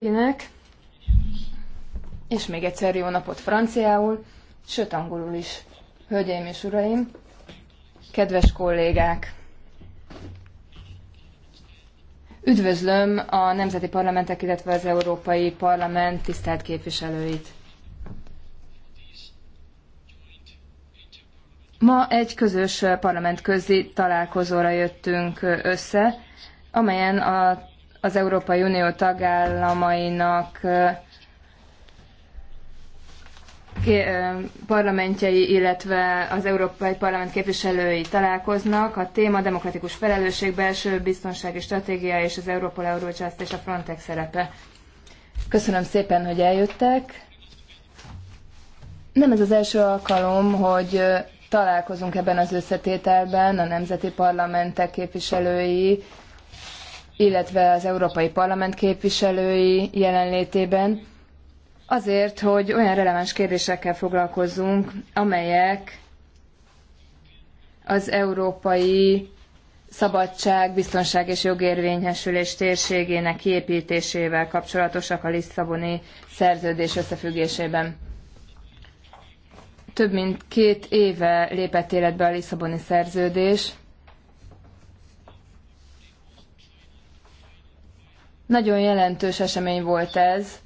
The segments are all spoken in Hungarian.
Kinek. és még egyszer jó napot franciául, sőt angolul is, hölgyeim és uraim, kedves kollégák! Üdvözlöm a nemzeti parlamentek, illetve az Európai Parlament tisztelt képviselőit! Ma egy közös parlamentközi találkozóra jöttünk össze, amelyen a az Európai Unió tagállamainak parlamentjei, illetve az Európai Parlament képviselői találkoznak. A téma demokratikus felelősség, belső biztonsági stratégia és az Európol, Eurojust és a Frontex szerepe. Köszönöm szépen, hogy eljöttek. Nem ez az első alkalom, hogy találkozunk ebben az összetételben a nemzeti parlamentek képviselői, illetve az Európai Parlament képviselői jelenlétében, azért, hogy olyan releváns kérdésekkel foglalkozzunk, amelyek az európai szabadság, biztonság és jogérvényesülés térségének kiépítésével kapcsolatosak a Lisszaboni szerződés összefüggésében. Több mint két éve lépett életbe a Lisszaboni szerződés, Nagyon jelentős esemény volt ez,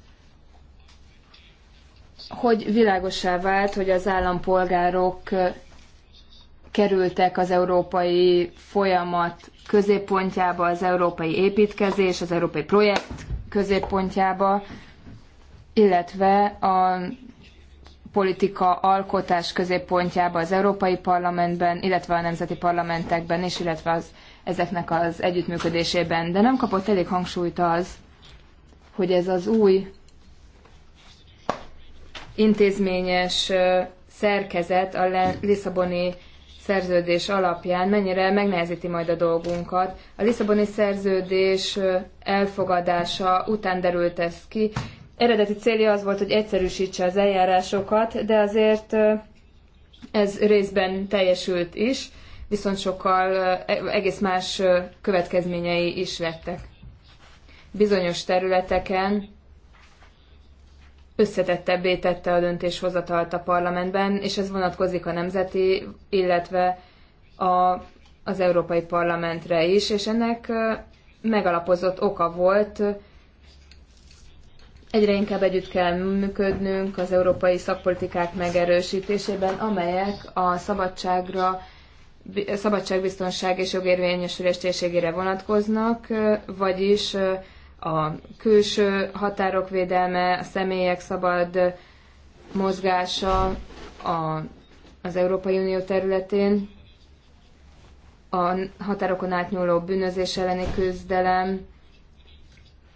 hogy világosá vált, hogy az állampolgárok kerültek az európai folyamat középpontjába, az európai építkezés, az európai projekt középpontjába, illetve a politika alkotás középpontjába az Európai Parlamentben, illetve a nemzeti parlamentekben is, illetve az ezeknek az együttműködésében. De nem kapott elég hangsúlyt az, hogy ez az új intézményes szerkezet a Lisszaboni szerződés alapján mennyire megnehezíti majd a dolgunkat. A Lisszaboni szerződés elfogadása után derült ez ki. Eredeti célja az volt, hogy egyszerűsítse az eljárásokat, de azért ez részben teljesült is viszont sokkal e, egész más következményei is lettek. Bizonyos területeken összetettebbé tette a döntéshozatalt a parlamentben, és ez vonatkozik a nemzeti, illetve a, az Európai Parlamentre is, és ennek megalapozott oka volt, egyre inkább együtt kell működnünk az európai szakpolitikák megerősítésében, amelyek a szabadságra, szabadságbiztonság és jogérvényesülés térségére vonatkoznak, vagyis a külső határok védelme, a személyek szabad mozgása a, az Európai Unió területén, a határokon átnyúló bűnözés elleni küzdelem,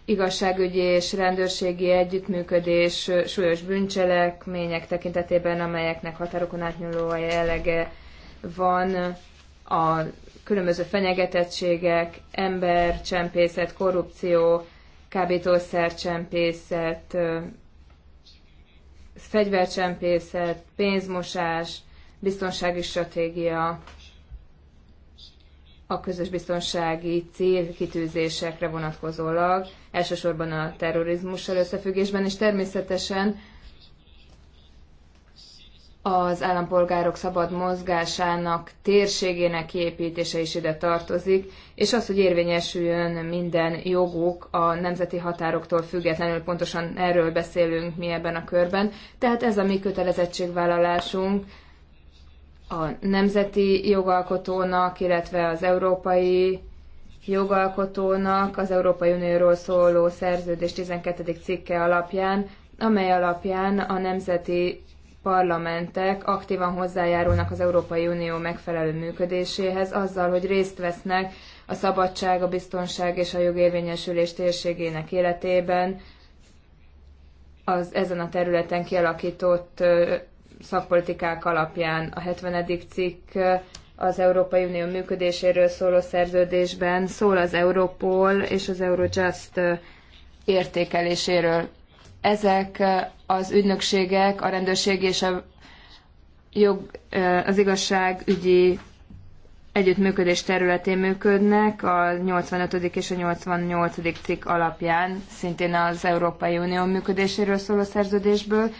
igazságügyi és rendőrségi együttműködés súlyos bűncselekmények tekintetében, amelyeknek határokon átnyúló a jellege van a különböző fenyegetettségek, csempészet, korrupció, csempészet, fegyvercsempészet, pénzmosás, biztonsági stratégia, a közös biztonsági kitűzésekre vonatkozólag, elsősorban a terrorizmussal összefüggésben, és természetesen az állampolgárok szabad mozgásának térségének kiépítése is ide tartozik, és az, hogy érvényesüljön minden joguk a nemzeti határoktól függetlenül, pontosan erről beszélünk mi ebben a körben. Tehát ez a mi kötelezettségvállalásunk a nemzeti jogalkotónak, illetve az európai jogalkotónak az Európai Unióról szóló szerződés 12. cikke alapján, amely alapján a nemzeti parlamentek aktívan hozzájárulnak az Európai Unió megfelelő működéséhez azzal, hogy részt vesznek a szabadság, a biztonság és a jogérvényesülés térségének életében, az ezen a területen kialakított szakpolitikák alapján. A 70. cikk az Európai Unió működéséről szóló szerződésben szól az Europol és az Eurojust értékeléséről ezek az ügynökségek, a rendőrség és a jog, az igazságügyi együttműködés területén működnek a 85. és a 88. cikk alapján, szintén az Európai Unió működéséről szóló szerződésből.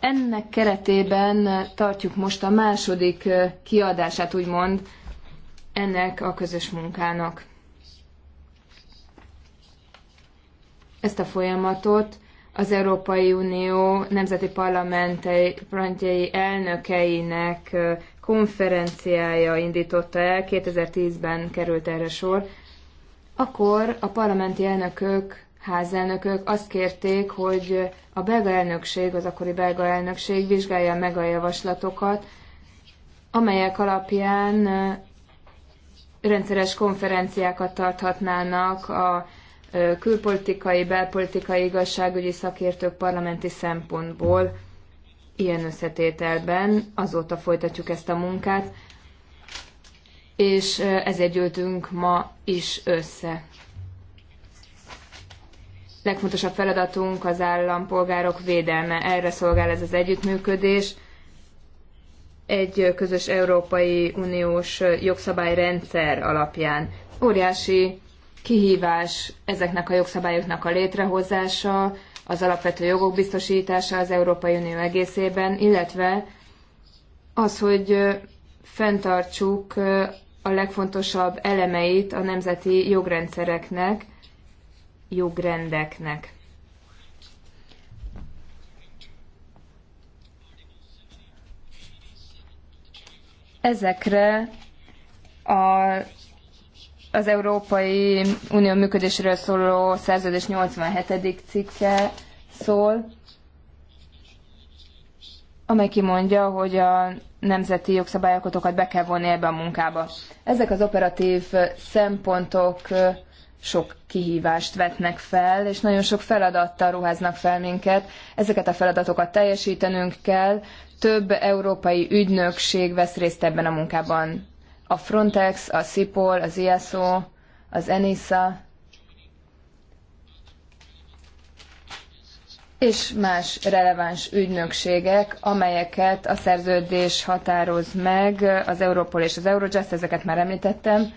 Ennek keretében tartjuk most a második kiadását, úgymond, ennek a közös munkának. Ezt a folyamatot az Európai Unió nemzeti parlamentjei elnökeinek konferenciája indította el, 2010-ben került erre sor, akkor a parlamenti elnökök, házelnökök azt kérték, hogy a belga elnökség, az akkori belga elnökség vizsgálja meg a javaslatokat, amelyek alapján rendszeres konferenciákat tarthatnának a külpolitikai, belpolitikai, igazságügyi szakértők parlamenti szempontból ilyen összetételben. Azóta folytatjuk ezt a munkát, és ezért gyűltünk ma is össze. Legfontosabb feladatunk az állampolgárok védelme. Erre szolgál ez az együttműködés – egy közös Európai Uniós jogszabályrendszer alapján. Óriási kihívás ezeknek a jogszabályoknak a létrehozása, az alapvető jogok biztosítása az Európai Unió egészében, illetve az, hogy fenntartsuk a legfontosabb elemeit a nemzeti jogrendszereknek, jogrendeknek. Ezekre a az Európai Unió működéséről szóló szerződés 87. cikke szól, amely kimondja, hogy a nemzeti jogszabályokatokat be kell vonni ebbe a munkába. Ezek az operatív szempontok sok kihívást vetnek fel, és nagyon sok feladattal ruháznak fel minket. Ezeket a feladatokat teljesítenünk kell, több európai ügynökség vesz részt ebben a munkában a Frontex, a Cipol, az IASO, az ENISA, és más releváns ügynökségek, amelyeket a szerződés határoz meg, az Europol és az Eurojust, ezeket már említettem,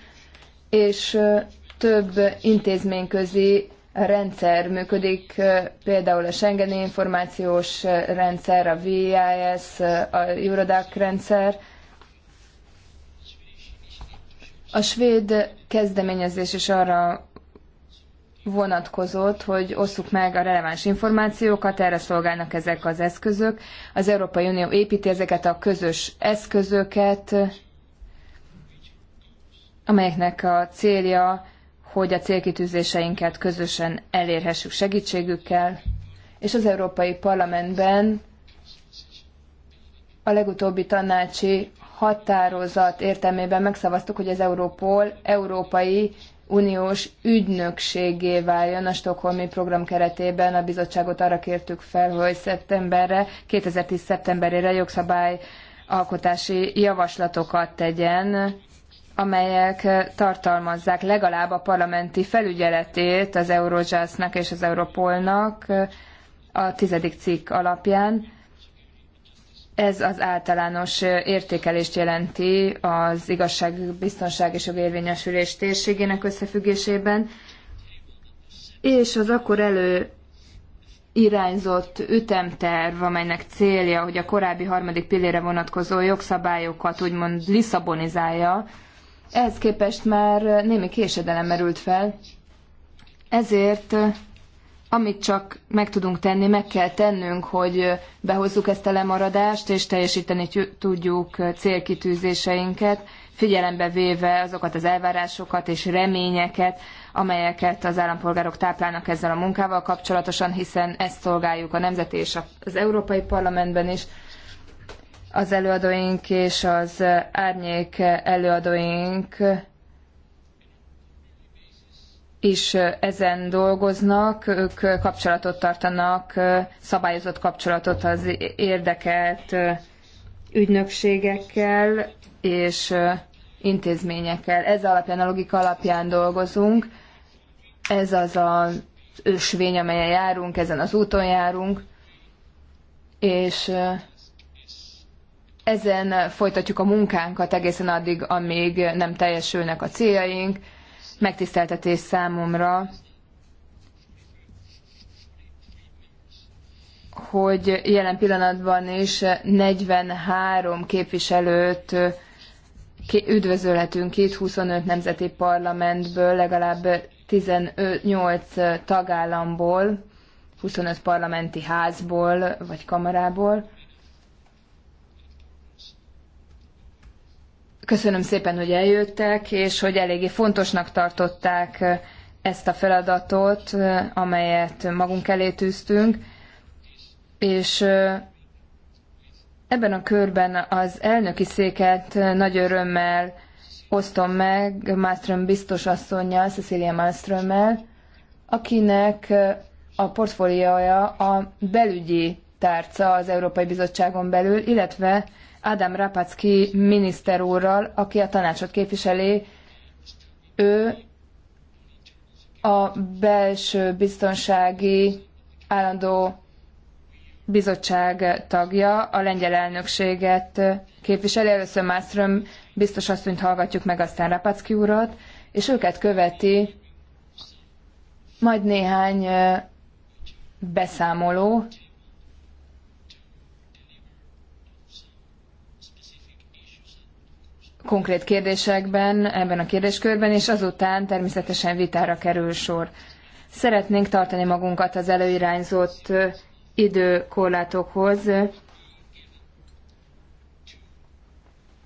és több intézményközi rendszer működik, például a Schengeni információs rendszer, a VIS, a Eurodac rendszer, a svéd kezdeményezés is arra vonatkozott, hogy osszuk meg a releváns információkat, erre szolgálnak ezek az eszközök. Az Európai Unió építi ezeket a közös eszközöket, amelyeknek a célja, hogy a célkitűzéseinket közösen elérhessük segítségükkel, és az Európai Parlamentben a legutóbbi tanácsi határozat értelmében megszavaztuk, hogy az Európol Európai Uniós ügynökségé váljon a Stockholmi program keretében. A bizottságot arra kértük fel, hogy szeptemberre, 2010. szeptemberére jogszabály alkotási javaslatokat tegyen, amelyek tartalmazzák legalább a parlamenti felügyeletét az Eurojustnak és az Europolnak a tizedik cikk alapján ez az általános értékelést jelenti az igazságbiztonság és jogérvényesülés térségének összefüggésében, és az akkor elő irányzott ütemterv, amelynek célja, hogy a korábbi harmadik pillére vonatkozó jogszabályokat úgymond liszabonizálja, ehhez képest már némi késedelem merült fel. Ezért amit csak meg tudunk tenni, meg kell tennünk, hogy behozzuk ezt a lemaradást, és teljesíteni tudjuk célkitűzéseinket, figyelembe véve azokat az elvárásokat és reményeket, amelyeket az állampolgárok táplálnak ezzel a munkával kapcsolatosan, hiszen ezt szolgáljuk a Nemzeti és az Európai Parlamentben is. Az előadóink és az árnyék előadóink is ezen dolgoznak, ők kapcsolatot tartanak, szabályozott kapcsolatot az érdekelt ügynökségekkel és intézményekkel. Ez alapján, a logika alapján dolgozunk. Ez az az ösvény, amelyen járunk, ezen az úton járunk, és ezen folytatjuk a munkánkat egészen addig, amíg nem teljesülnek a céljaink, megtiszteltetés számomra, hogy jelen pillanatban is 43 képviselőt üdvözölhetünk itt, 25 nemzeti parlamentből, legalább 18 tagállamból, 25 parlamenti házból vagy kamarából. Köszönöm szépen, hogy eljöttek, és hogy eléggé fontosnak tartották eh, ezt a feladatot, eh, amelyet magunk elé tűztünk, és eh, ebben a körben az elnöki széket nagy örömmel osztom meg Malmström biztos asszonyjal, Cecilia Malmströmmel, akinek a portfóliója a belügyi tárca az Európai Bizottságon belül, illetve Adam Rapacki miniszter úrral, aki a tanácsot képviseli. Ő a belső biztonsági állandó bizottság tagja, a lengyel elnökséget képviseli. Először Mászröm biztos asszonyt hallgatjuk meg, aztán Rapacki urat, és őket követi majd néhány beszámoló, konkrét kérdésekben, ebben a kérdéskörben, és azután természetesen vitára kerül sor. Szeretnénk tartani magunkat az előirányzott időkorlátokhoz,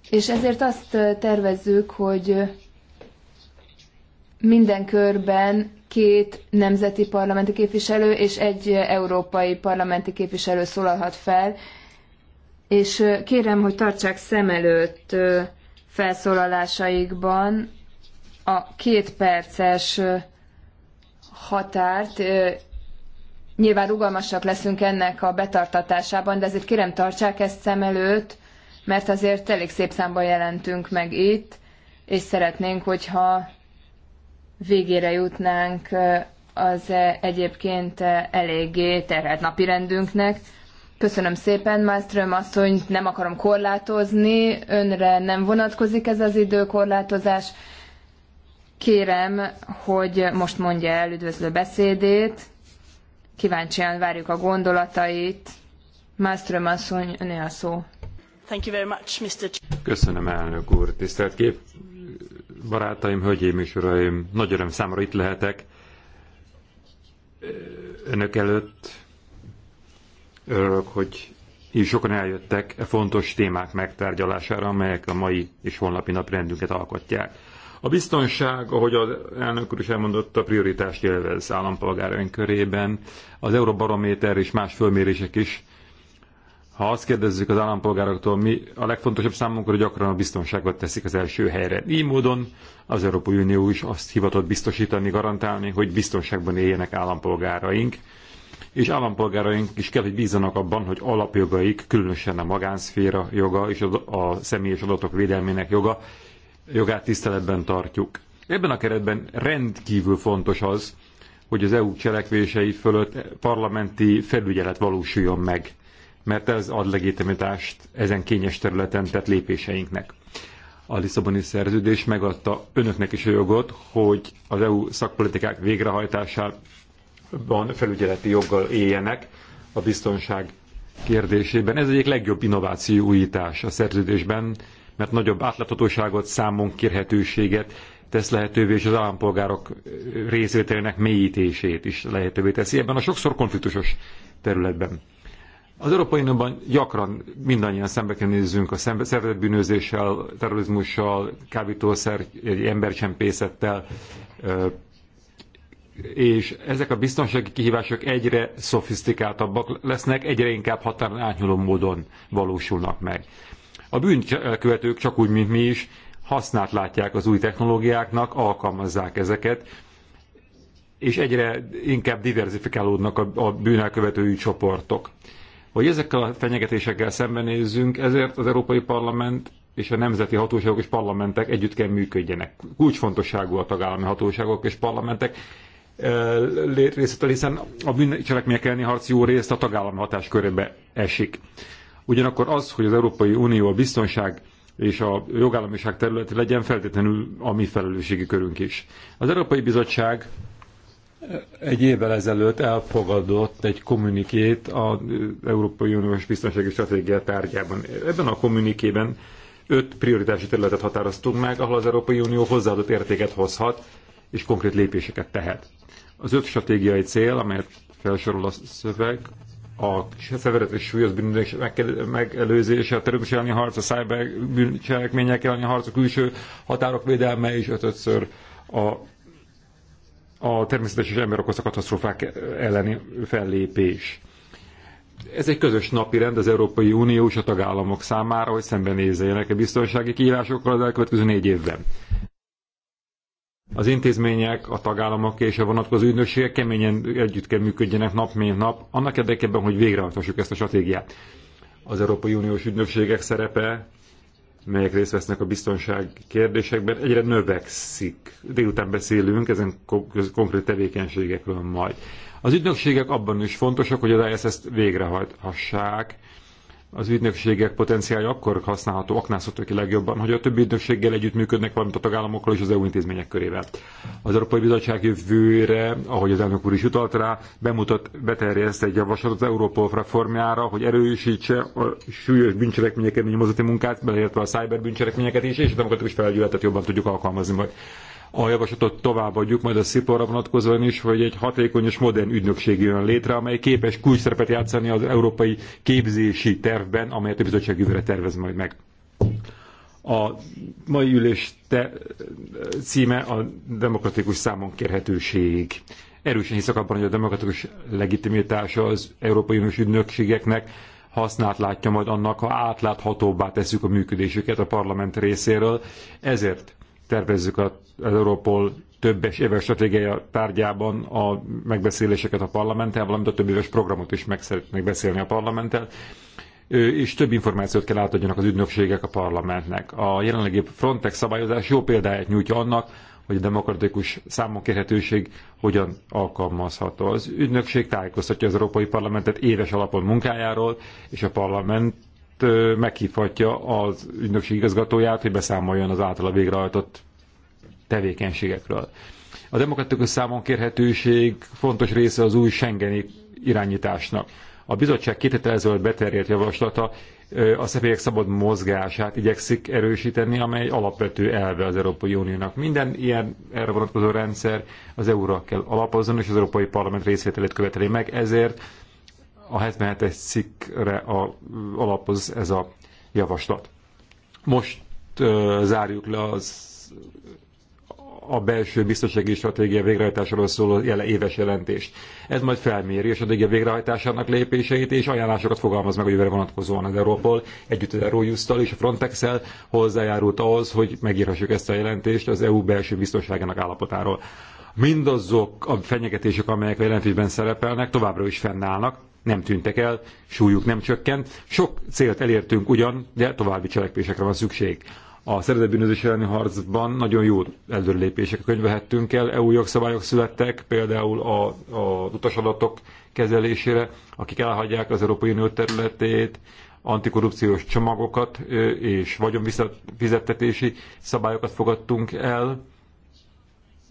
és ezért azt tervezzük, hogy minden körben két nemzeti parlamenti képviselő és egy európai parlamenti képviselő szólalhat fel, és kérem, hogy tartsák szem előtt felszólalásaikban a két perces határt. Nyilván rugalmasak leszünk ennek a betartatásában, de ezért kérem tartsák ezt szem előtt, mert azért elég szép számban jelentünk meg itt, és szeretnénk, hogyha végére jutnánk az egyébként eléggé terhelt napirendünknek. Köszönöm szépen, Mászlöm asszony, nem akarom korlátozni, önre nem vonatkozik ez az időkorlátozás. Kérem, hogy most mondja el üdvözlő beszédét, kíváncsian várjuk a gondolatait. Mászlöm asszony, öné a szó. Thank you very much, Mr. Köszönöm, elnök úr, tisztelt kép. Barátaim, hölgyeim és uraim, nagy öröm számra itt lehetek önök előtt örülök, hogy így sokan eljöttek e fontos témák megtárgyalására, amelyek a mai és holnapi rendünket alkotják. A biztonság, ahogy az elnök úr is elmondotta, prioritást élvez állampolgáraink körében. Az Euróbarométer és más fölmérések is. Ha azt kérdezzük az állampolgároktól, mi a legfontosabb számunkra gyakran a biztonságot teszik az első helyre. Így módon az Európai Unió is azt hivatott biztosítani, garantálni, hogy biztonságban éljenek állampolgáraink és állampolgáraink is kell, hogy bízzanak abban, hogy alapjogaik, különösen a magánszféra joga és a személyes adatok védelmének joga, jogát tiszteletben tartjuk. Ebben a keretben rendkívül fontos az, hogy az EU cselekvései fölött parlamenti felügyelet valósuljon meg, mert ez ad legitimitást ezen kényes területen tett lépéseinknek. A Lisszaboni szerződés megadta önöknek is a jogot, hogy az EU szakpolitikák végrehajtását ban felügyeleti joggal éljenek a biztonság kérdésében. Ez egyik legjobb innováció újítás a szerződésben, mert nagyobb átláthatóságot, számon kérhetőséget tesz lehetővé, és az állampolgárok részvételének mélyítését is lehetővé teszi ebben a sokszor konfliktusos területben. Az Európai Unióban gyakran mindannyian szembe kell nézzünk a szervezetbűnözéssel, terrorizmussal, kábítószer, embercsempészettel, és ezek a biztonsági kihívások egyre szofisztikáltabbak lesznek, egyre inkább határon átnyúló módon valósulnak meg. A bűnkövetők csak úgy, mint mi is, hasznát látják az új technológiáknak, alkalmazzák ezeket, és egyre inkább diverzifikálódnak a, bűnelkövetői csoportok. Hogy ezekkel a fenyegetésekkel szembenézzünk, ezért az Európai Parlament és a nemzeti hatóságok és parlamentek együtt kell működjenek. Kulcsfontosságú a tagállami hatóságok és parlamentek részletel, hiszen a bűncselekmények elleni harc jó részt a tagállami hatáskörébe esik. Ugyanakkor az, hogy az Európai Unió a biztonság és a jogállamiság területe legyen feltétlenül a mi felelősségi körünk is. Az Európai Bizottság egy évvel ezelőtt elfogadott egy kommunikét az Európai Uniós Biztonsági Stratégia tárgyában. Ebben a kommunikében öt prioritási területet határoztunk meg, ahol az Európai Unió hozzáadott értéket hozhat és konkrét lépéseket tehet. Az öt stratégiai cél, amelyet felsorol a szöveg, a szeveret és súlyos bűnözés megelőzése, a terrorizmus elleni harc, a szájber bűncselekmények elleni harc, a külső határok védelme és ötödször a, a természetes és ember okozta katasztrófák elleni fellépés. Ez egy közös napi rend az Európai Unió és a tagállamok számára, hogy szembenézzenek a biztonsági kihívásokkal az elkövetkező négy évben az intézmények, a tagállamok és a vonatkozó ügynökségek keményen együtt kell működjenek nap mint nap, annak érdekében, hogy végrehajtassuk ezt a stratégiát. Az Európai Uniós ügynökségek szerepe, melyek részt vesznek a biztonság kérdésekben, egyre növekszik. Délután beszélünk ezen konkrét tevékenységekről majd. Az ügynökségek abban is fontosak, hogy az ISS-t végrehajthassák, az ügynökségek potenciálja akkor használható, aknázható ki legjobban, hogy a többi ügynökséggel együttműködnek, valamint a tagállamokkal és az EU intézmények körével. Az Európai Bizottság jövőre, ahogy az elnök úr is utalt rá, bemutat, beterjeszt egy javaslatot az Európol reformjára, hogy erősítse a súlyos bűncselekményeket, nyomozati munkát, beleértve a cyber bűncselekményeket is, és a demokratikus felügyeletet jobban tudjuk alkalmazni majd a javaslatot továbbadjuk, majd a Sziporra vonatkozóan is, hogy egy hatékony és modern ügynökség jön létre, amely képes kulcsszerepet játszani az európai képzési tervben, amelyet a bizottság jövőre tervez majd meg. A mai ülés te, címe a demokratikus számon kérhetőség. Erősen hiszek abban, hogy a demokratikus legitimitása az Európai Uniós ügynökségeknek hasznát látja majd annak, ha átláthatóbbá tesszük a működésüket a parlament részéről. Ezért tervezzük az Európol többes éves stratégiája tárgyában a megbeszéléseket a parlamenttel, valamint a több éves programot is meg szeretnék beszélni a parlamenttel, és több információt kell átadjanak az ügynökségek a parlamentnek. A jelenlegi Frontex szabályozás jó példáját nyújtja annak, hogy a demokratikus számonkérhetőség hogyan alkalmazható. Az ügynökség tájékoztatja az Európai Parlamentet éves alapon munkájáról, és a parlament meghívhatja az ügynökség igazgatóját, hogy beszámoljon az általa végrehajtott tevékenységekről. A demokratikus számon kérhetőség fontos része az új Schengeni irányításnak. A bizottság két héttel ezelőtt beterjedt javaslata a személyek szabad mozgását igyekszik erősíteni, amely alapvető elve az Európai Uniónak. Minden ilyen erre vonatkozó rendszer az EU-ra kell alapozni, és az Európai Parlament részvételét követeli meg, ezért a 77-es cikkre a, alapoz ez a javaslat. Most ö, zárjuk le az a belső biztonsági stratégia végrehajtásáról szóló jele éves jelentést. Ez majd felméri a stratégia végrehajtásának lépéseit, és ajánlásokat fogalmaz meg a jövőre vonatkozóan az Európol, együtt az Eurojust-tal és a frontex hozzájárult ahhoz, hogy megírhassuk ezt a jelentést az EU belső biztonságának állapotáról mindazok a fenyegetések, amelyek a jelentésben szerepelnek, továbbra is fennállnak, nem tűntek el, súlyuk nem csökkent. Sok célt elértünk ugyan, de további cselekvésekre van szükség. A szervezetbűnözés elleni harcban nagyon jó előrelépések könyvehettünk el, EU jogszabályok születtek, például a, a utasadatok kezelésére, akik elhagyják az Európai Unió területét, antikorrupciós csomagokat és visszafizettetési szabályokat fogadtunk el,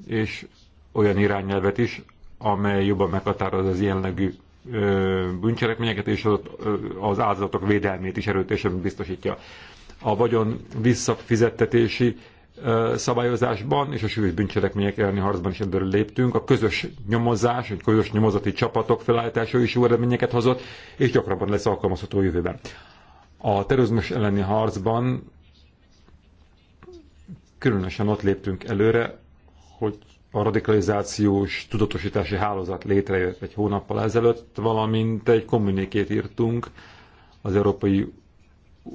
és olyan irányelvet is, amely jobban meghatároz az ilyenlegű bűncselekményeket és az áldozatok védelmét is erőteljesen biztosítja. A vagyon visszafizettetési szabályozásban és a súlyos bűncselekmények elleni harcban is ebből léptünk. A közös nyomozás, egy közös nyomozati csapatok felállítása is jó eredményeket hozott, és gyakrabban lesz alkalmazható a jövőben. A terrorizmus elleni harcban különösen ott léptünk előre, hogy a radikalizációs tudatosítási hálózat létrejött egy hónappal ezelőtt, valamint egy kommunikét írtunk az Európai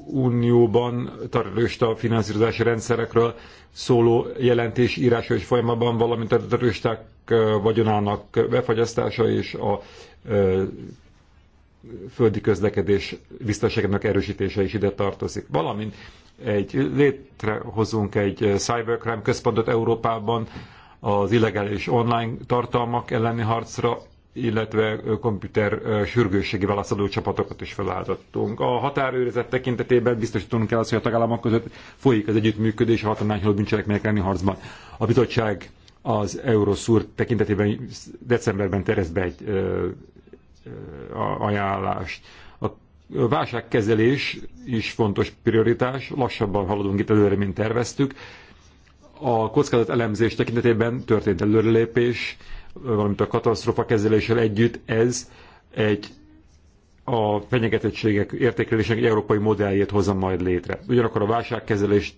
Unióban terrorista finanszírozási rendszerekről szóló jelentés írása és folyamatban, valamint a terroristák vagyonának befagyasztása és a földi közlekedés biztonságának erősítése is ide tartozik. Valamint egy, létrehozunk egy cybercrime központot Európában, az illegális online tartalmak elleni harcra, illetve komputer sürgősségi válaszadó csapatokat is felállítottunk. A határőrizet tekintetében biztosítunk kell azt, hogy a tagállamok között folyik az együttműködés a hatalmányhoz bűncselekmények elleni harcban. A bizottság az Euroszúr tekintetében decemberben terez be egy ö, ö, ajánlást. A válságkezelés is fontos prioritás, lassabban haladunk itt előre, mint terveztük, a kockázat elemzés tekintetében történt előrelépés, valamint a katasztrofa kezeléssel együtt ez egy a fenyegetettségek értékelésének európai modelljét hozza majd létre. Ugyanakkor a válságkezelés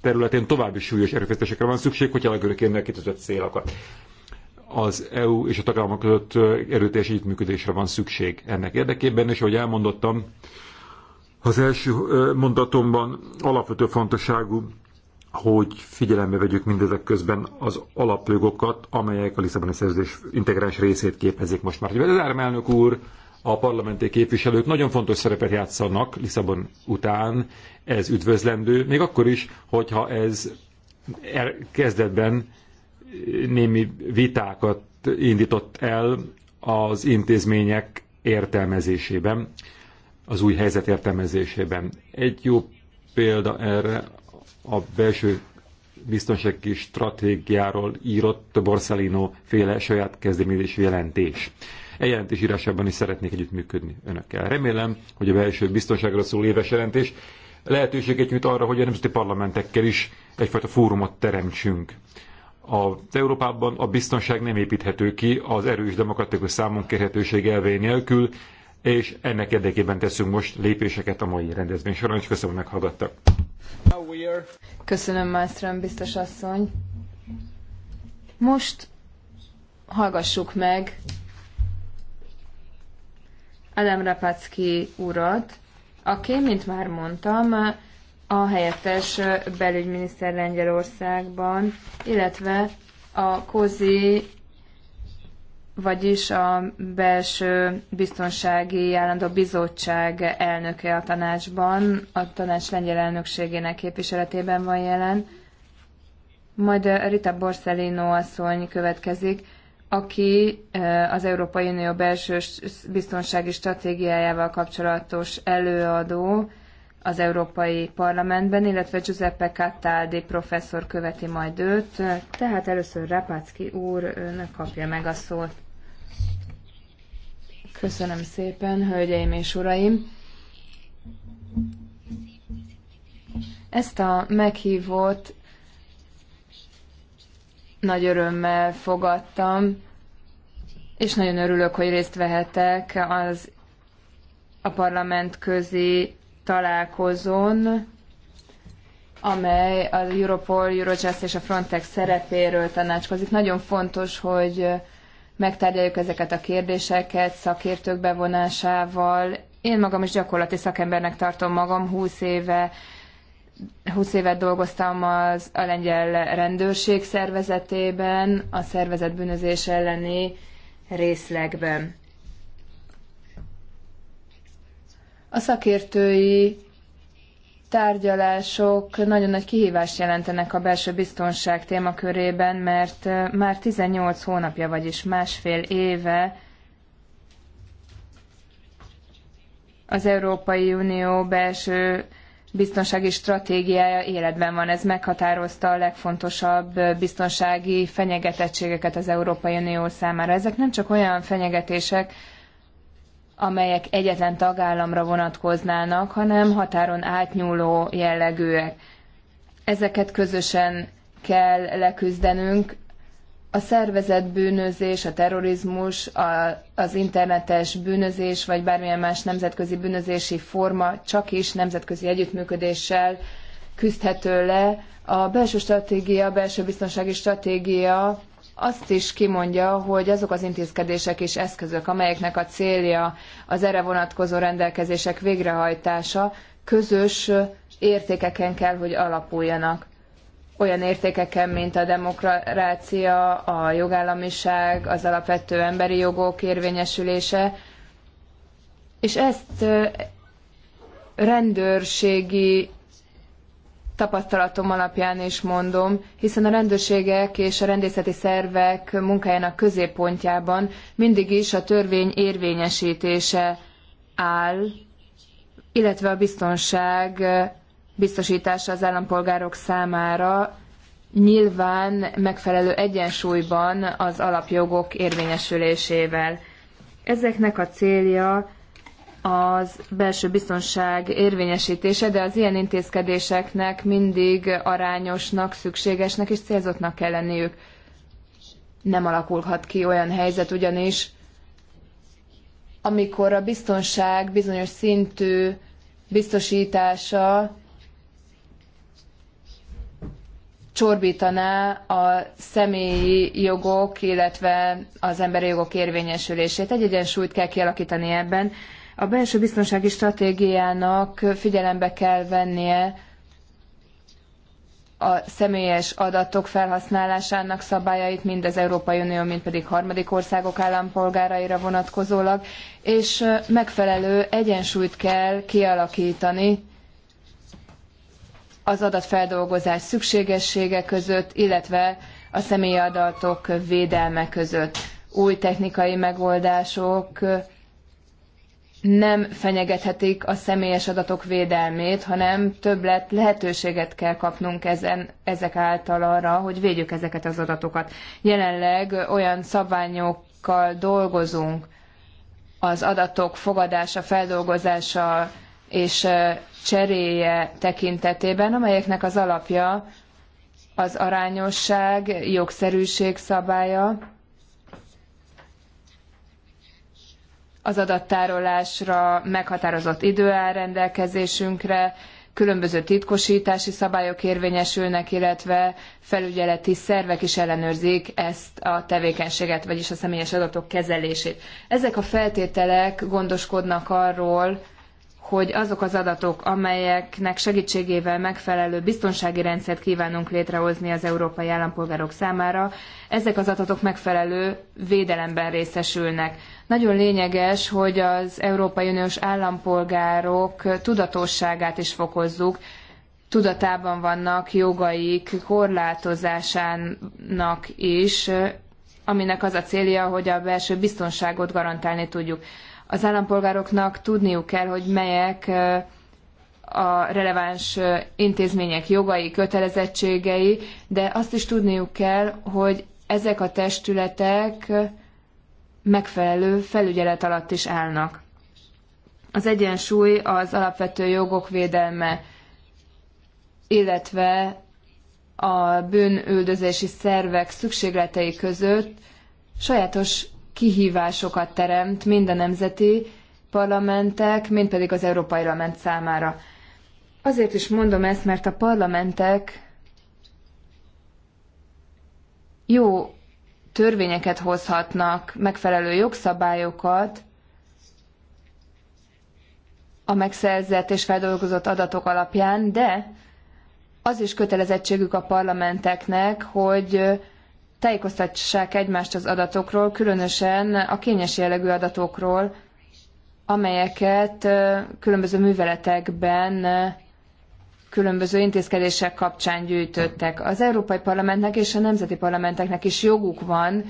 területén további súlyos erőfeszítésekre van szükség, hogyha a görög a kitűzött célokat. Az EU és a tagállamok között erőteljes együttműködésre van szükség ennek érdekében, és ahogy elmondottam, az első mondatomban alapvető fontosságú hogy figyelembe vegyük mindezek közben az alapjogokat, amelyek a Lisszaboni szerződés integráns részét képezik most már. Az elnök úr, a parlamenti képviselők nagyon fontos szerepet játszanak Lisszabon után, ez üdvözlendő, még akkor is, hogyha ez kezdetben némi vitákat indított el az intézmények értelmezésében, az új helyzet értelmezésében. Egy jó példa erre a belső biztonsági stratégiáról írott Borsalino féle saját kezdeményezésű jelentés. E jelentés írásában is szeretnék együttműködni önökkel. Remélem, hogy a belső biztonságra szóló éves jelentés lehetőséget nyújt arra, hogy a nemzeti parlamentekkel is egyfajta fórumot teremtsünk. A Európában a biztonság nem építhető ki az erős demokratikus számunk kérhetőség elvei nélkül, és ennek érdekében teszünk most lépéseket a mai rendezvény során, és köszönöm, hogy meghallgattak. Köszönöm, Malmström, biztos asszony. Most hallgassuk meg Adam Rapacki urat, aki, mint már mondtam, a helyettes belügyminiszter Lengyelországban, illetve a Kozi vagyis a belső biztonsági állandó bizottság elnöke a tanácsban, a tanács lengyel elnökségének képviseletében van jelen, majd eh, Rita Borsellino asszony következik, aki eh, az Európai Unió belső biztonsági stratégiájával kapcsolatos előadó az Európai Parlamentben, illetve Giuseppe Cattaldi professzor követi majd őt. Tehát először Rapacki úr önök kapja meg a szót. Köszönöm szépen, hölgyeim és uraim! Ezt a meghívót nagy örömmel fogadtam, és nagyon örülök, hogy részt vehetek az a parlament közi találkozón, amely a Europol, Eurojust és a Frontex szerepéről tanácskozik. Nagyon fontos, hogy megtárgyaljuk ezeket a kérdéseket szakértők bevonásával. Én magam is gyakorlati szakembernek tartom magam, 20 éve 20 évet dolgoztam az a lengyel rendőrség szervezetében, a szervezet bűnözés elleni részlegben. A szakértői tárgyalások nagyon nagy kihívást jelentenek a belső biztonság témakörében, mert már 18 hónapja, vagyis másfél éve az Európai Unió belső biztonsági stratégiája életben van. Ez meghatározta a legfontosabb biztonsági fenyegetettségeket az Európai Unió számára. Ezek nem csak olyan fenyegetések, amelyek egyetlen tagállamra vonatkoznának, hanem határon átnyúló jellegűek. Ezeket közösen kell leküzdenünk. A szervezett bűnözés, a terrorizmus, a, az internetes bűnözés, vagy bármilyen más nemzetközi bűnözési forma csak is nemzetközi együttműködéssel küzdhető le. A belső stratégia, a belső biztonsági stratégia azt is kimondja, hogy azok az intézkedések és eszközök, amelyeknek a célja az erre vonatkozó rendelkezések végrehajtása, közös értékeken kell, hogy alapuljanak. Olyan értékeken, mint a demokrácia, a jogállamiság, az alapvető emberi jogok érvényesülése, és ezt rendőrségi tapasztalatom alapján is mondom, hiszen a rendőrségek és a rendészeti szervek munkájának középpontjában mindig is a törvény érvényesítése áll, illetve a biztonság biztosítása az állampolgárok számára nyilván megfelelő egyensúlyban az alapjogok érvényesülésével. Ezeknek a célja az belső biztonság érvényesítése, de az ilyen intézkedéseknek mindig arányosnak, szükségesnek és célzottnak kell lenniük. Nem alakulhat ki olyan helyzet ugyanis, amikor a biztonság bizonyos szintű biztosítása csorbítaná a személyi jogok, illetve az emberi jogok érvényesülését. Egy egyensúlyt kell kialakítani ebben. A belső biztonsági stratégiának figyelembe kell vennie a személyes adatok felhasználásának szabályait mind az Európai Unió, mind pedig harmadik országok állampolgáraira vonatkozólag, és megfelelő egyensúlyt kell kialakítani az adatfeldolgozás szükségessége között, illetve a személyi adatok védelme között. Új technikai megoldások nem fenyegethetik a személyes adatok védelmét, hanem többlet lehetőséget kell kapnunk ezen, ezek által arra, hogy védjük ezeket az adatokat. Jelenleg olyan szabványokkal dolgozunk az adatok fogadása, feldolgozása és cseréje tekintetében, amelyeknek az alapja az arányosság, jogszerűség szabálya, az adattárolásra meghatározott idő áll rendelkezésünkre, különböző titkosítási szabályok érvényesülnek, illetve felügyeleti szervek is ellenőrzik ezt a tevékenységet, vagyis a személyes adatok kezelését. Ezek a feltételek gondoskodnak arról, hogy azok az adatok, amelyeknek segítségével megfelelő biztonsági rendszert kívánunk létrehozni az európai állampolgárok számára, ezek az adatok megfelelő védelemben részesülnek. Nagyon lényeges, hogy az Európai Uniós állampolgárok tudatosságát is fokozzuk, tudatában vannak jogaik korlátozásának is, aminek az a célja, hogy a belső biztonságot garantálni tudjuk. Az állampolgároknak tudniuk kell, hogy melyek a releváns intézmények jogai, kötelezettségei, de azt is tudniuk kell, hogy ezek a testületek megfelelő felügyelet alatt is állnak. Az egyensúly az alapvető jogok védelme, illetve a bűnüldözési szervek szükségletei között sajátos kihívásokat teremt mind a nemzeti parlamentek, mind pedig az Európai Parlament számára. Azért is mondom ezt, mert a parlamentek jó törvényeket hozhatnak, megfelelő jogszabályokat a megszerzett és feldolgozott adatok alapján, de az is kötelezettségük a parlamenteknek, hogy tájékoztassák egymást az adatokról, különösen a kényes jellegű adatokról, amelyeket különböző műveletekben különböző intézkedések kapcsán gyűjtöttek. Az Európai Parlamentnek és a nemzeti parlamenteknek is joguk van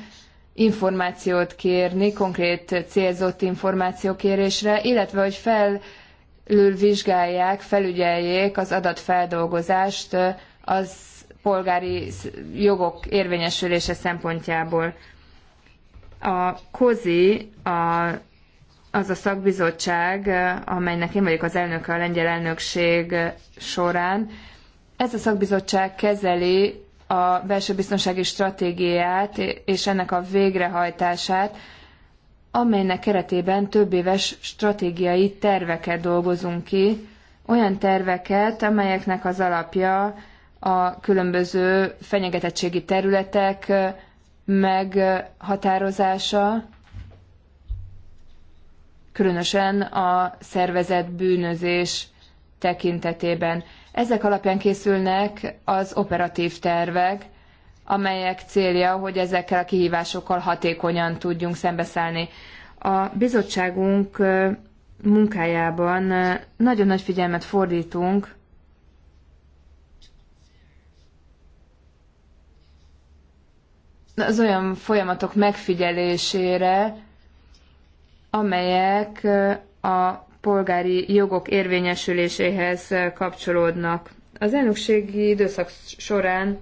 információt kérni, konkrét célzott információkérésre, illetve hogy felülvizsgálják, felügyeljék az adatfeldolgozást az polgári jogok érvényesülése szempontjából. A COZI, a, az a szakbizottság, amelynek én vagyok az elnöke a lengyel elnökség során, ez a szakbizottság kezeli a belső biztonsági stratégiát és ennek a végrehajtását, amelynek keretében több éves stratégiai terveket dolgozunk ki, olyan terveket, amelyeknek az alapja a különböző fenyegetettségi területek meghatározása, különösen a szervezett bűnözés tekintetében. Ezek alapján készülnek az operatív tervek, amelyek célja, hogy ezekkel a kihívásokkal hatékonyan tudjunk szembeszállni. A bizottságunk munkájában nagyon nagy figyelmet fordítunk az olyan folyamatok megfigyelésére, amelyek a polgári jogok érvényesüléséhez kapcsolódnak. Az elnökségi időszak során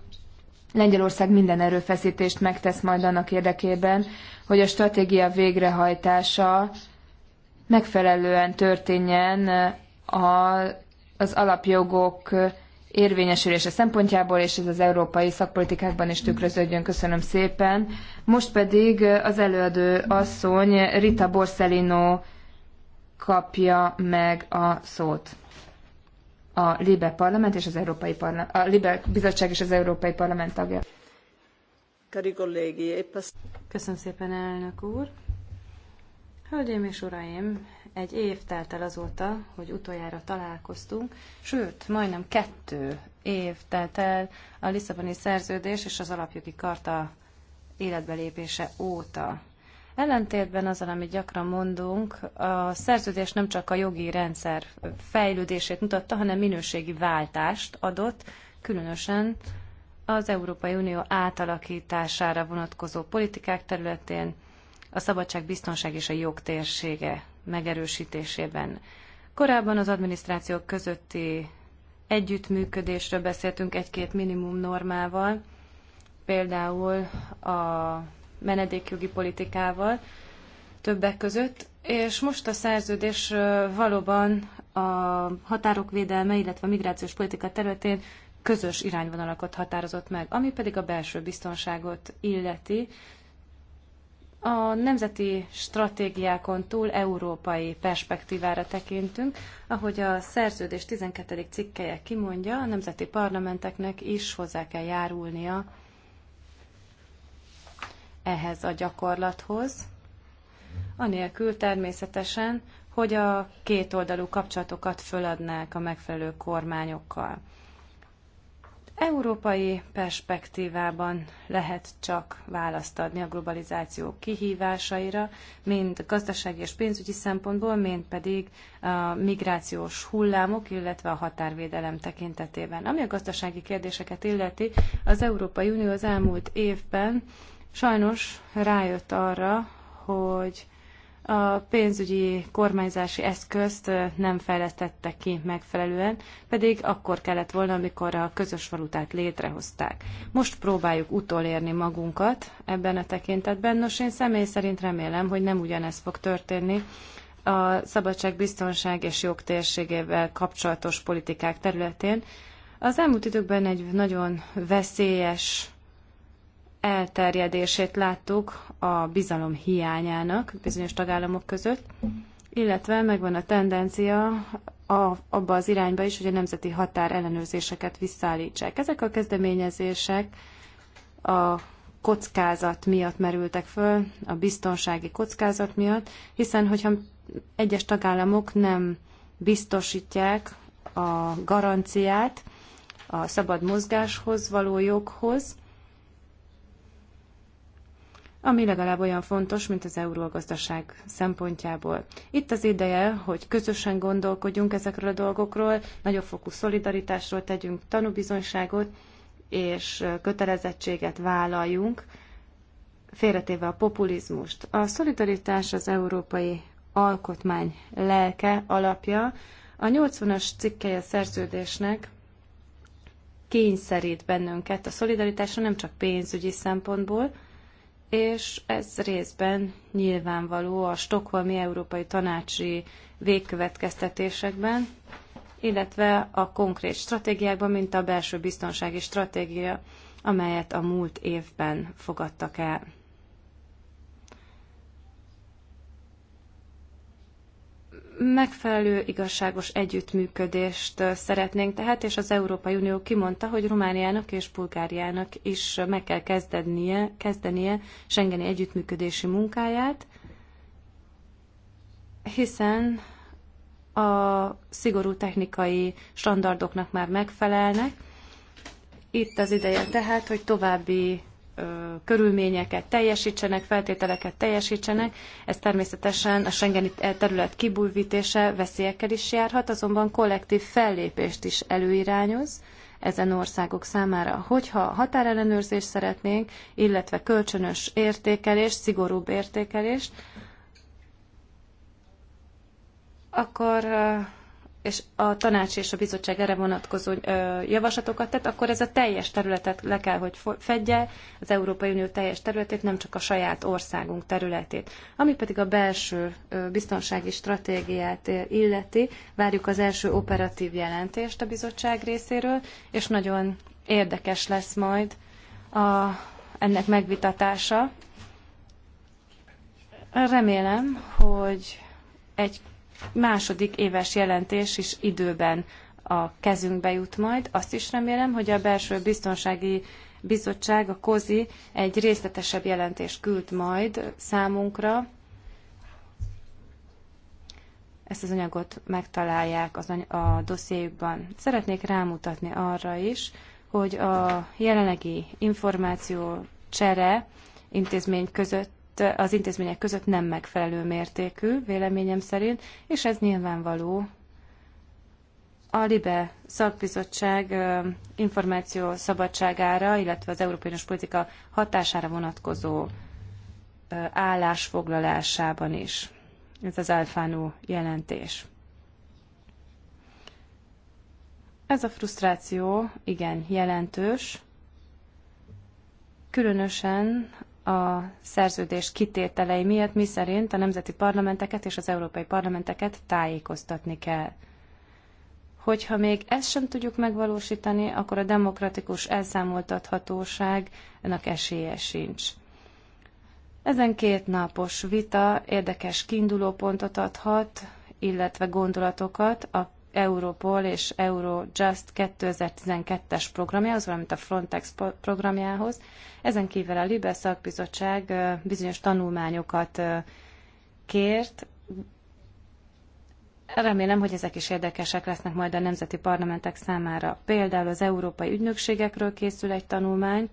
Lengyelország minden erőfeszítést megtesz majd annak érdekében, hogy a stratégia végrehajtása megfelelően történjen a, az alapjogok érvényesülése szempontjából, és ez az európai szakpolitikákban is tükröződjön. Köszönöm szépen. Most pedig az előadő asszony Rita Borsellino kapja meg a szót. A Libe Parlament és az Európai Parlament, a Libe Bizottság és az Európai Parlament tagja. Köszönöm szépen, elnök úr. Hölgyeim és uraim, egy év telt el azóta, hogy utoljára találkoztunk, sőt, majdnem kettő év telt el a Lisszaboni szerződés és az alapjogi karta életbelépése óta. Ellentétben azzal, amit gyakran mondunk, a szerződés nem csak a jogi rendszer fejlődését mutatta, hanem minőségi váltást adott, különösen az Európai Unió átalakítására vonatkozó politikák területén, a szabadság, biztonság és a jogtérsége megerősítésében. Korábban az adminisztrációk közötti együttműködésről beszéltünk egy-két minimum normával, például a menedékjogi politikával többek között, és most a szerződés valóban a határok védelme, illetve a migrációs politika területén közös irányvonalakat határozott meg, ami pedig a belső biztonságot illeti. A nemzeti stratégiákon túl európai perspektívára tekintünk, ahogy a szerződés 12. cikkeje kimondja, a nemzeti parlamenteknek is hozzá kell járulnia ehhez a gyakorlathoz, anélkül természetesen, hogy a kétoldalú kapcsolatokat föladnák a megfelelő kormányokkal. Európai perspektívában lehet csak választ adni a globalizáció kihívásaira, mind gazdasági és pénzügyi szempontból, mind pedig a migrációs hullámok, illetve a határvédelem tekintetében. Ami a gazdasági kérdéseket illeti, az Európai Unió az elmúlt évben sajnos rájött arra, hogy a pénzügyi kormányzási eszközt nem fejlesztette ki megfelelően, pedig akkor kellett volna, amikor a közös valutát létrehozták. Most próbáljuk utolérni magunkat ebben a tekintetben. Nos, én személy szerint remélem, hogy nem ugyanez fog történni a szabadság, biztonság és jog térségével kapcsolatos politikák területén. Az elmúlt időkben egy nagyon veszélyes elterjedését láttuk a bizalom hiányának bizonyos tagállamok között, illetve megvan a tendencia a, abba az irányba is, hogy a nemzeti határ ellenőrzéseket visszaállítsák. Ezek a kezdeményezések a kockázat miatt merültek föl, a biztonsági kockázat miatt, hiszen hogyha egyes tagállamok nem biztosítják a garanciát a szabad mozgáshoz való joghoz, ami legalább olyan fontos, mint az eurógazdaság szempontjából. Itt az ideje, hogy közösen gondolkodjunk ezekről a dolgokról, nagyobb fokú szolidaritásról tegyünk tanúbizonyságot, és kötelezettséget vállaljunk, félretéve a populizmust. A szolidaritás az európai alkotmány lelke, alapja. A 80-as a szerződésnek kényszerít bennünket a szolidaritásra nem csak pénzügyi szempontból, és ez részben nyilvánvaló a Stokholmi Európai Tanácsi végkövetkeztetésekben, illetve a konkrét stratégiákban, mint a belső biztonsági stratégia, amelyet a múlt évben fogadtak el. megfelelő igazságos együttműködést szeretnénk tehát, és az Európai Unió kimondta, hogy Romániának és Bulgáriának is meg kell kezdenie, kezdenie Schengeni együttműködési munkáját, hiszen a szigorú technikai standardoknak már megfelelnek. Itt az ideje tehát, hogy további körülményeket teljesítsenek, feltételeket teljesítsenek. Ez természetesen a Schengeni terület kibővítése veszélyekkel is járhat, azonban kollektív fellépést is előirányoz ezen országok számára. Hogyha határellenőrzést szeretnénk, illetve kölcsönös értékelést, szigorúbb értékelést, akkor és a tanács és a bizottság erre vonatkozó javaslatokat tett, akkor ez a teljes területet le kell, hogy fedje, az Európai Unió teljes területét, nem csak a saját országunk területét. Ami pedig a belső biztonsági stratégiát illeti, várjuk az első operatív jelentést a bizottság részéről, és nagyon érdekes lesz majd a, ennek megvitatása. Remélem, hogy egy második éves jelentés is időben a kezünkbe jut majd. Azt is remélem, hogy a belső biztonsági bizottság, a COZI egy részletesebb jelentést küld majd számunkra. Ezt az anyagot megtalálják az any- a dossziéjukban. Szeretnék rámutatni arra is, hogy a jelenlegi információ csere intézmény között között, az intézmények között nem megfelelő mértékű, véleményem szerint, és ez nyilvánvaló. A LIBE szakbizottság információ szabadságára, illetve az Európai Uniós politika hatására vonatkozó állásfoglalásában is. Ez az Alfánó jelentés. Ez a frusztráció igen jelentős, különösen a szerződés kitételei miatt, miszerint a nemzeti parlamenteket és az európai parlamenteket tájékoztatni kell. Hogyha még ezt sem tudjuk megvalósítani, akkor a demokratikus elszámoltathatóságnak esélye sincs. Ezen két napos vita érdekes kiindulópontot adhat, illetve gondolatokat a Europol és Eurojust 2012-es programjához, valamint a Frontex programjához. Ezen kívül a Libe szakbizottság bizonyos tanulmányokat kért. Remélem, hogy ezek is érdekesek lesznek majd a nemzeti parlamentek számára. Például az európai ügynökségekről készül egy tanulmány,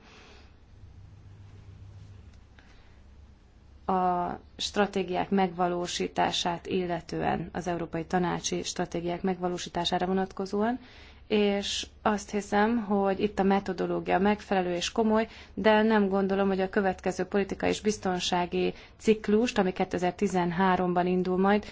a stratégiák megvalósítását illetően, az Európai Tanácsi stratégiák megvalósítására vonatkozóan, és azt hiszem, hogy itt a metodológia megfelelő és komoly, de nem gondolom, hogy a következő politikai és biztonsági ciklust, ami 2013-ban indul majd,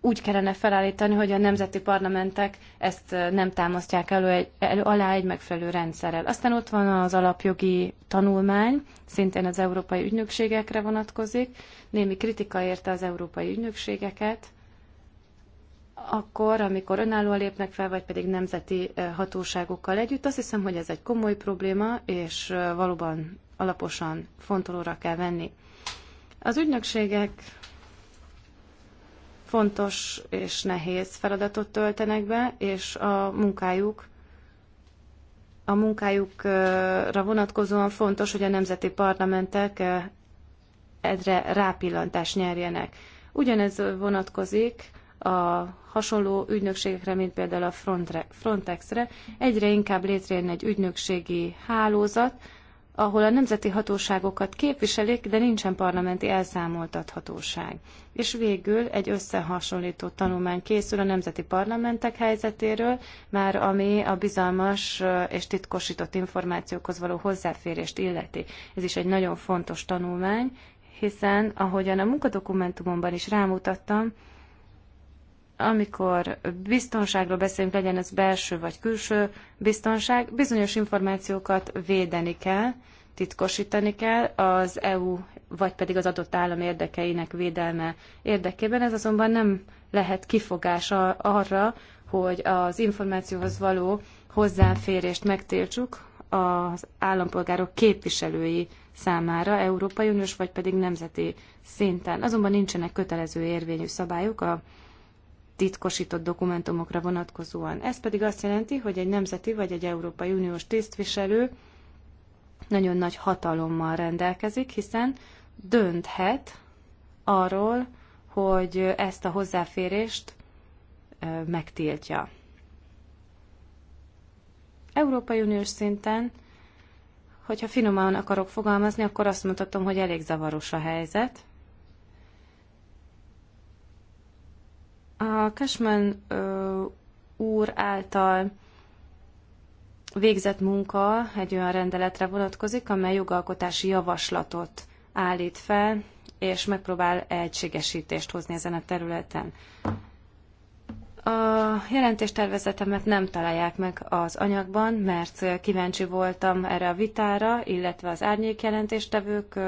úgy kellene felállítani, hogy a nemzeti parlamentek ezt nem támasztják elő, egy, elő alá egy megfelelő rendszerrel. Aztán ott van az alapjogi tanulmány, szintén az európai ügynökségekre vonatkozik. Némi kritika érte az európai ügynökségeket, akkor, amikor önállóan lépnek fel, vagy pedig nemzeti hatóságokkal együtt. Azt hiszem, hogy ez egy komoly probléma, és valóban alaposan fontolóra kell venni. Az ügynökségek fontos és nehéz feladatot töltenek be, és a munkájuk a munkájukra vonatkozóan fontos, hogy a nemzeti parlamentek egyre rápillantást nyerjenek. Ugyanez vonatkozik a hasonló ügynökségekre, mint például a Frontexre. Egyre inkább létrejön egy ügynökségi hálózat, ahol a nemzeti hatóságokat képviselik, de nincsen parlamenti elszámoltathatóság és végül egy összehasonlító tanulmány készül a nemzeti parlamentek helyzetéről, már ami a bizalmas és titkosított információkhoz való hozzáférést illeti. Ez is egy nagyon fontos tanulmány, hiszen ahogyan a munkadokumentumomban is rámutattam, amikor biztonságról beszélünk, legyen ez belső vagy külső biztonság, bizonyos információkat védeni kell, titkosítani kell az EU vagy pedig az adott állam érdekeinek védelme érdekében. Ez azonban nem lehet kifogás arra, hogy az információhoz való hozzáférést megtiltsuk az állampolgárok képviselői számára, Európai Uniós vagy pedig nemzeti szinten. Azonban nincsenek kötelező érvényű szabályok a titkosított dokumentumokra vonatkozóan. Ez pedig azt jelenti, hogy egy nemzeti vagy egy Európai Uniós tisztviselő nagyon nagy hatalommal rendelkezik, hiszen dönthet arról, hogy ezt a hozzáférést megtiltja. Európai Uniós szinten, hogyha finoman akarok fogalmazni, akkor azt mondhatom, hogy elég zavaros a helyzet. A Cashman úr által végzett munka egy olyan rendeletre vonatkozik, amely jogalkotási javaslatot állít fel, és megpróbál egységesítést hozni ezen a területen. A jelentéstervezetemet nem találják meg az anyagban, mert kíváncsi voltam erre a vitára, illetve az árnyék jelentéstevők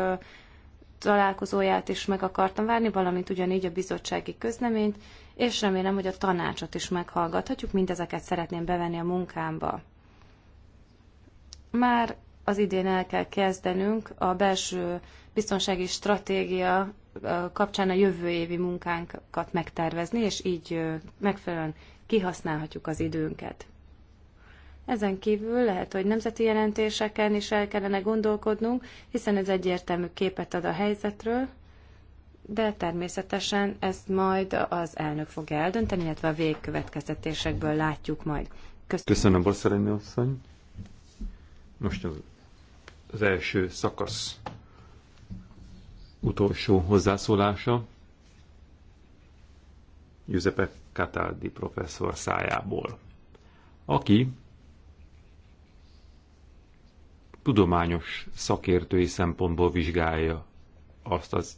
találkozóját is meg akartam várni, valamint ugyanígy a bizottsági közleményt, és remélem, hogy a tanácsot is meghallgathatjuk, mindezeket szeretném bevenni a munkámba. Már az idén el kell kezdenünk a belső biztonsági stratégia kapcsán a jövő évi munkánkat megtervezni, és így megfelelően kihasználhatjuk az időnket. Ezen kívül lehet, hogy nemzeti jelentéseken is el kellene gondolkodnunk, hiszen ez egyértelmű képet ad a helyzetről, de természetesen ezt majd az elnök fogja eldönteni, illetve a végkövetkeztetésekből látjuk majd. Köszönöm, Köszönöm Borszerényi asszony. Most az az első szakasz utolsó hozzászólása Giuseppe Cataldi professzor szájából, aki tudományos szakértői szempontból vizsgálja azt az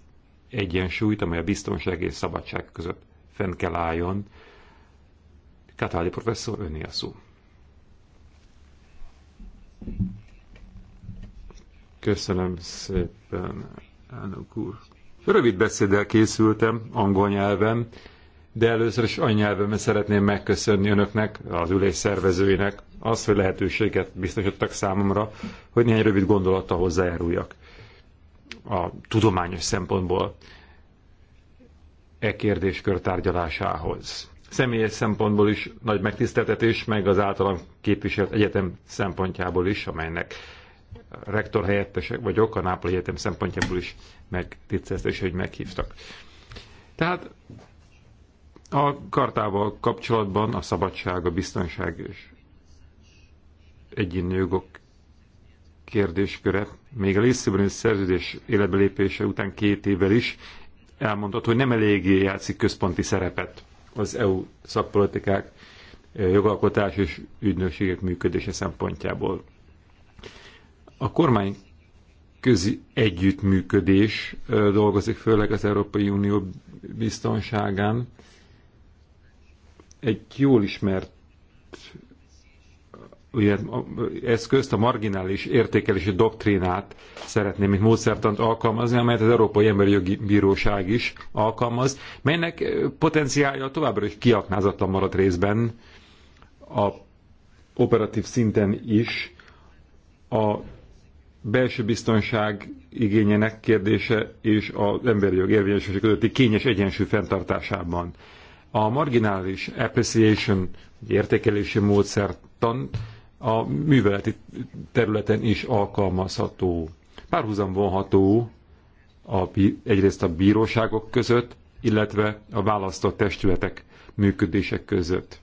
egyensúlyt, amely a biztonság és szabadság között fenn kell álljon. Cataldi professzor, önné a szó. Köszönöm szépen, elnök úr. Rövid beszéddel készültem, angol nyelven, de először is anyanyelvemet szeretném megköszönni önöknek, az ülés szervezőinek, azt, hogy lehetőséget biztosítottak számomra, hogy néhány rövid gondolata hozzájáruljak a tudományos szempontból e kérdéskör tárgyalásához. Személyes szempontból is nagy megtiszteltetés, meg az általam képviselt egyetem szempontjából is, amelynek rektor helyettesek vagyok, a Nápolyi Egyetem szempontjából is megtiszteltetés, hogy meghívtak. Tehát a kartával kapcsolatban a szabadság, a biztonság és egyéni jogok kérdésköre, még a Lisszaboni szerződés életbelépése után két évvel is elmondott, hogy nem eléggé játszik központi szerepet az EU szakpolitikák, jogalkotás és ügynökségek működése szempontjából. A kormány közi együttműködés dolgozik főleg az Európai Unió biztonságán. Egy jól ismert ugye, eszközt, a marginális értékelési doktrínát szeretném, mint módszertant alkalmazni, amelyet az Európai Emberi Jogi Bíróság is alkalmaz, melynek potenciálja továbbra is kiaknázatlan maradt részben a operatív szinten is a belső biztonság igényének kérdése és az emberi jog érvényesülése közötti kényes egyensúly fenntartásában. A marginális appreciation értékelési módszertan a műveleti területen is alkalmazható. Párhuzam vonható a, egyrészt a bíróságok között, illetve a választott testületek működések között.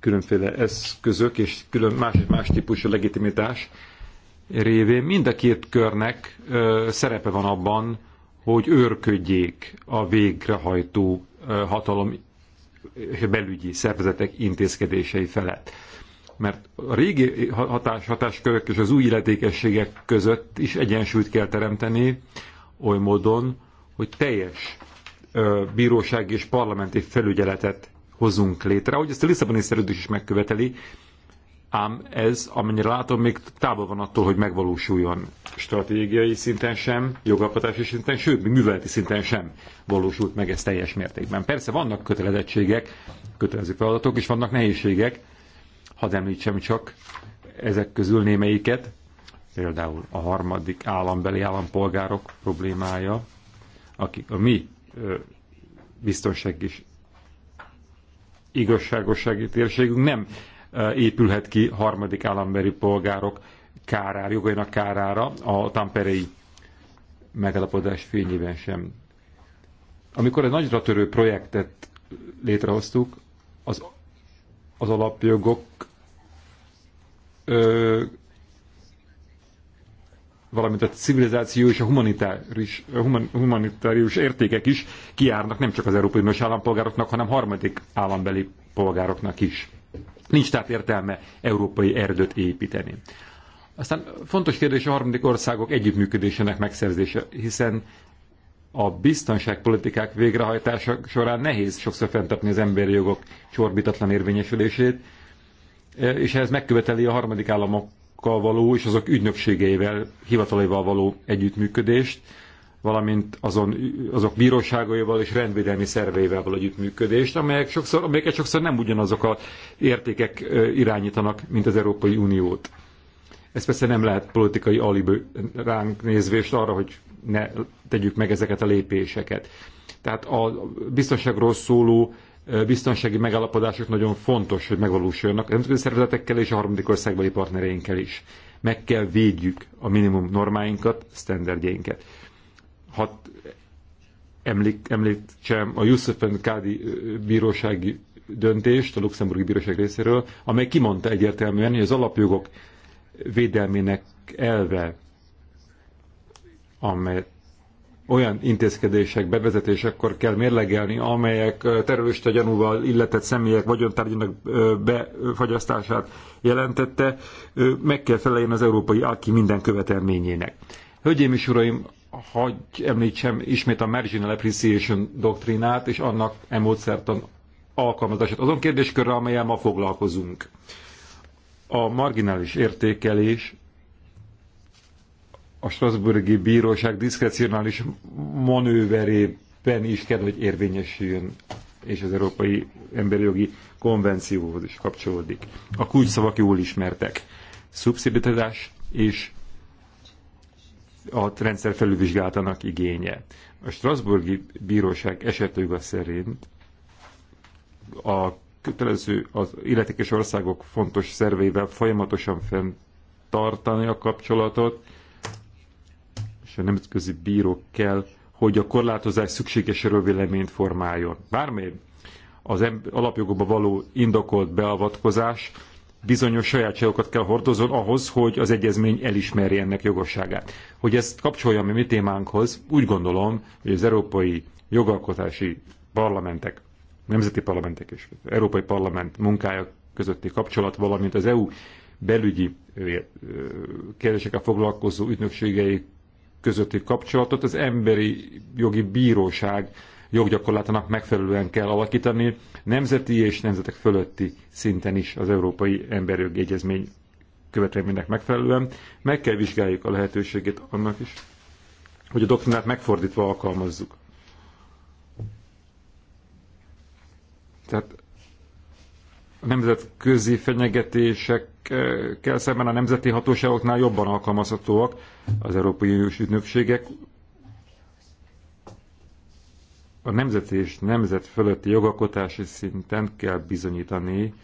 Különféle eszközök és külön más más típusú legitimitás révén mind a két körnek szerepe van abban, hogy őrködjék a végrehajtó hatalom belügyi szervezetek intézkedései felett. Mert a régi hatás, hatáskörök és az új illetékességek között is egyensúlyt kell teremteni oly módon, hogy teljes bíróság és parlamenti felügyeletet hozunk létre, ahogy ezt a Lisszaboni szerződés is megköveteli, ám ez, amennyire látom, még távol van attól, hogy megvalósuljon stratégiai szinten sem, jogalkotási szinten, sőt, még műveleti szinten sem valósult meg ez teljes mértékben. Persze vannak kötelezettségek, kötelező feladatok, és vannak nehézségek, hadd említsem csak ezek közül némelyiket, például a harmadik állambeli állampolgárok problémája, akik a mi biztonság és igazságosságítérségünk nem Eh, épülhet ki harmadik államberi polgárok kárára, jogainak kárára a tamperei megalapodás fényében sem. Amikor egy nagyra törő projektet létrehoztuk, az, az alapjogok ö, valamint a civilizáció és a humanitárius, human, humanitárius értékek is kiárnak nem csak az Európai Uniós állampolgároknak, hanem harmadik állambeli polgároknak is. Nincs tehát értelme európai erdőt építeni. Aztán fontos kérdés a harmadik országok együttműködésének megszerzése, hiszen a biztonságpolitikák végrehajtása során nehéz sokszor fenntartani az emberi jogok csorbitatlan érvényesülését, eh, és ez megköveteli a harmadik államokkal való és azok ügynökségeivel, hivatalaival való együttműködést, valamint azon, azok bíróságaival és rendvédelmi szerveivel való együttműködést, amelyek sokszor, amelyeket sokszor nem ugyanazok az értékek irányítanak, mint az Európai Uniót. Ez persze nem lehet politikai alibő ránk nézvést arra, hogy ne tegyük meg ezeket a lépéseket. Tehát a biztonságról szóló biztonsági megállapodások nagyon fontos, hogy megvalósuljanak a nemzetközi szervezetekkel és a harmadik országbeli partnereinkkel is. Meg kell védjük a minimum normáinkat, standardjeinket hat említsem a Yusuf Kádi bírósági döntést a luxemburgi bíróság részéről, amely kimondta egyértelműen, hogy az alapjogok védelmének elve, amely olyan intézkedések bevezetésekor kell mérlegelni, amelyek terrorista gyanúval illetett személyek vagyontárgyának befagyasztását jelentette, meg kell feleljen az európai aki minden követelményének. Hölgyeim és uraim, hagy említsem ismét a Marginal Appreciation doktrinát és annak e módszertan alkalmazását. Azon kérdéskörre, amelyel ma foglalkozunk. A marginális értékelés a Strasburgi Bíróság diszkrecionális manőverében is kell, hogy érvényesüljön, és az Európai Emberi Jogi Konvencióhoz is kapcsolódik. A kulcsszavak jól ismertek. Szubszidizás és a rendszer felülvizsgáltanak igénye. A Strasburgi Bíróság esetjoga szerint a kötelező az illetékes országok fontos szerveivel folyamatosan fenntartani a kapcsolatot, és a nemzetközi bírók kell, hogy a korlátozás szükséges véleményt formáljon. Bármely az alapjogokba való indokolt beavatkozás bizonyos sajátságokat kell hordozon ahhoz, hogy az egyezmény elismerje ennek jogosságát. Hogy ezt kapcsoljam a mi témánkhoz, úgy gondolom, hogy az európai jogalkotási parlamentek, nemzeti parlamentek és európai parlament munkája közötti kapcsolat, valamint az EU belügyi kérdésekkel foglalkozó ügynökségei közötti kapcsolatot az emberi jogi bíróság joggyakorlatának megfelelően kell alakítani nemzeti és nemzetek fölötti szinten is az Európai Emberjogi Egyezmény követelménynek megfelelően. Meg kell vizsgáljuk a lehetőségét annak is, hogy a doktrinát megfordítva alkalmazzuk. Tehát a nemzetközi fenyegetésekkel szemben a nemzeti hatóságoknál jobban alkalmazhatóak az Európai Uniós ügynökségek, a nemzet és nemzet fölötti jogalkotási szinten kell bizonyítani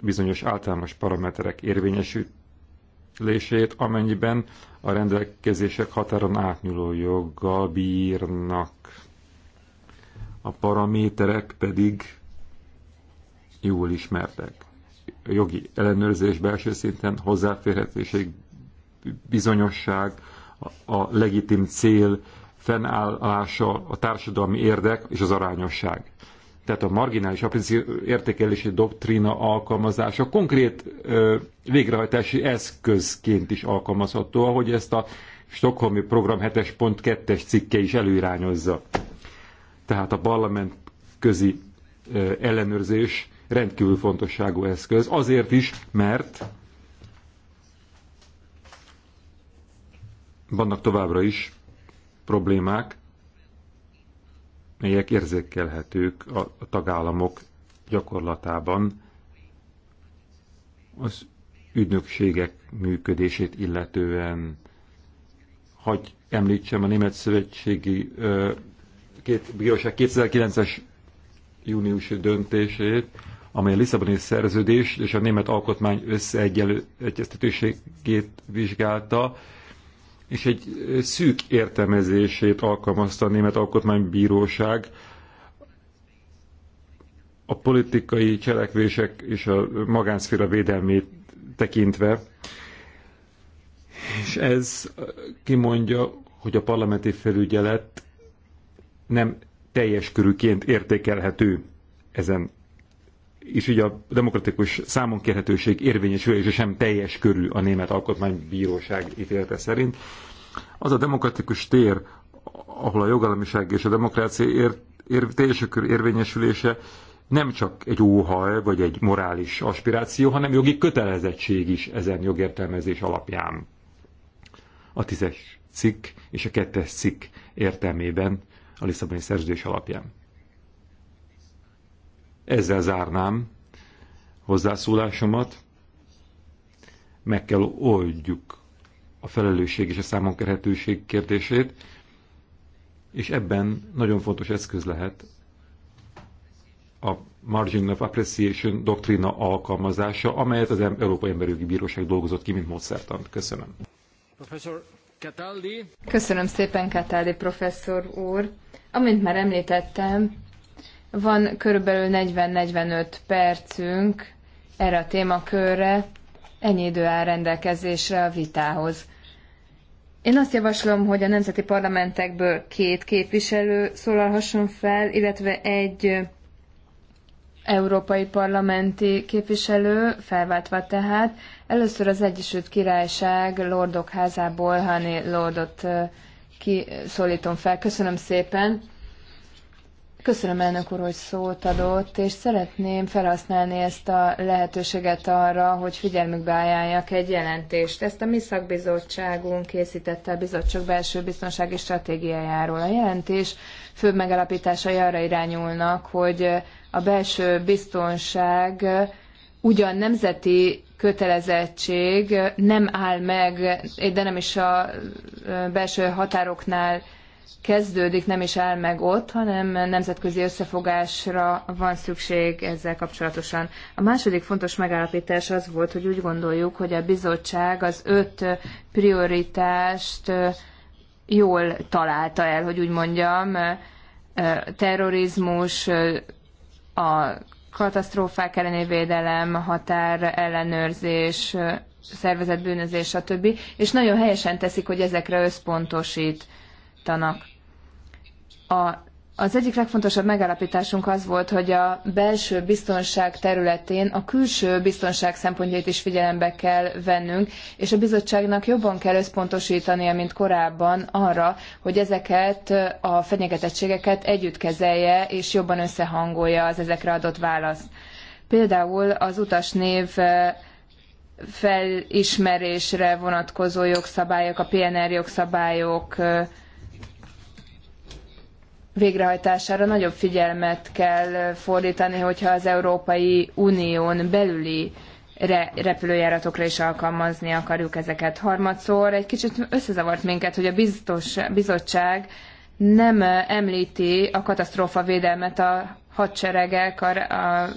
bizonyos általános paraméterek érvényesülését, amennyiben a rendelkezések határon átnyúló joggal bírnak. A paraméterek pedig jól ismertek. A jogi ellenőrzés belső szinten hozzáférhetőség, bizonyosság, a legitim cél, fennállása a társadalmi érdek és az arányosság. Tehát a marginális értékelési doktrína alkalmazása konkrét ö, végrehajtási eszközként is alkalmazható, ahogy ezt a Stockholmi Program 7.2-es cikke is előirányozza. Tehát a parlament közi ö, ellenőrzés rendkívül fontosságú eszköz. Azért is, mert vannak továbbra is problémák, melyek érzékelhetők a tagállamok gyakorlatában az ügynökségek működését illetően. Hagy említsem a Német Szövetségi két, Bíróság 2009-es júniusi döntését, amely a Lisszaboni szerződés és a német alkotmány összeegyeztetőségét vizsgálta, és egy szűk értelmezését alkalmazta a Német Alkotmánybíróság a politikai cselekvések és a magánszféra védelmét tekintve. És ez kimondja, hogy a parlamenti felügyelet nem teljes körűként értékelhető ezen és ugye a demokratikus számonkérhetőség érvényesül, és sem teljes körű a Német Alkotmánybíróság ítélete szerint. Az a demokratikus tér, ahol a jogállamiság és a demokrácia ér, ér, teljes kör érvényesülése nem csak egy óhaj vagy egy morális aspiráció, hanem jogi kötelezettség is ezen jogértelmezés alapján. A tízes cikk és a kettes cikk értelmében a Lisszaboni szerződés alapján. Ezzel zárnám hozzászólásomat. Meg kell oldjuk a felelősség és a számonkerhetőség kérdését, és ebben nagyon fontos eszköz lehet a Margin of Appreciation doktrina alkalmazása, amelyet az Európai Emberjogi Bíróság dolgozott ki, mint módszertan. Köszönöm. Professor Cataldi. Köszönöm szépen, Cataldi professzor úr. Amint már említettem, van körülbelül 40-45 percünk erre a témakörre, ennyi idő áll rendelkezésre a vitához. Én azt javaslom, hogy a nemzeti parlamentekből két képviselő szólalhasson fel, illetve egy európai parlamenti képviselő, felváltva tehát. Először az Egyesült Királyság Lordok házából Hani Lordot kiszólítom fel. Köszönöm szépen! Köszönöm elnök úr, hogy szót adott, és szeretném felhasználni ezt a lehetőséget arra, hogy figyelmükbe ajánljak egy jelentést. Ezt a mi szakbizottságunk készítette a bizottság belső biztonsági stratégiájáról. A jelentés fő megalapításai arra irányulnak, hogy a belső biztonság ugyan nemzeti kötelezettség nem áll meg, de nem is a belső határoknál kezdődik, nem is áll meg ott, hanem nemzetközi összefogásra van szükség ezzel kapcsolatosan. A második fontos megállapítás az volt, hogy úgy gondoljuk, hogy a bizottság az öt prioritást jól találta el, hogy úgy mondjam, terrorizmus, a katasztrófák elleni védelem, határ ellenőrzés, szervezetbűnözés, stb. És nagyon helyesen teszik, hogy ezekre összpontosít javítanak. A, az egyik legfontosabb megállapításunk az volt, hogy a belső biztonság területén a külső biztonság szempontjait is figyelembe kell vennünk, és a bizottságnak jobban kell összpontosítania, mint korábban arra, hogy ezeket a fenyegetettségeket együtt kezelje, és jobban összehangolja az ezekre adott választ. Például az utasnév eh, felismerésre vonatkozó jogszabályok, a PNR jogszabályok, eh, végrehajtására nagyobb figyelmet kell fordítani, hogyha az Európai Unión belüli repülőjáratokra is alkalmazni akarjuk ezeket. Harmadszor egy kicsit összezavart minket, hogy a biztos, bizottság nem említi a katasztrófavédelmet a hadseregek, a, a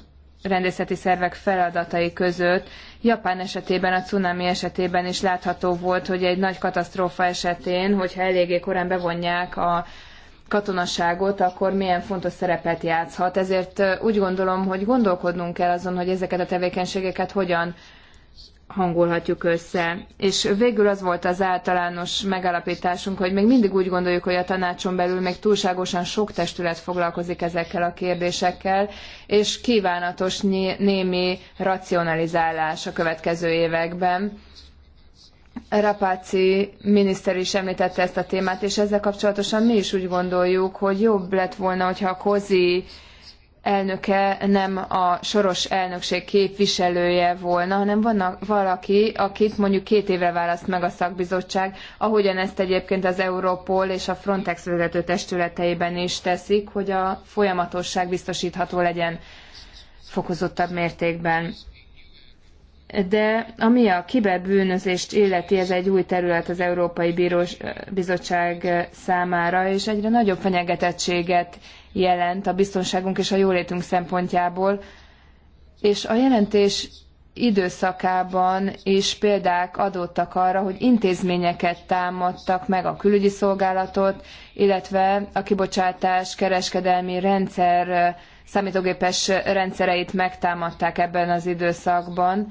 rendészeti szervek feladatai között. Japán esetében, a cunami esetében is látható volt, hogy egy nagy katasztrófa esetén, hogyha eléggé korán bevonják a katonaságot, akkor milyen fontos szerepet játszhat. Ezért úgy gondolom, hogy gondolkodnunk kell azon, hogy ezeket a tevékenységeket hogyan hangolhatjuk össze. És végül az volt az általános megállapításunk, hogy még mindig úgy gondoljuk, hogy a tanácson belül még túlságosan sok testület foglalkozik ezekkel a kérdésekkel, és kívánatos némi racionalizálás a következő években Rapáci miniszter is említette ezt a témát, és ezzel kapcsolatosan mi is úgy gondoljuk, hogy jobb lett volna, hogyha a Kozi elnöke nem a soros elnökség képviselője volna, hanem van valaki, akit mondjuk két évre választ meg a szakbizottság, ahogyan ezt egyébként az Europol és a Frontex vezető testületeiben is teszik, hogy a folyamatosság biztosítható legyen fokozottabb mértékben de ami a kiberbűnözést illeti, ez egy új terület az Európai Bírós Bizottság számára, és egyre nagyobb fenyegetettséget jelent a biztonságunk és a jólétünk szempontjából, és a jelentés időszakában is példák adottak arra, hogy intézményeket támadtak meg a külügyi szolgálatot, illetve a kibocsátás kereskedelmi rendszer számítógépes rendszereit megtámadták ebben az időszakban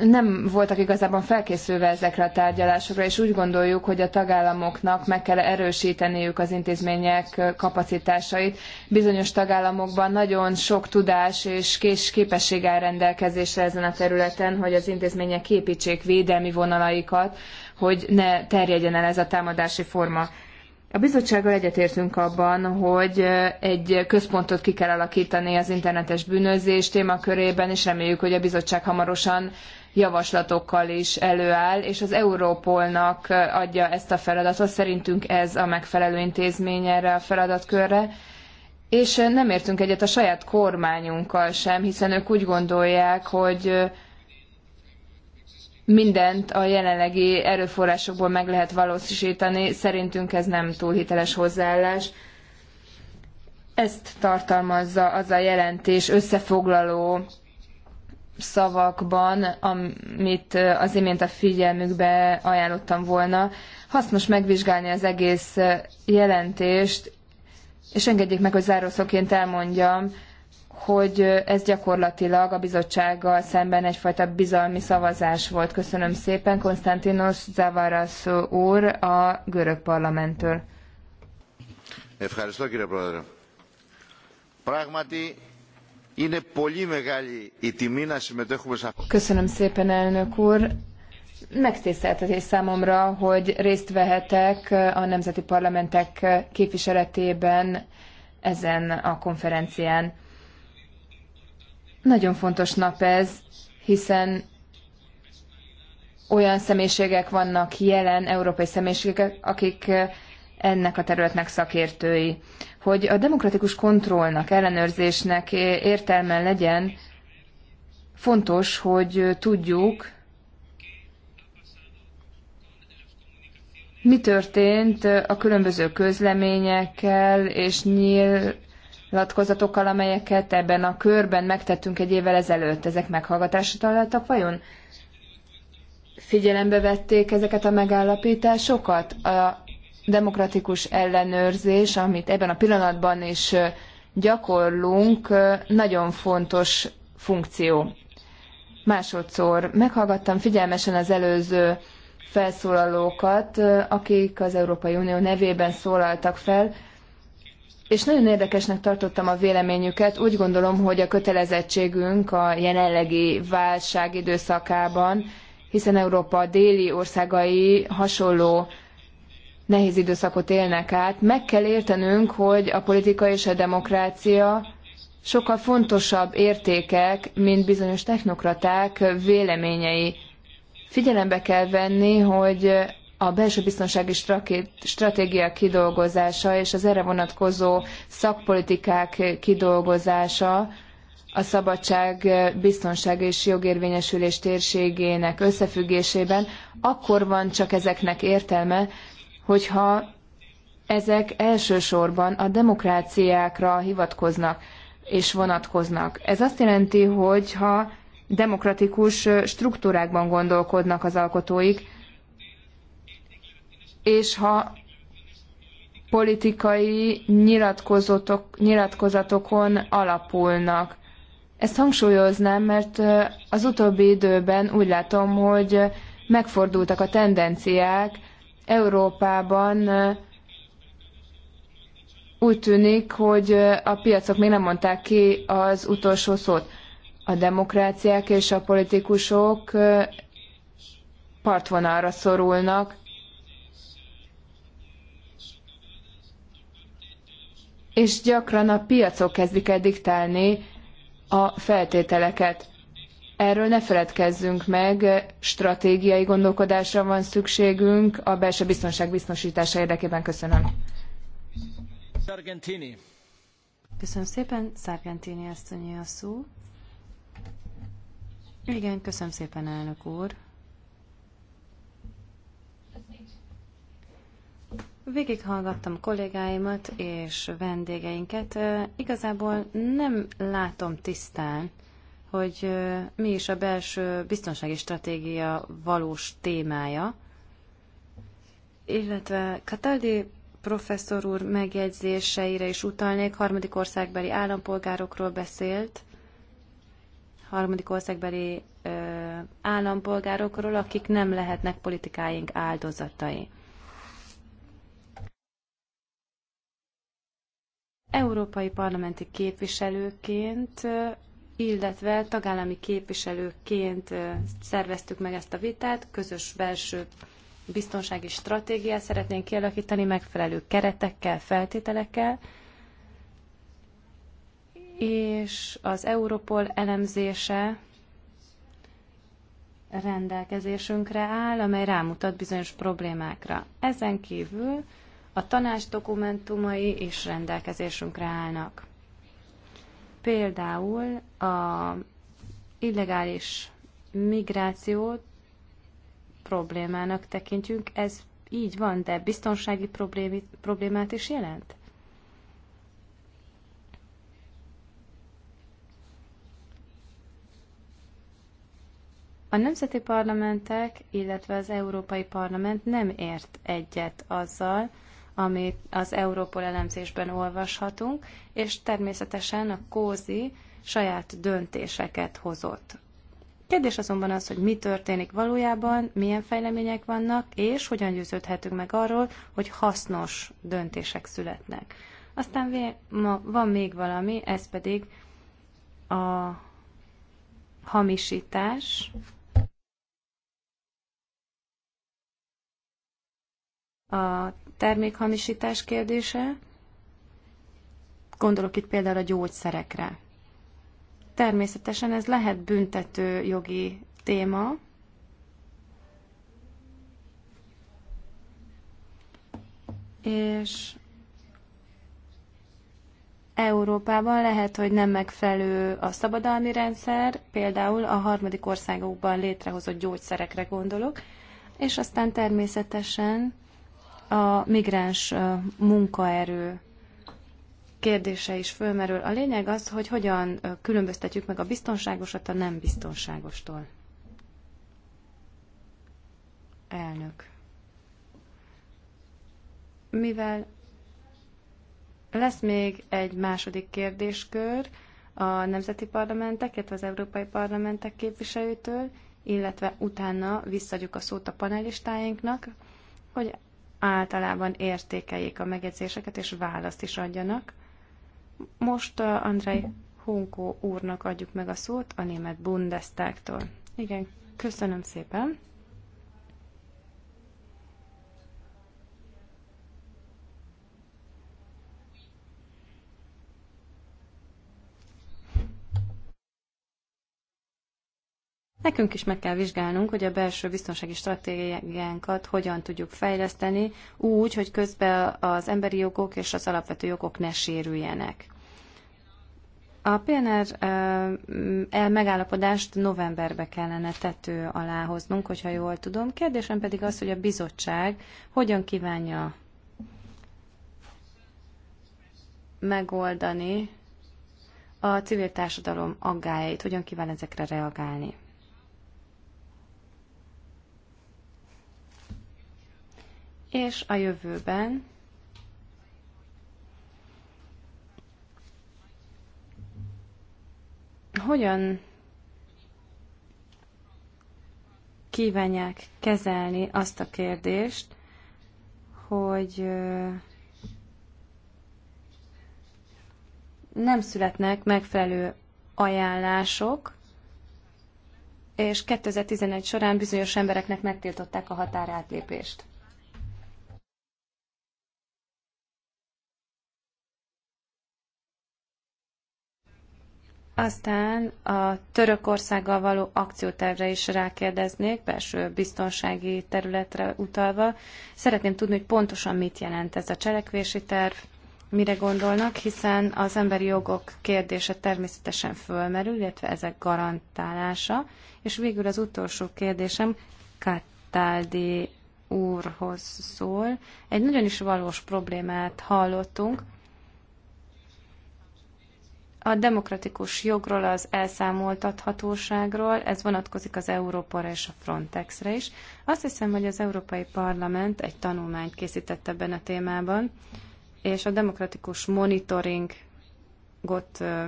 nem voltak igazából felkészülve ezekre a tárgyalásokra, és úgy gondoljuk, hogy a tagállamoknak meg kell erősíteniük az intézmények kapacitásait. Bizonyos tagállamokban nagyon sok tudás és kés képesség áll rendelkezésre ezen a területen, hogy az intézmények képítsék védelmi vonalaikat, hogy ne terjedjen el ez a támadási forma. A bizottsággal egyetértünk abban, hogy egy központot ki kell alakítani az internetes bűnözés témakörében, és reméljük, hogy a bizottság hamarosan javaslatokkal is előáll, és az Európolnak adja ezt a feladatot. Szerintünk ez a megfelelő intézmény erre a feladatkörre. És nem értünk egyet a saját kormányunkkal sem, hiszen ők úgy gondolják, hogy mindent a jelenlegi erőforrásokból meg lehet valósítani. Szerintünk ez nem túl hiteles hozzáállás. Ezt tartalmazza az a jelentés összefoglaló szavakban, amit az imént a figyelmükbe ajánlottam volna. Hasznos megvizsgálni az egész jelentést, és engedjék meg, hogy zárószóként elmondjam, hogy ez gyakorlatilag a bizottsággal szemben egyfajta bizalmi szavazás volt. Köszönöm szépen, Konstantinos Zavaras úr a görög parlamenttől. Köszönöm szépen elnök úr. Megtiszteltetés számomra, hogy részt vehetek a nemzeti parlamentek képviseletében ezen a konferencián nagyon fontos nap ez, hiszen olyan személyiségek vannak jelen, európai személyiségek, akik ennek a területnek szakértői. Hogy a demokratikus kontrollnak, ellenőrzésnek értelme legyen, fontos, hogy tudjuk, mi történt a különböző közleményekkel és nyíl, nyilatkozatokkal, amelyeket ebben a körben megtettünk egy évvel ezelőtt. Ezek meghallgatásra találtak vajon? Figyelembe vették ezeket a megállapításokat? A demokratikus ellenőrzés, amit ebben a pillanatban is gyakorlunk, nagyon fontos funkció. Másodszor meghallgattam figyelmesen az előző felszólalókat, akik az Európai Unió nevében szólaltak fel, és nagyon érdekesnek tartottam a véleményüket. Úgy gondolom, hogy a kötelezettségünk a jelenlegi válság időszakában, hiszen Európa déli országai hasonló nehéz időszakot élnek át, meg kell értenünk, hogy a politika és a demokrácia sokkal fontosabb értékek, mint bizonyos technokraták véleményei. Figyelembe kell venni, hogy a belső biztonsági stratégia kidolgozása és az erre vonatkozó szakpolitikák kidolgozása a szabadság, biztonság és jogérvényesülés térségének összefüggésében, akkor van csak ezeknek értelme, hogyha ezek elsősorban a demokráciákra hivatkoznak és vonatkoznak. Ez azt jelenti, hogy ha demokratikus struktúrákban gondolkodnak az alkotóik, és ha politikai nyilatkozatok, nyilatkozatokon alapulnak. Ezt hangsúlyoznám, mert az utóbbi időben úgy látom, hogy megfordultak a tendenciák. Európában úgy tűnik, hogy a piacok még nem mondták ki az utolsó szót. A demokráciák és a politikusok partvonalra szorulnak, és gyakran a piacok kezdik el diktálni a feltételeket. Erről ne feledkezzünk meg, stratégiai gondolkodásra van szükségünk a belső biztonság biztosítása érdekében. Köszönöm. Sargentini. Köszönöm szépen, Sargentini asszonyi a szó. Igen, köszönöm szépen, elnök úr. Végighallgattam kollégáimat és vendégeinket. Igazából nem látom tisztán, hogy mi is a belső biztonsági stratégia valós témája, illetve Kataldi professzor úr megjegyzéseire is utalnék, harmadik országbeli állampolgárokról beszélt, harmadik országbeli ö, állampolgárokról, akik nem lehetnek politikáink áldozatai. európai parlamenti képviselőként, illetve tagállami képviselőként szerveztük meg ezt a vitát, közös belső biztonsági stratégiát szeretnénk kialakítani megfelelő keretekkel, feltételekkel, és az Europol elemzése rendelkezésünkre áll, amely rámutat bizonyos problémákra. Ezen kívül a tanács dokumentumai is rendelkezésünkre állnak. Például a illegális migráció problémának tekintjük, ez így van, de biztonsági problémát is jelent? A nemzeti parlamentek, illetve az Európai Parlament nem ért egyet azzal, amit az Európol elemzésben olvashatunk, és természetesen a Kózi saját döntéseket hozott. Kérdés azonban az, hogy mi történik valójában, milyen fejlemények vannak, és hogyan győződhetünk meg arról, hogy hasznos döntések születnek. Aztán ma van még valami, ez pedig a hamisítás, a termékhamisítás kérdése. Gondolok itt például a gyógyszerekre. Természetesen ez lehet büntető jogi téma, és Európában lehet, hogy nem megfelelő a szabadalmi rendszer, például a harmadik országokban létrehozott gyógyszerekre gondolok, és aztán természetesen a migráns munkaerő kérdése is fölmerül. A lényeg az, hogy hogyan különböztetjük meg a biztonságosat a nem biztonságostól. Elnök. Mivel lesz még egy második kérdéskör a nemzeti parlamentek, illetve az európai parlamentek képviselőtől, illetve utána visszadjuk a szót a panelistáinknak, hogy általában értékeljék a megjegyzéseket, és választ is adjanak. Most uh, Andrei Hunkó úrnak adjuk meg a szót a német Bundestagtól. Igen, köszönöm szépen. Nekünk is meg kell vizsgálnunk, hogy a belső biztonsági stratégiánkat hogyan tudjuk fejleszteni úgy, hogy közben az emberi jogok és az alapvető jogok ne sérüljenek. A PNR e megállapodást novemberbe kellene tető alá hoznunk, hogyha jól tudom. Kérdésem pedig az, hogy a bizottság hogyan kívánja megoldani a civil társadalom aggályait, hogyan kíván ezekre reagálni. és a jövőben hogyan kívánják kezelni azt a kérdést, hogy nem születnek megfelelő ajánlások, és 2011 során bizonyos embereknek megtiltották a határátlépést. Aztán a Törökországgal való akciótervre is rákérdeznék, belső biztonsági területre utalva. Szeretném tudni, hogy pontosan mit jelent ez a cselekvési terv, mire gondolnak, hiszen az emberi jogok kérdése természetesen fölmerül, illetve ezek garantálása. És végül az utolsó kérdésem Kattaldi úrhoz szól. Egy nagyon is valós problémát hallottunk, a demokratikus jogról, az elszámoltathatóságról, ez vonatkozik az Európára és a Frontexre is. Azt hiszem, hogy az Európai Parlament egy tanulmányt készített ebben a témában, és a demokratikus monitoringot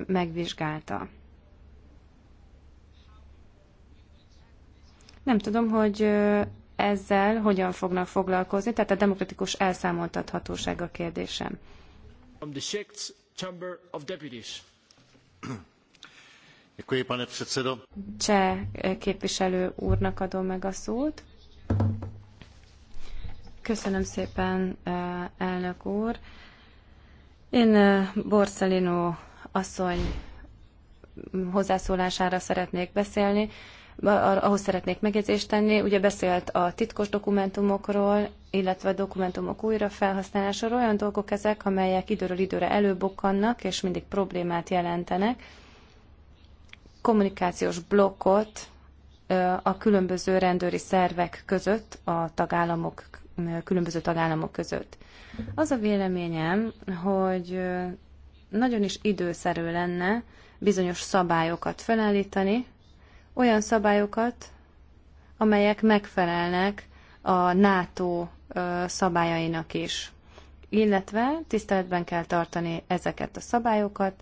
megvizsgálta. Nem tudom, hogy ezzel hogyan fognak foglalkozni, tehát a demokratikus elszámoltathatóság a kérdésem. From the sixth chamber of deputies pane předsedo. Cseh képviselő úrnak adom meg a szót. Köszönöm szépen, eh, elnök úr. Én eh, Borszelino asszony hozzászólására szeretnék beszélni ahhoz szeretnék megjegyzést tenni. Ugye beszélt a titkos dokumentumokról, illetve a dokumentumok újrafelhasználásáról. Olyan dolgok ezek, amelyek időről időre előbukkannak, és mindig problémát jelentenek. Kommunikációs blokkot a különböző rendőri szervek között, a tagállamok, különböző tagállamok között. Az a véleményem, hogy nagyon is időszerű lenne bizonyos szabályokat felállítani, olyan szabályokat, amelyek megfelelnek a NATO szabályainak is. Illetve tiszteletben kell tartani ezeket a szabályokat.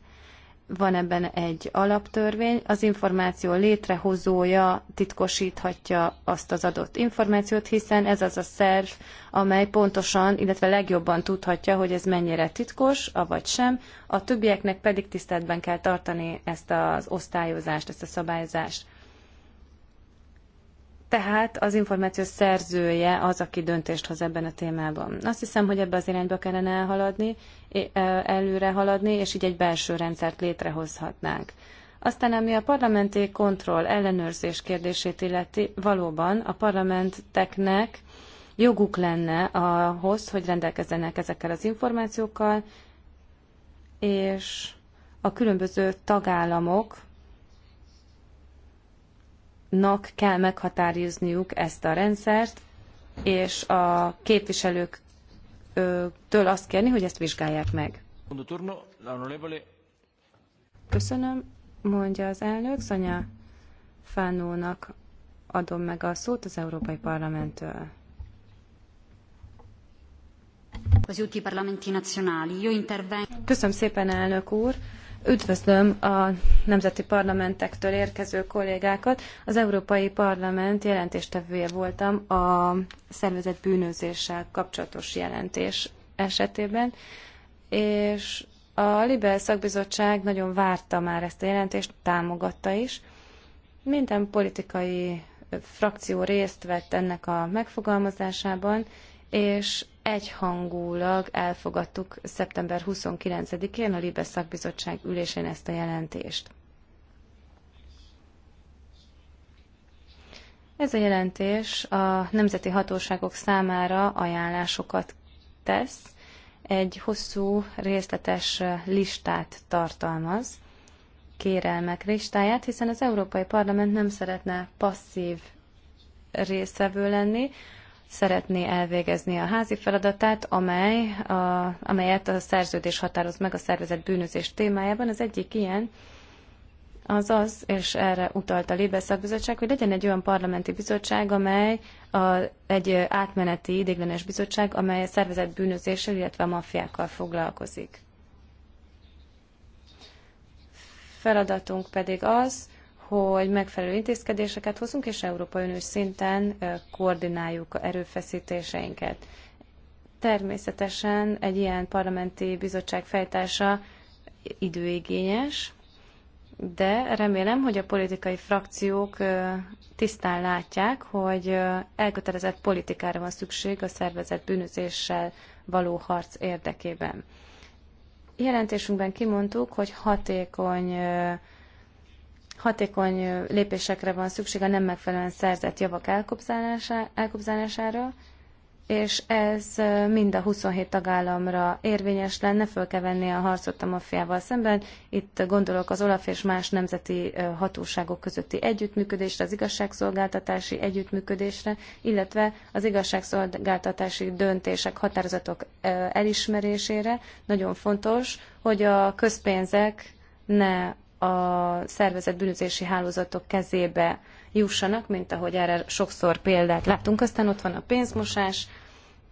Van ebben egy alaptörvény, az információ létrehozója titkosíthatja azt az adott információt, hiszen ez az a szerv, amely pontosan, illetve legjobban tudhatja, hogy ez mennyire titkos, avagy sem, a többieknek pedig tiszteletben kell tartani ezt az osztályozást, ezt a szabályozást. Tehát az információ szerzője az, aki döntést hoz ebben a témában. Azt hiszem, hogy ebbe az irányba kellene elhaladni, e, előre haladni, és így egy belső rendszert létrehozhatnánk. Aztán, ami a parlamenti kontroll ellenőrzés kérdését illeti, valóban a parlamenteknek joguk lenne ahhoz, hogy rendelkezzenek ezekkel az információkkal, és a különböző tagállamok nak kell meghatározniuk ezt a rendszert, és a képviselők től azt kérni, hogy ezt vizsgálják meg. Köszönöm, mondja az elnök. Szanya Fánónak adom meg a szót az Európai Parlamenttől. Köszönöm szépen, elnök úr. Üdvözlöm a nemzeti parlamentektől érkező kollégákat. Az Európai Parlament jelentéstevője voltam a szervezett bűnözéssel kapcsolatos jelentés esetében, és a Libel szakbizottság nagyon várta már ezt a jelentést, támogatta is. Minden politikai frakció részt vett ennek a megfogalmazásában, és egyhangulag elfogadtuk szeptember 29-én a Libes szakbizottság ülésén ezt a jelentést. Ez a jelentés a nemzeti hatóságok számára ajánlásokat tesz, egy hosszú, részletes listát tartalmaz, kérelmek listáját, hiszen az Európai Parlament nem szeretne passzív részvevő lenni, szeretné elvégezni a házi feladatát, amely a, amelyet a szerződés határoz meg a szervezet bűnözés témájában. Az egyik ilyen az az, és erre utalt a Libe szakbizottság, hogy legyen egy olyan parlamenti bizottság, amely a, egy átmeneti idéglenes bizottság, amely a szervezet bűnözéssel, illetve a maffiákkal foglalkozik. Feladatunk pedig az, hogy megfelelő intézkedéseket hozunk, és Európai Uniós szinten koordináljuk erőfeszítéseinket. Természetesen egy ilyen parlamenti bizottság fejtása időigényes, de remélem, hogy a politikai frakciók tisztán látják, hogy elkötelezett politikára van szükség a szervezett bűnözéssel való harc érdekében. Jelentésünkben kimondtuk, hogy hatékony Hatékony lépésekre van szükség a nem megfelelően szerzett javak elkobzására, és ez mind a 27 tagállamra érvényes lenne, föl kell venni a harcot a maffiával szemben. Itt gondolok az OLAF és más nemzeti hatóságok közötti együttműködésre, az igazságszolgáltatási együttműködésre, illetve az igazságszolgáltatási döntések, határozatok elismerésére. Nagyon fontos, hogy a közpénzek ne a szervezett bűnözési hálózatok kezébe jussanak, mint ahogy erre sokszor példát láttunk. Aztán ott van a pénzmosás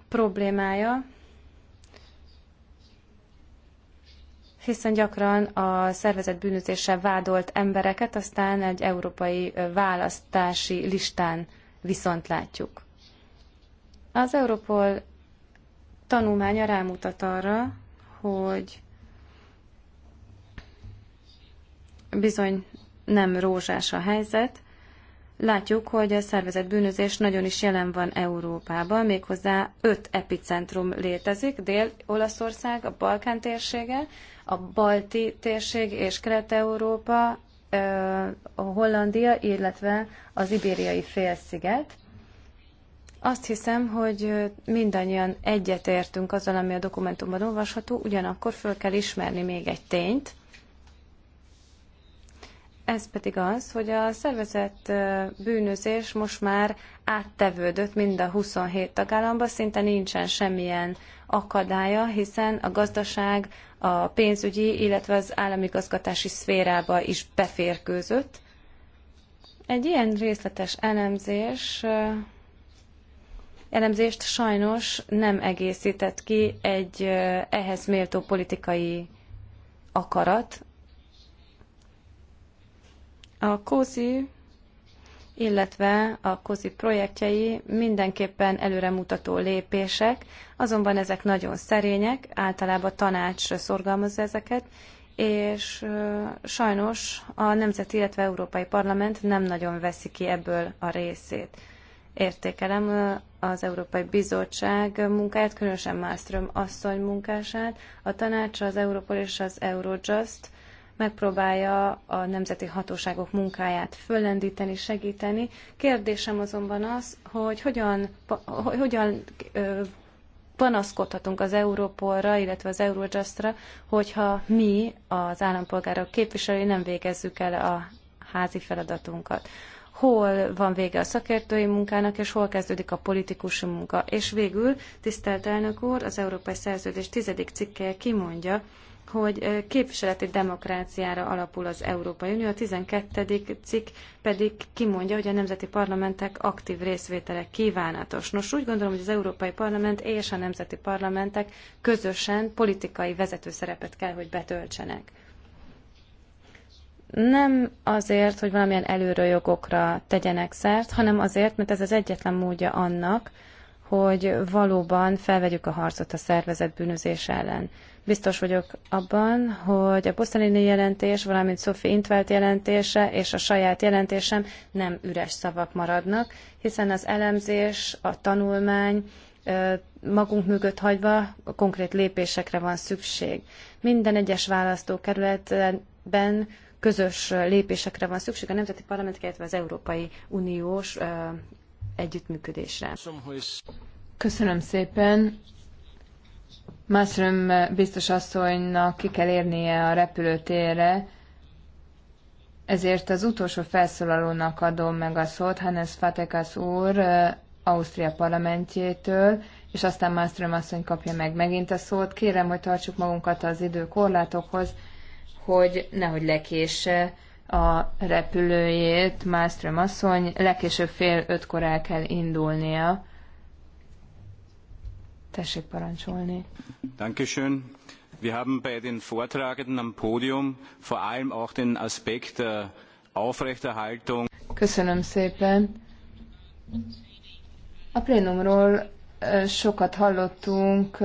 problémája, hiszen gyakran a szervezett bűnözéssel vádolt embereket aztán egy európai választási listán viszont látjuk. Az Europol tanulmánya rámutat arra, hogy bizony nem rózsás a helyzet. Látjuk, hogy a szervezett bűnözés nagyon is jelen van Európában, méghozzá öt epicentrum létezik, Dél-Olaszország, a Balkán térsége, a Balti térség és Kelet-Európa, a Hollandia, illetve az Ibériai félsziget. Azt hiszem, hogy mindannyian egyetértünk azzal, ami a dokumentumban olvasható, ugyanakkor föl kell ismerni még egy tényt, ez pedig az, hogy a szervezett bűnözés most már áttevődött mind a 27 tagállamba, szinte nincsen semmilyen akadálya, hiszen a gazdaság, a pénzügyi, illetve az államigazgatási szférába is beférkőzött. Egy ilyen részletes elemzés elemzést sajnos nem egészített ki egy ehhez méltó politikai akarat, a COSI, illetve a COSI projektjei mindenképpen előremutató lépések, azonban ezek nagyon szerények, általában tanács szorgalmazza ezeket, és sajnos a Nemzeti, illetve Európai Parlament nem nagyon veszi ki ebből a részét. Értékelem az Európai Bizottság munkáját, különösen Malmström asszony munkását, a tanács, az Európol és az Eurojust megpróbálja a nemzeti hatóságok munkáját föllendíteni, segíteni. Kérdésem azonban az, hogy hogyan, hogyan panaszkodhatunk az Európolra, illetve az Eurojustra, hogyha mi, az állampolgárok képviselői nem végezzük el a házi feladatunkat. Hol van vége a szakértői munkának, és hol kezdődik a politikus munka. És végül, tisztelt elnök úr, az Európai Szerződés tizedik cikkel kimondja, hogy képviseleti demokráciára alapul az Európai Unió, a 12. cikk pedig kimondja, hogy a nemzeti parlamentek aktív részvétele kívánatos. Nos, úgy gondolom, hogy az Európai Parlament és a nemzeti parlamentek közösen politikai vezető szerepet kell, hogy betöltsenek. Nem azért, hogy valamilyen jogokra tegyenek szert, hanem azért, mert ez az egyetlen módja annak, hogy valóban felvegyük a harcot a szervezet bűnözés ellen. Biztos vagyok abban, hogy a Posztalini jelentés, valamint Sophie Intvelt jelentése és a saját jelentésem nem üres szavak maradnak, hiszen az elemzés, a tanulmány, magunk mögött hagyva konkrét lépésekre van szükség. Minden egyes választókerületben közös lépésekre van szükség a nemzeti parlament, illetve az Európai Uniós együttműködésre. Köszönöm szépen. Mászröm biztos asszonynak ki kell érnie a repülőtérre, ezért az utolsó felszólalónak adom meg a szót, Hannes Fatekas úr, Ausztria parlamentjétől, és aztán Mászröm asszony kapja meg megint a szót. Kérem, hogy tartsuk magunkat az időkorlátokhoz, hogy nehogy lekésse a repülőjét Mászröm asszony. Legkésőbb fél ötkor el kell indulnia Tessék parancsolni. Dankeschön. Wir haben bei den Vortragenden am Podium vor allem auch den Aspekt der Aufrechterhaltung. Köszönöm szépen. A plénumról sokat hallottunk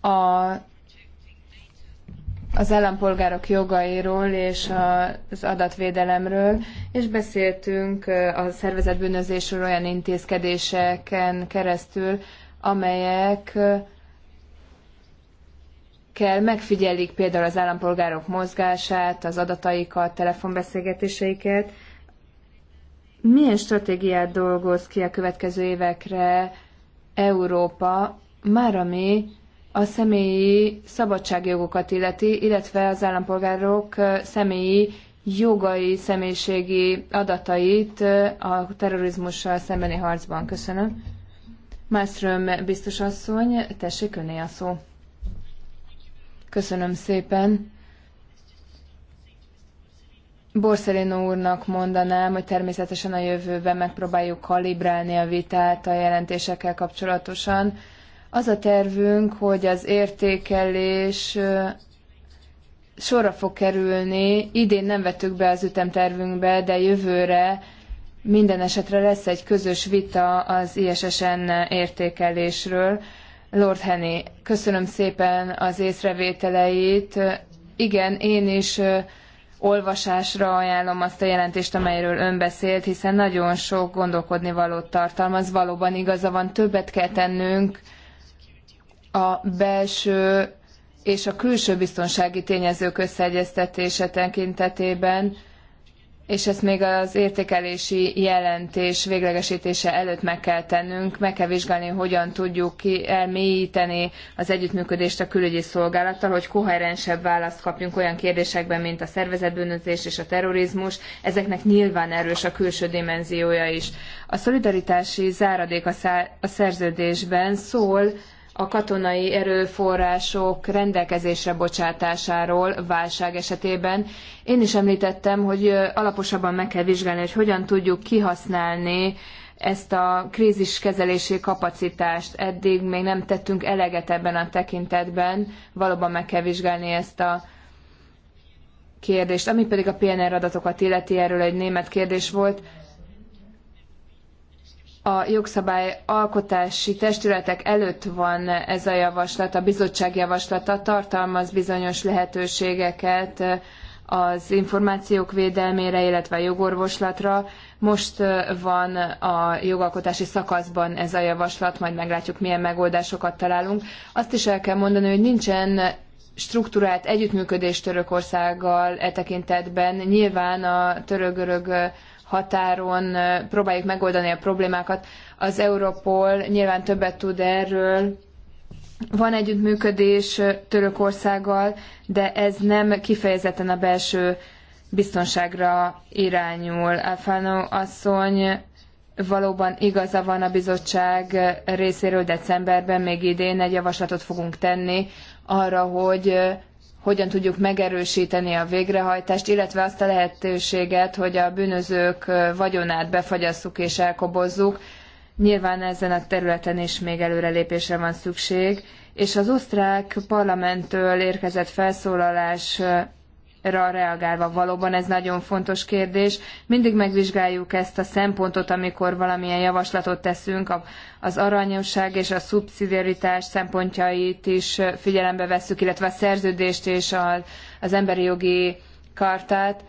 a az állampolgárok jogairól és az adatvédelemről, és beszéltünk a bűnözésről olyan intézkedéseken keresztül, amelyek kell megfigyelik például az állampolgárok mozgását, az adataikat, telefonbeszélgetéseiket. Milyen stratégiát dolgoz ki a következő évekre Európa, már ami a személyi szabadságjogokat illeti, illetve az állampolgárok személyi jogai, személyiségi adatait a terrorizmussal szembeni harcban. Köszönöm. Mászröm biztos asszony, tessék öné a szó. Köszönöm szépen. Borszelino úrnak mondanám, hogy természetesen a jövőben megpróbáljuk kalibrálni a vitát a jelentésekkel kapcsolatosan az a tervünk, hogy az értékelés sorra fog kerülni. Idén nem vettük be az ütemtervünkbe, de jövőre minden esetre lesz egy közös vita az ISSN értékelésről. Lord Henny, köszönöm szépen az észrevételeit. Igen, én is olvasásra ajánlom azt a jelentést, amelyről ön beszélt, hiszen nagyon sok gondolkodni valót tartalmaz. Valóban igaza van, többet kell tennünk a belső és a külső biztonsági tényezők összeegyeztetése tekintetében, és ezt még az értékelési jelentés véglegesítése előtt meg kell tennünk, meg kell vizsgálni, hogyan tudjuk ki elmélyíteni az együttműködést a külügyi szolgálattal, hogy koherensebb választ kapjunk olyan kérdésekben, mint a szervezetbűnözés és a terrorizmus. Ezeknek nyilván erős a külső dimenziója is. A szolidaritási záradék a, szá- a szerződésben szól, a katonai erőforrások rendelkezésre bocsátásáról válság esetében. Én is említettem, hogy alaposabban meg kell vizsgálni, hogy hogyan tudjuk kihasználni ezt a kríziskezelési kapacitást. Eddig még nem tettünk eleget ebben a tekintetben, valóban meg kell vizsgálni ezt a kérdést. Ami pedig a PNR adatokat illeti, erről egy német kérdés volt, a jogszabály alkotási testületek előtt van ez a javaslat, a bizottság javaslata tartalmaz bizonyos lehetőségeket az információk védelmére, illetve a jogorvoslatra. Most van a jogalkotási szakaszban ez a javaslat, majd meglátjuk, milyen megoldásokat találunk. Azt is el kell mondani, hogy nincsen strukturált együttműködés Törökországgal e tekintetben. Nyilván a török-görög határon próbáljuk megoldani a problémákat. Az Europol nyilván többet tud erről, van együttműködés Törökországgal, de ez nem kifejezetten a belső biztonságra irányul. Alfano asszony valóban igaza van a bizottság részéről decemberben, még idén egy javaslatot fogunk tenni arra, hogy hogyan tudjuk megerősíteni a végrehajtást, illetve azt a lehetőséget, hogy a bűnözők vagyonát befagyasszuk és elkobozzuk. Nyilván ezen a területen is még előrelépésre van szükség, és az osztrák parlamenttől érkezett felszólalás reagálva valóban ez nagyon fontos kérdés. Mindig megvizsgáljuk ezt a szempontot, amikor valamilyen javaslatot teszünk, az arányosság és a szubszidiaritás szempontjait is figyelembe vesszük, illetve a szerződést és az emberi jogi kartát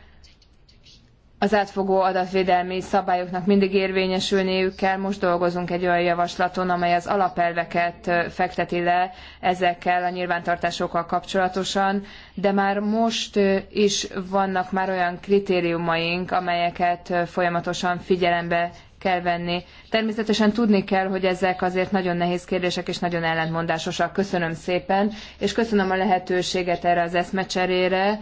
az átfogó adatvédelmi szabályoknak mindig érvényesülniük kell. Most dolgozunk egy olyan javaslaton, amely az alapelveket fekteti le ezekkel a nyilvántartásokkal kapcsolatosan, de már most is vannak már olyan kritériumaink, amelyeket folyamatosan figyelembe kell venni. Természetesen tudni kell, hogy ezek azért nagyon nehéz kérdések és nagyon ellentmondásosak. Köszönöm szépen, és köszönöm a lehetőséget erre az eszmecserére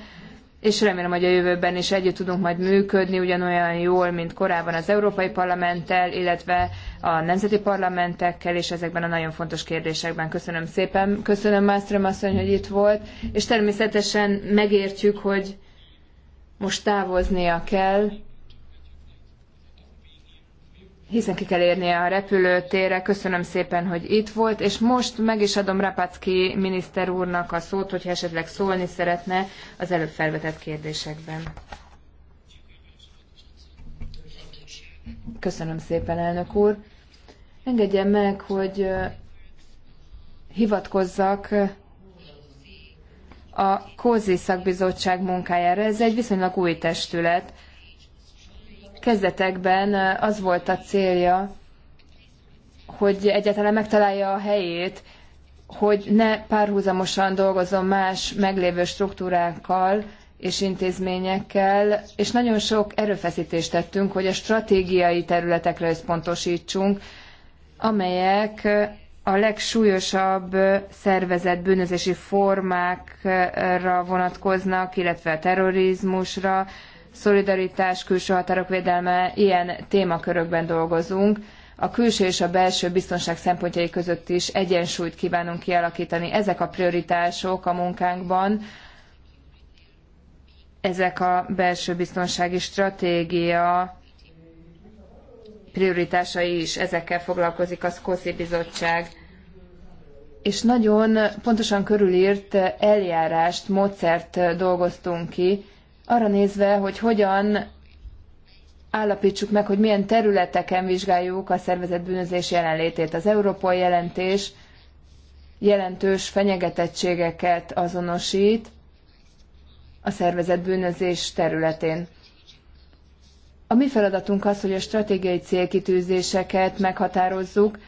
és remélem, hogy a jövőben is együtt tudunk majd működni ugyanolyan jól, mint korábban az Európai Parlamenttel, illetve a nemzeti parlamentekkel, és ezekben a nagyon fontos kérdésekben. Köszönöm szépen, köszönöm Mászrom asszony, hogy itt volt, és természetesen megértjük, hogy most távoznia kell, hiszen ki kell érnie a repülőtérre. Köszönöm szépen, hogy itt volt, és most meg is adom Rapacki miniszter úrnak a szót, hogyha esetleg szólni szeretne az előbb felvetett kérdésekben. Köszönöm szépen, elnök úr. Engedje meg, hogy hivatkozzak a Kózi Szakbizottság munkájára. Ez egy viszonylag új testület kezdetekben az volt a célja, hogy egyáltalán megtalálja a helyét, hogy ne párhuzamosan dolgozom más meglévő struktúrákkal és intézményekkel, és nagyon sok erőfeszítést tettünk, hogy a stratégiai területekre összpontosítsunk, amelyek a legsúlyosabb szervezett bűnözési formákra vonatkoznak, illetve a terrorizmusra, szolidaritás, külső határok védelme, ilyen témakörökben dolgozunk. A külső és a belső biztonság szempontjai között is egyensúlyt kívánunk kialakítani. Ezek a prioritások a munkánkban, ezek a belső biztonsági stratégia prioritásai is, ezekkel foglalkozik a SZKOSZI bizottság és nagyon pontosan körülírt eljárást, módszert dolgoztunk ki, arra nézve, hogy hogyan állapítsuk meg, hogy milyen területeken vizsgáljuk a szervezett bűnözés jelenlétét. Az Európol jelentés jelentős fenyegetettségeket azonosít a szervezett bűnözés területén. A mi feladatunk az, hogy a stratégiai célkitűzéseket meghatározzuk,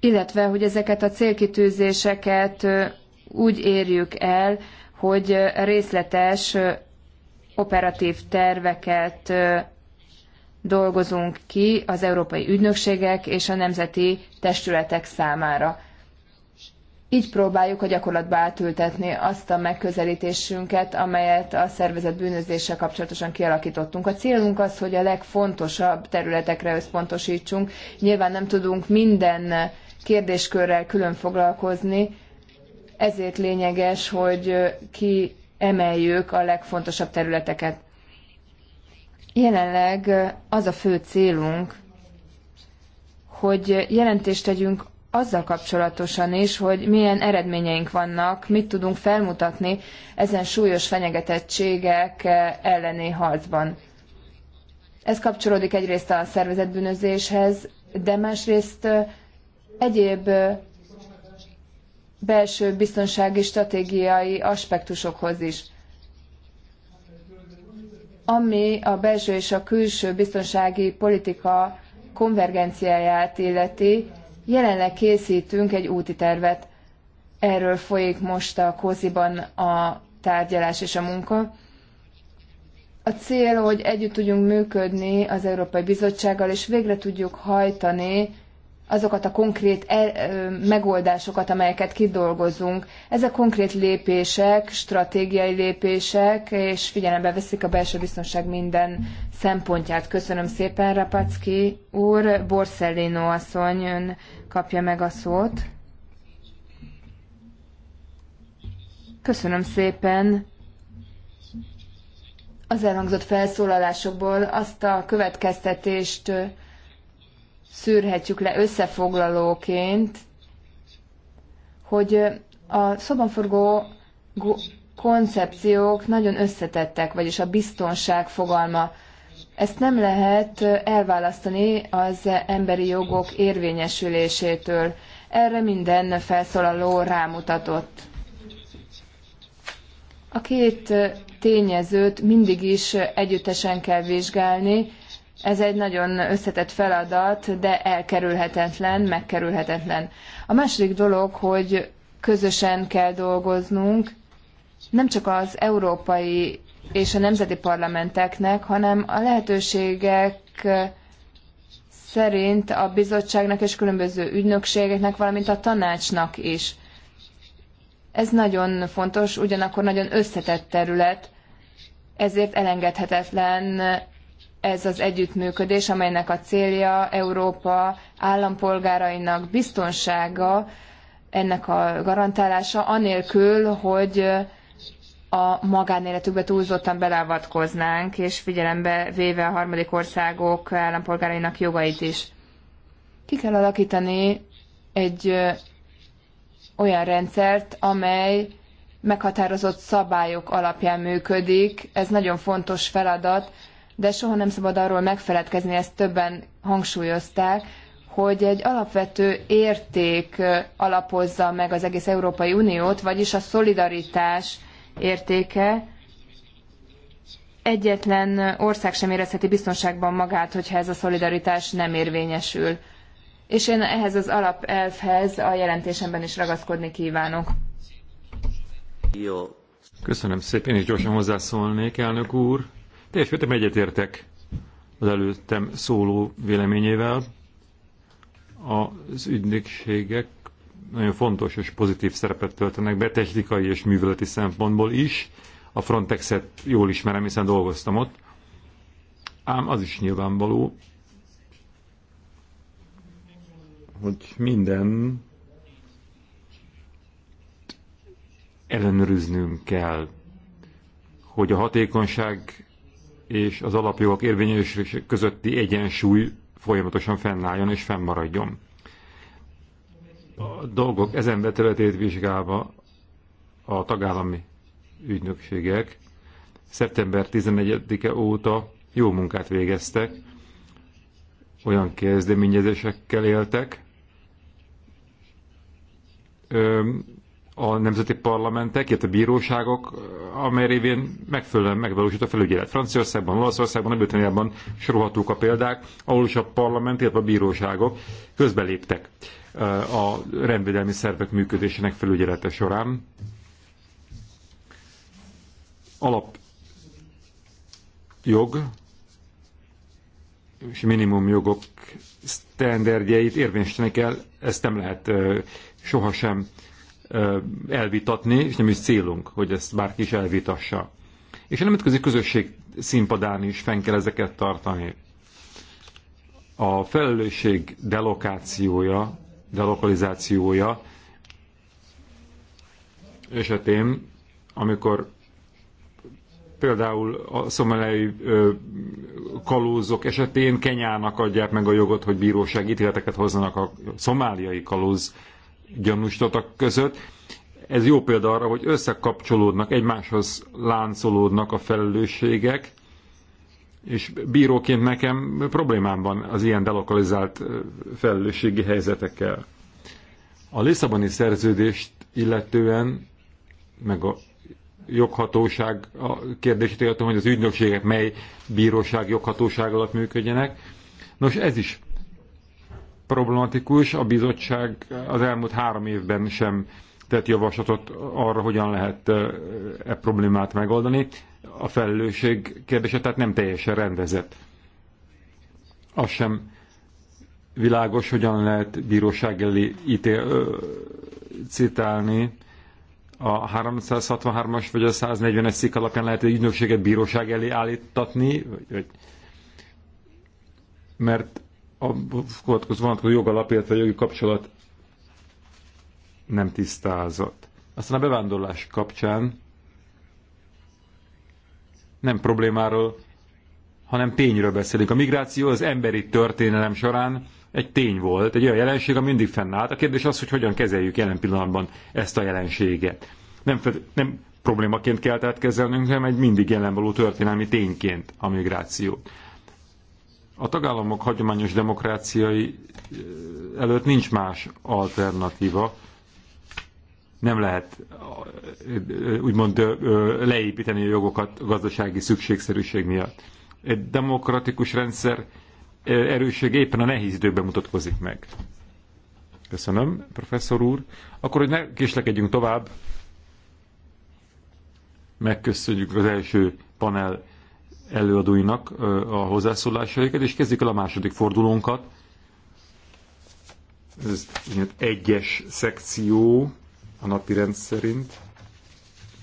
illetve hogy ezeket a célkitűzéseket úgy érjük el, hogy részletes operatív terveket dolgozunk ki az európai ügynökségek és a nemzeti testületek számára. Így próbáljuk a gyakorlatba átültetni azt a megközelítésünket, amelyet a szervezet bűnözéssel kapcsolatosan kialakítottunk. A célunk az, hogy a legfontosabb területekre összpontosítsunk. Nyilván nem tudunk minden kérdéskörrel külön foglalkozni, ezért lényeges, hogy ki emeljük a legfontosabb területeket. Jelenleg az a fő célunk, hogy jelentést tegyünk azzal kapcsolatosan is, hogy milyen eredményeink vannak, mit tudunk felmutatni ezen súlyos fenyegetettségek elleni harcban. Ez kapcsolódik egyrészt a szervezetbűnözéshez, de másrészt egyéb belső biztonsági stratégiai aspektusokhoz is. Ami a belső és a külső biztonsági politika konvergenciáját illeti, jelenleg készítünk egy úti tervet. Erről folyik most a Kóziban a tárgyalás és a munka. A cél, hogy együtt tudjunk működni az Európai Bizottsággal, és végre tudjuk hajtani azokat a konkrét e, megoldásokat, amelyeket kidolgozunk. Ezek konkrét lépések, stratégiai lépések, és figyelembe veszik a belső biztonság minden szempontját. Köszönöm szépen, Rapacki úr. Borsellino asszony, ön kapja meg a szót. Köszönöm szépen. Az elhangzott felszólalásokból azt a következtetést szűrhetjük le összefoglalóként, hogy a szobanforgó koncepciók nagyon összetettek, vagyis a biztonság fogalma. Ezt nem lehet elválasztani az emberi jogok érvényesülésétől. Erre minden felszólaló rámutatott. A két tényezőt mindig is együttesen kell vizsgálni, ez egy nagyon összetett feladat, de elkerülhetetlen, megkerülhetetlen. A második dolog, hogy közösen kell dolgoznunk, nem csak az európai és a nemzeti parlamenteknek, hanem a lehetőségek szerint a bizottságnak és különböző ügynökségeknek, valamint a tanácsnak is. Ez nagyon fontos, ugyanakkor nagyon összetett terület, ezért elengedhetetlen ez az együttműködés, amelynek a célja Európa állampolgárainak biztonsága, ennek a garantálása, anélkül, hogy a magánéletükbe túlzottan beleavatkoznánk, és figyelembe véve a harmadik országok állampolgárainak jogait is. Ki kell alakítani egy olyan rendszert, amely meghatározott szabályok alapján működik. Ez nagyon fontos feladat, de soha nem szabad arról megfeledkezni, ezt többen hangsúlyozták, hogy egy alapvető érték alapozza meg az egész Európai Uniót, vagyis a szolidaritás értéke. Egyetlen ország sem érezheti biztonságban magát, hogyha ez a szolidaritás nem érvényesül. És én ehhez az alapelvhez a jelentésemben is ragaszkodni kívánok. Jó. Köszönöm szépen, és gyorsan hozzászólnék, elnök úr. Teljes mértékben egyetértek az előttem szóló véleményével. Az ügynökségek nagyon fontos és pozitív szerepet töltenek be technikai és műveleti szempontból is. A Frontexet jól ismerem, hiszen dolgoztam ott. Ám az is nyilvánvaló, hogy minden ellenőriznünk kell, hogy a hatékonyság és az alapjogok érvényesülése közötti egyensúly folyamatosan fennálljon és fennmaradjon. A dolgok ezen betöletét vizsgálva a tagállami ügynökségek szeptember 11-e óta jó munkát végeztek, olyan kezdeményezésekkel éltek, a nemzeti parlamentek, illetve a bíróságok, amely révén megfelelően megvalósít a felügyelet. Franciaországban, Olaszországban, Nagy-Britanniában sorolhatók a példák, ahol is a parlament, illetve a bíróságok közbeléptek eh, a rendvédelmi szervek működésének felügyelete során. Alap jog és minimum jogok sztenderdjeit érvényesítenek el, ezt nem lehet eh, sohasem elvitatni, és nem is célunk, hogy ezt bárki is elvitassa. És a nemzetközi közösség színpadán is fenn kell ezeket tartani. A felelősség delokációja, delokalizációja esetén, amikor például a szomalei kalózok esetén Kenyának adják meg a jogot, hogy bíróság ítéleteket hozzanak a szomáliai kalóz gyanústatak között. Ez jó példa arra, hogy összekapcsolódnak, egymáshoz láncolódnak a felelősségek, és bíróként nekem problémám van az ilyen delokalizált felelősségi helyzetekkel. A Lisszaboni szerződést illetően, meg a joghatóság a kérdését illetően, hogy az ügynökségek mely bíróság joghatóság alatt működjenek. Nos, ez is problematikus, a bizottság az elmúlt három évben sem tett javaslatot arra, hogyan lehet e problémát megoldani. A felelősség kérdése tehát nem teljesen rendezett. Az sem világos, hogyan lehet bíróság elé ítél, citálni a 363-as vagy a 141 szik alapján lehet egy ügynökséget bíróság elé állítatni, vagy, vagy mert a vonatkozó, vonatkozó jogalap, illetve a jogi kapcsolat nem tisztázott. Aztán a bevándorlás kapcsán nem problémáról, hanem tényről beszélünk. A migráció az emberi történelem során egy tény volt, egy olyan jelenség, ami mindig fennállt. A kérdés az, hogy hogyan kezeljük jelen pillanatban ezt a jelenséget. Nem, nem problémaként kell tehát kezelnünk, hanem egy mindig jelenvaló történelmi tényként a migráció. A tagállamok hagyományos demokráciai eh, előtt nincs más alternatíva. Nem lehet eh, úgymond eh, leépíteni a jogokat a gazdasági szükségszerűség miatt. Egy demokratikus rendszer erősség éppen a nehéz időben mutatkozik meg. Köszönöm, professzor úr. Akkor, hogy ne késlekedjünk tovább, megköszönjük az első panel előadóinak a hozzászólásaikat, és kezdjük el a második fordulónkat. Ez egyes szekció a napi rend szerint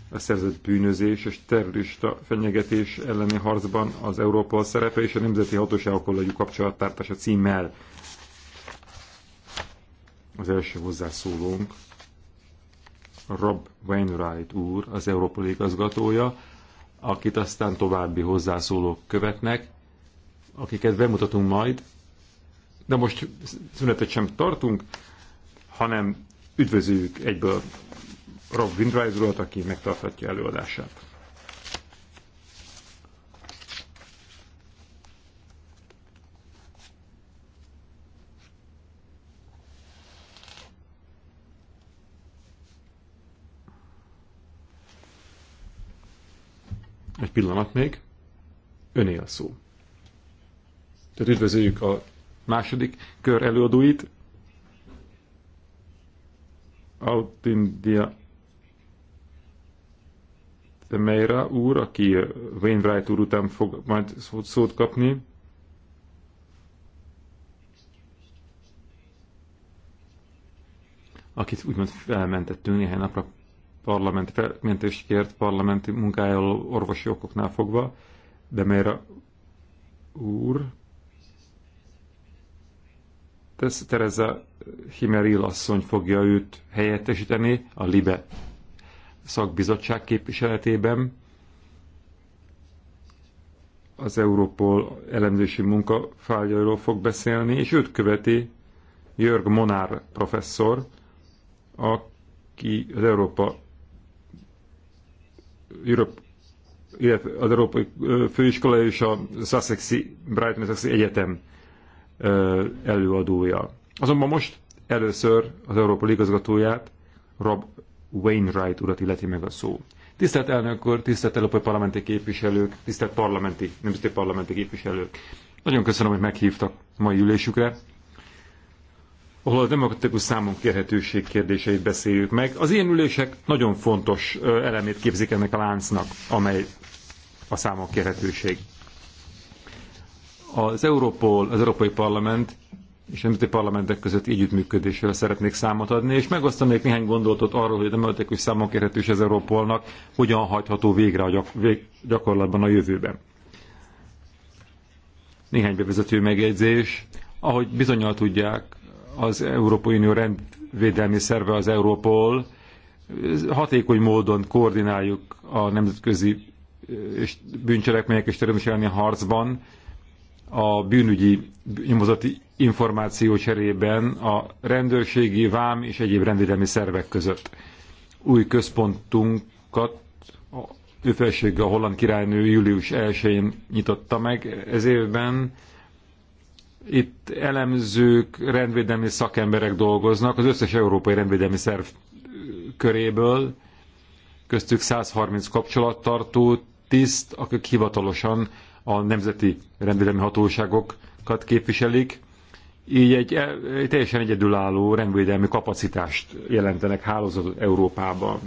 a szerzett bűnözés és terrorista fenyegetés elleni harcban az Európa szerepe és a nemzeti hatóságokkal legyük kapcsolattártás a címmel. Az első hozzászólónk Rob Wainwright úr, az Európa igazgatója akit aztán további hozzászólók követnek, akiket bemutatunk majd, de most szünetet sem tartunk, hanem üdvözöljük egyből Rob Windrise urat, aki megtarthatja előadását. Egy pillanat még. Öné a szó. Tehát üdvözöljük a második kör előadóit. Out India Temeira úr, aki Wainwright úr után fog majd szót, szót kapni. Akit úgymond felmentettünk néhány napra parlament felmentést kért parlamenti munkájáról orvosi okoknál fogva, de a úr tesz, Tereza Himeril asszony fogja őt helyettesíteni a LIBE szakbizottság képviseletében. Az Európol elemzési munkafájairól fog beszélni, és őt követi Jörg Monár professzor, aki az Európa Europe, az Európai Főiskola és a Sussexi, Brighton Sussexi Egyetem előadója. Azonban most először az Európa igazgatóját, Rob Wainwright urat illeti meg a szó. Tisztelt elnök úr, tisztelt Európai Parlamenti képviselők, tisztelt parlamenti, nemzeti parlamenti képviselők. Nagyon köszönöm, hogy meghívtak mai ülésükre ahol a demokratikus számunk kérhetőség kérdéseit beszéljük meg. Az ilyen ülések nagyon fontos elemét képzik ennek a láncnak, amely a számok kérhetőség. Az Európol, az Európai Parlament és nemzeti parlamentek között együttműködésről szeretnék számot adni, és megosztanék néhány gondolatot arról, hogy a demokratikus számunk érhetős az Európolnak hogyan hajtható végre a gyak- vég- gyakorlatban a jövőben. Néhány bevezető megjegyzés. Ahogy bizonyal tudják, az Európai Unió rendvédelmi szerve, az Europol, hatékony módon koordináljuk a nemzetközi bűncselekmények és terrorizmus elleni harcban, a bűnügyi nyomozati információ cserében a rendőrségi, vám és egyéb rendvédelmi szervek között. Új központunkat ő felsége a holland királynő július 1-én nyitotta meg ez évben, itt elemzők, rendvédelmi szakemberek dolgoznak, az összes európai rendvédelmi szerv köréből, köztük 130 kapcsolattartó tiszt, akik hivatalosan a nemzeti rendvédelmi hatóságokat képviselik, így egy, egy teljesen egyedülálló rendvédelmi kapacitást jelentenek hálózat Európában.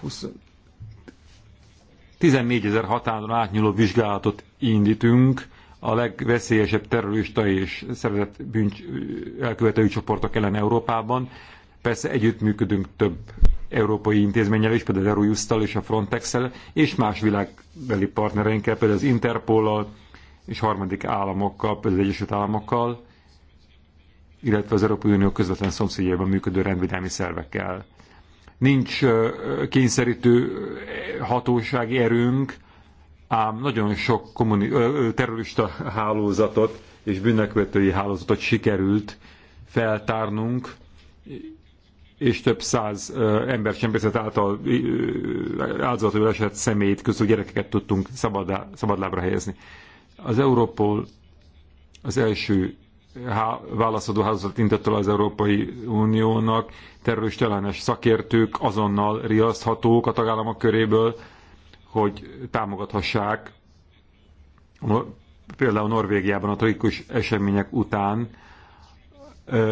20, 14 ezer határon átnyúló vizsgálatot indítunk a legveszélyesebb terrorista és szervezett bűncs elkövetői csoportok ellen Európában. Persze együttműködünk több európai intézménnyel is, például eurojust és a frontex és más világbeli partnereinkkel, például az interpol és harmadik államokkal, például az Egyesült Államokkal, illetve az Európai Unió közvetlen szomszédjában működő rendvédelmi szervekkel nincs kényszerítő hatósági erőnk, ám nagyon sok kommuni- terrorista hálózatot és bűnökövetői hálózatot sikerült feltárnunk, és több száz ember embercsempészet által áldozatul esett személyt közül gyerekeket tudtunk szabadlábra helyezni. Az Europol az első válaszadó házat intett el az Európai Uniónak, terroristellenes szakértők azonnal riaszthatók a tagállamok köréből, hogy támogathassák például Norvégiában a tragikus események után,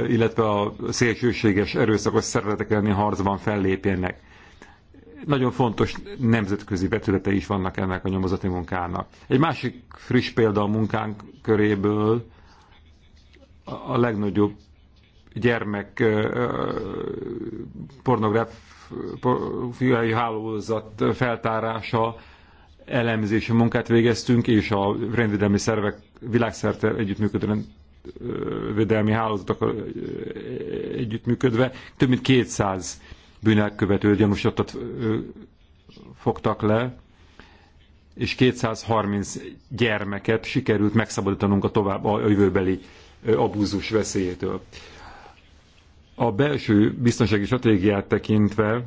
illetve a szélsőséges erőszakos szervezetek elleni harcban fellépjenek. Nagyon fontos nemzetközi vetülete is vannak ennek a nyomozati munkának. Egy másik friss példa a munkánk köréből, a legnagyobb gyermek pornográf fiai hálózat feltárása, elemzési munkát végeztünk, és a rendvédelmi szervek világszerte együttműködő védelmi hálózatok együttműködve több mint 200 bűnelkövető gyanúsítottat fogtak le, és 230 gyermeket sikerült megszabadítanunk a tovább a jövőbeli abúzus veszélyétől. A belső biztonsági stratégiát tekintve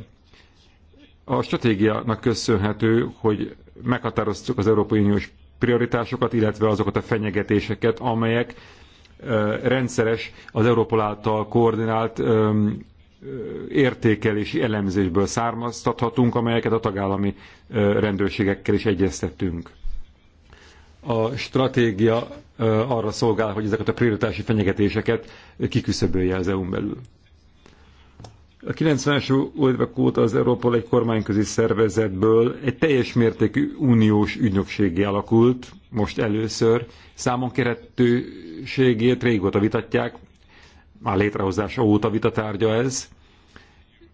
a stratégiának köszönhető, hogy meghatároztuk az Európai Uniós prioritásokat, illetve azokat a fenyegetéseket, amelyek rendszeres, az Európol által koordinált értékelési elemzésből származtathatunk, amelyeket a tagállami rendőrségekkel is egyeztettünk a stratégia arra szolgál, hogy ezeket a prioritási fenyegetéseket kiküszöbölje az EU-n belül. A 90-es évek óta az Európol egy kormányközi szervezetből egy teljes mértékű uniós ügynökségé alakult, most először. Számon kerettőségét régóta vitatják, már létrehozása óta vitatárgya ez,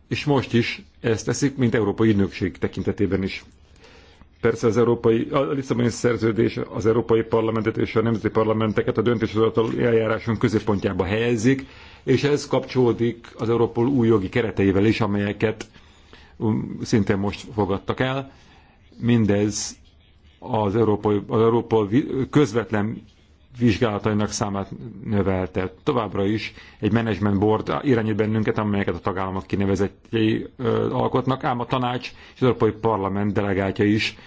és most is ezt teszik, mint Európai Ügynökség tekintetében is Persze az európai, a Lisszaboni szerződés az Európai Parlamentet és a Nemzeti Parlamenteket a döntéshozatal eljáráson középpontjába helyezik, és ez kapcsolódik az Európol új jogi kereteivel is, amelyeket um, szintén most fogadtak el. Mindez az Európai, az Európol közvetlen vizsgálatainak számát növelte. Továbbra is egy management board irányít bennünket, amelyeket a tagállamok kinevezettjei alkotnak, ám a tanács és az Európai Parlament delegátja is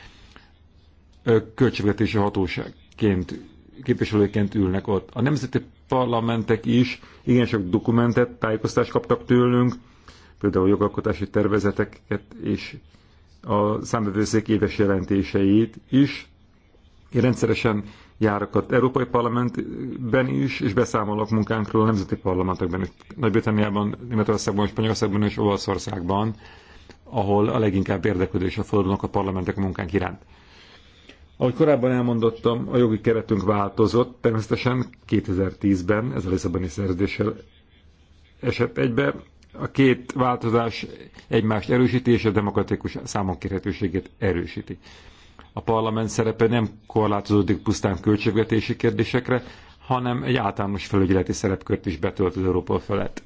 költségvetési hatóságként, képviselőként ülnek ott. A nemzeti parlamentek is igen sok dokumentet, tájékoztást kaptak tőlünk, például jogalkotási tervezeteket és a számbevőszék éves jelentéseit is. Én rendszeresen járok az Európai Parlamentben is, és beszámolok munkánkról a nemzeti parlamentekben, Nagy-Britanniában, Németországban, Spanyolországban és Olaszországban, ahol a leginkább érdeklődésre fordulnak a parlamentek a munkánk iránt. Ahogy korábban elmondottam, a jogi keretünk változott, természetesen 2010-ben, ez a Lisszaboni szerződéssel esett egybe, a két változás egymást erősíti, és a demokratikus számonkérhetőségét erősíti a parlament szerepe nem korlátozódik pusztán költségvetési kérdésekre, hanem egy általános felügyeleti szerepkört is betölt az Európa felett.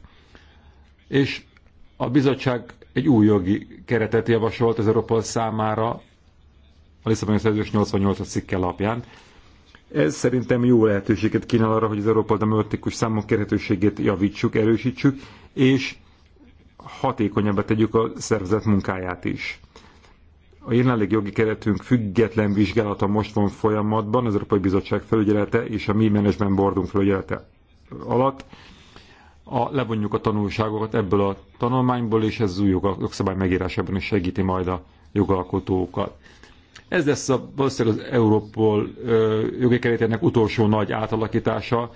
És a bizottság egy új jogi keretet javasolt az Európa számára a Lisszaboni Szerződés 88 cikke alapján. Ez szerintem jó lehetőséget kínál arra, hogy az Európa demokratikus számok kérhetőségét javítsuk, erősítsük, és hatékonyabbá tegyük a szervezet munkáját is. A jelenleg jogi keretünk független vizsgálata most van folyamatban az Európai Bizottság felügyelete és a mi Management Boardunk felügyelete alatt. A, levonjuk a tanulságokat ebből a tanulmányból, és ez az új jogszabály megírásában is segíti majd a jogalkotókat. Ez lesz a, valószínűleg az Európol ö, jogi keretének utolsó nagy átalakítása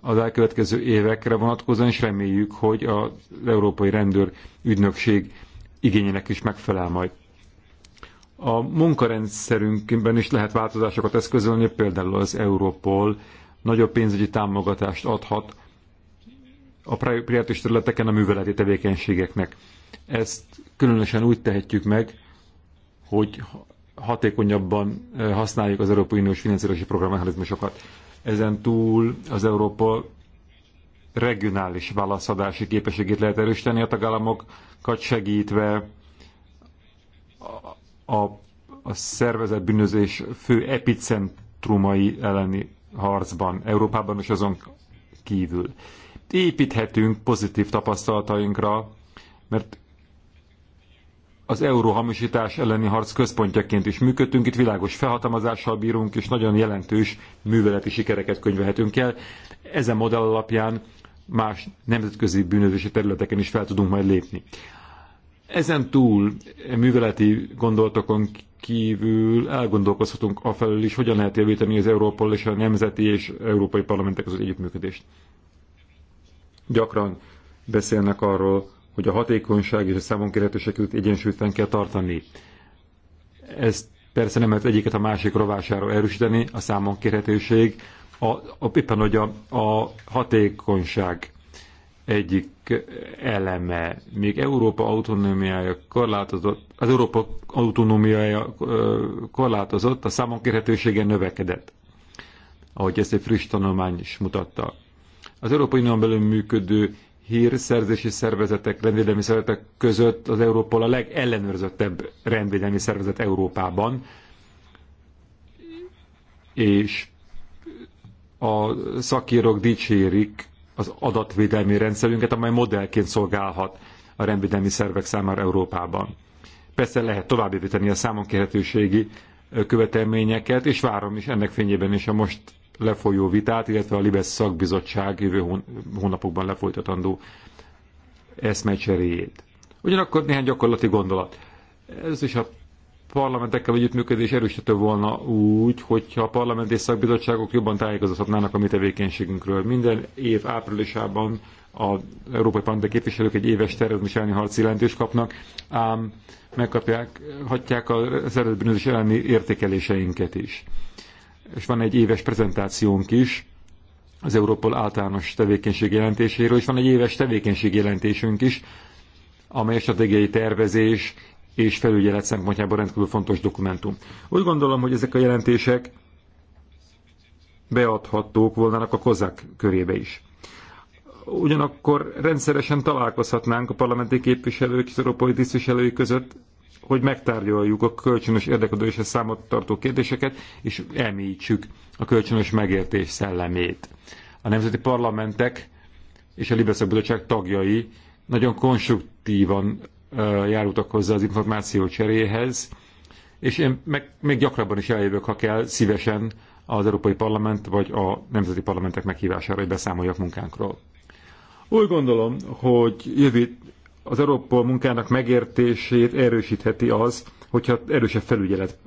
az elkövetkező évekre vonatkozóan, és reméljük, hogy az Európai Rendőr Ügynökség igényének is megfelel majd. A munkarendszerünkben is lehet változásokat eszközölni, például az Európol nagyobb pénzügyi támogatást adhat a prioritási területeken a műveleti tevékenységeknek. Ezt különösen úgy tehetjük meg, hogy hatékonyabban eh, használjuk az Európai Uniós finanszírozási programmechanizmusokat. Ezen túl az Európa regionális válaszadási képességét lehet erősíteni a tagállamokat segítve a, a szervezett bűnözés fő epicentrumai elleni harcban, Európában és azon kívül. Építhetünk pozitív tapasztalatainkra, mert az euróhamisítás elleni harc központjaként is működtünk, itt világos felhatalmazással bírunk, és nagyon jelentős műveleti sikereket könyvehetünk el. Ezen modell alapján más nemzetközi bűnözési területeken is fel tudunk majd lépni. Ezen túl műveleti gondolatokon kívül elgondolkozhatunk afelől is, hogyan lehet javítani az Európol és a nemzeti és európai parlamentek között együttműködést. Gyakran beszélnek arról, hogy a hatékonyság és a számon kérhetőség egyensúlyt kell tartani. Ez persze nem lehet egyiket a másik rovására erősíteni, a számon kérhetőség, a, a, éppen hogy a, a hatékonyság egyik eleme. Még Európa autonómiája korlátozott, az Európa autonómiája korlátozott, a számon kérhetősége növekedett, ahogy ezt egy friss tanulmány is mutatta. Az Európai Unión belül működő hírszerzési szervezetek, rendvédelmi szervezetek között az Európa a legellenőrzöttebb rendvédelmi szervezet Európában, és a szakírók dicsérik az adatvédelmi rendszerünket, amely modellként szolgálhat a rendvédelmi szervek számára Európában. Persze lehet továbbépíteni a számonkérhetőségi követelményeket, és várom is ennek fényében is a most lefolyó vitát, illetve a Libes szakbizottság jövő hónapokban lefolytatandó eszmecseréjét. Ugyanakkor néhány gyakorlati gondolat. Ez is a parlamentekkel együttműködés erősítő volna úgy, hogyha a parlament és szakbizottságok jobban tájékozhatnának a mi tevékenységünkről. Minden év áprilisában az Európai Parlament képviselők egy éves terrorizmus elleni harci jelentést kapnak, ám megkapják, hagyják a szervezetbűnözés elleni értékeléseinket is. És van egy éves prezentációnk is, az Európol általános tevékenység jelentéséről, és van egy éves tevékenység jelentésünk is, amely a stratégiai tervezés és felügyelet szempontjából rendkívül fontos dokumentum. Úgy gondolom, hogy ezek a jelentések beadhatók volnának a kozák körébe is. Ugyanakkor rendszeresen találkozhatnánk a parlamenti képviselők és európai tisztviselői között, hogy megtárgyaljuk a kölcsönös érdeklődésre számot tartó kérdéseket, és elmélyítsük a kölcsönös megértés szellemét. A nemzeti parlamentek és a Libeszak Bizottság tagjai nagyon konstruktívan járultak hozzá az információ cseréhez, és én meg, még gyakrabban is eljövök, ha kell, szívesen az Európai Parlament vagy a nemzeti parlamentek meghívására, hogy beszámoljak munkánkról. Úgy gondolom, hogy jövő az Európa munkának megértését erősítheti az, hogyha erősebb felügyelet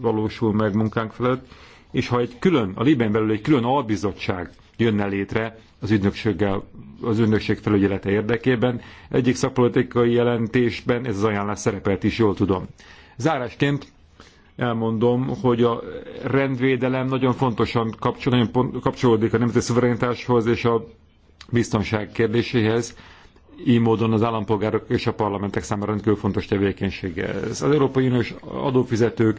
valósul meg munkánk felett, és ha egy külön, a Libyen belül egy külön albizottság jönne létre az ügynökséggel, az ügynökség felügyelete érdekében. Egyik szakpolitikai jelentésben ez az ajánlás szerepelt is, jól tudom. Zárásként elmondom, hogy a rendvédelem nagyon fontosan kapcsol, nagyon pont, kapcsolódik a nemzeti szuverenitáshoz és a biztonság kérdéséhez. Így módon az állampolgárok és a parlamentek számára rendkívül fontos tevékenysége ez. Az Európai Uniós adófizetők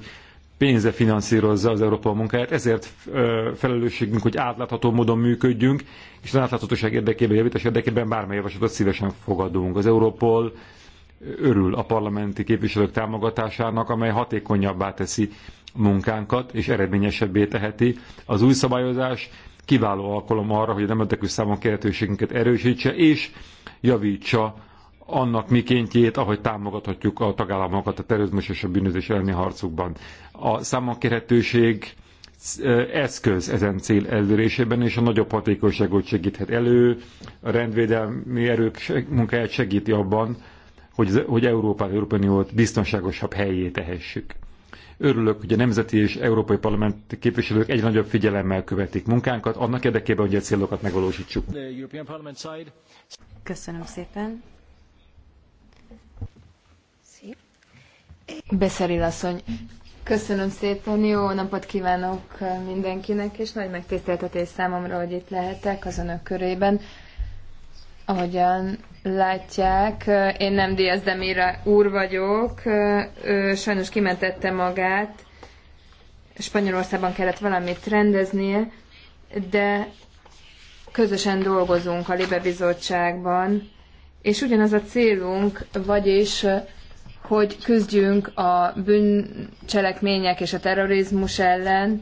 pénze finanszírozza az Európa munkáját, ezért felelősségünk, hogy átlátható módon működjünk, és az átláthatóság érdekében, javítás érdekében bármely javaslatot szívesen fogadunk. Az Európol örül a parlamenti képviselők támogatásának, amely hatékonyabbá teszi munkánkat, és eredményesebbé teheti. Az új szabályozás kiváló alkalom arra, hogy a nemzetekű számon kérhetőségünket erősítse, és javítsa annak mikéntjét, ahogy támogathatjuk a tagállamokat a terrorizmus és a bűnözés elleni harcukban. A számonkérhetőség e, eszköz ezen cél elérésében, és a nagyobb hatékonyságot segíthet elő, a rendvédelmi erők munkáját segíti abban, hogy, hogy Európát, Európai Uniót biztonságosabb helyé tehessük. Örülök, hogy a nemzeti és európai Parlament képviselők egy nagyobb figyelemmel követik munkánkat, annak érdekében, hogy a célokat megvalósítsuk. Köszönöm szépen. Beszeril asszony. Köszönöm szépen, jó napot kívánok mindenkinek, és nagy megtiszteltetés számomra, hogy itt lehetek az önök körében. Ahogyan látják, én nem Diaz Demira úr vagyok, ő sajnos kimentette magát, Spanyolországban kellett valamit rendeznie, de közösen dolgozunk a Libe Bizottságban, és ugyanaz a célunk, vagyis hogy küzdjünk a bűncselekmények és a terrorizmus ellen.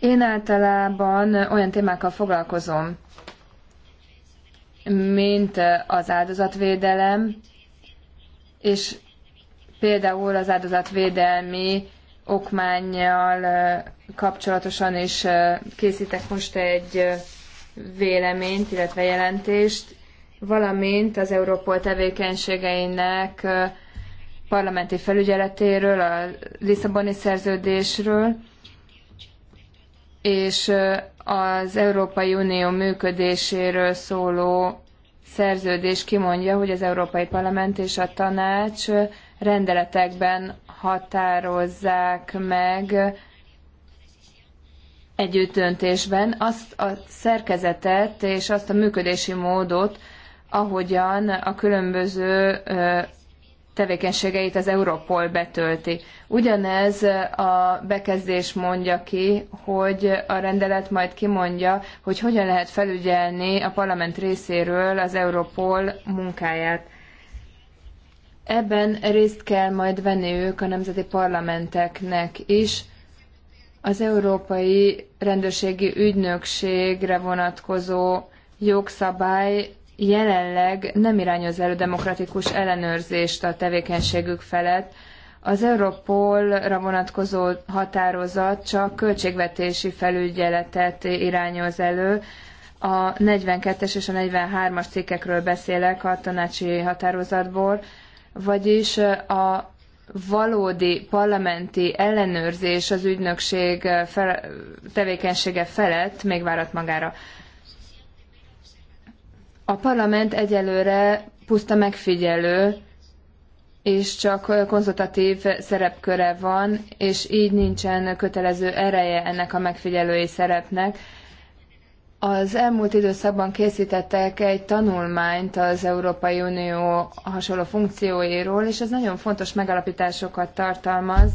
Én általában olyan témákkal foglalkozom, mint az áldozatvédelem, és például az áldozatvédelmi okmányjal kapcsolatosan is készítek most egy véleményt, illetve jelentést, valamint az Európol tevékenységeinek parlamenti felügyeletéről, a Lisszaboni szerződésről, és az Európai Unió működéséről szóló szerződés kimondja, hogy az Európai Parlament és a tanács rendeletekben határozzák meg együttdöntésben azt a szerkezetet és azt a működési módot, ahogyan a különböző tevékenységeit az Europol betölti. Ugyanez a bekezdés mondja ki, hogy a rendelet majd kimondja, hogy hogyan lehet felügyelni a parlament részéről az Europol munkáját. Ebben részt kell majd venni ők a nemzeti parlamenteknek is. Az Európai Rendőrségi Ügynökségre vonatkozó jogszabály jelenleg nem irányoz elő demokratikus ellenőrzést a tevékenységük felett. Az Europolra vonatkozó határozat csak költségvetési felügyeletet irányoz elő. A 42-es és a 43-as cikkekről beszélek a tanácsi határozatból, vagyis a valódi parlamenti ellenőrzés az ügynökség fel, tevékenysége felett még várat magára. A parlament egyelőre puszta megfigyelő, és csak konzultatív szerepköre van, és így nincsen kötelező ereje ennek a megfigyelői szerepnek. Az elmúlt időszakban készítettek egy tanulmányt az Európai Unió hasonló funkcióiról, és ez nagyon fontos megalapításokat tartalmaz,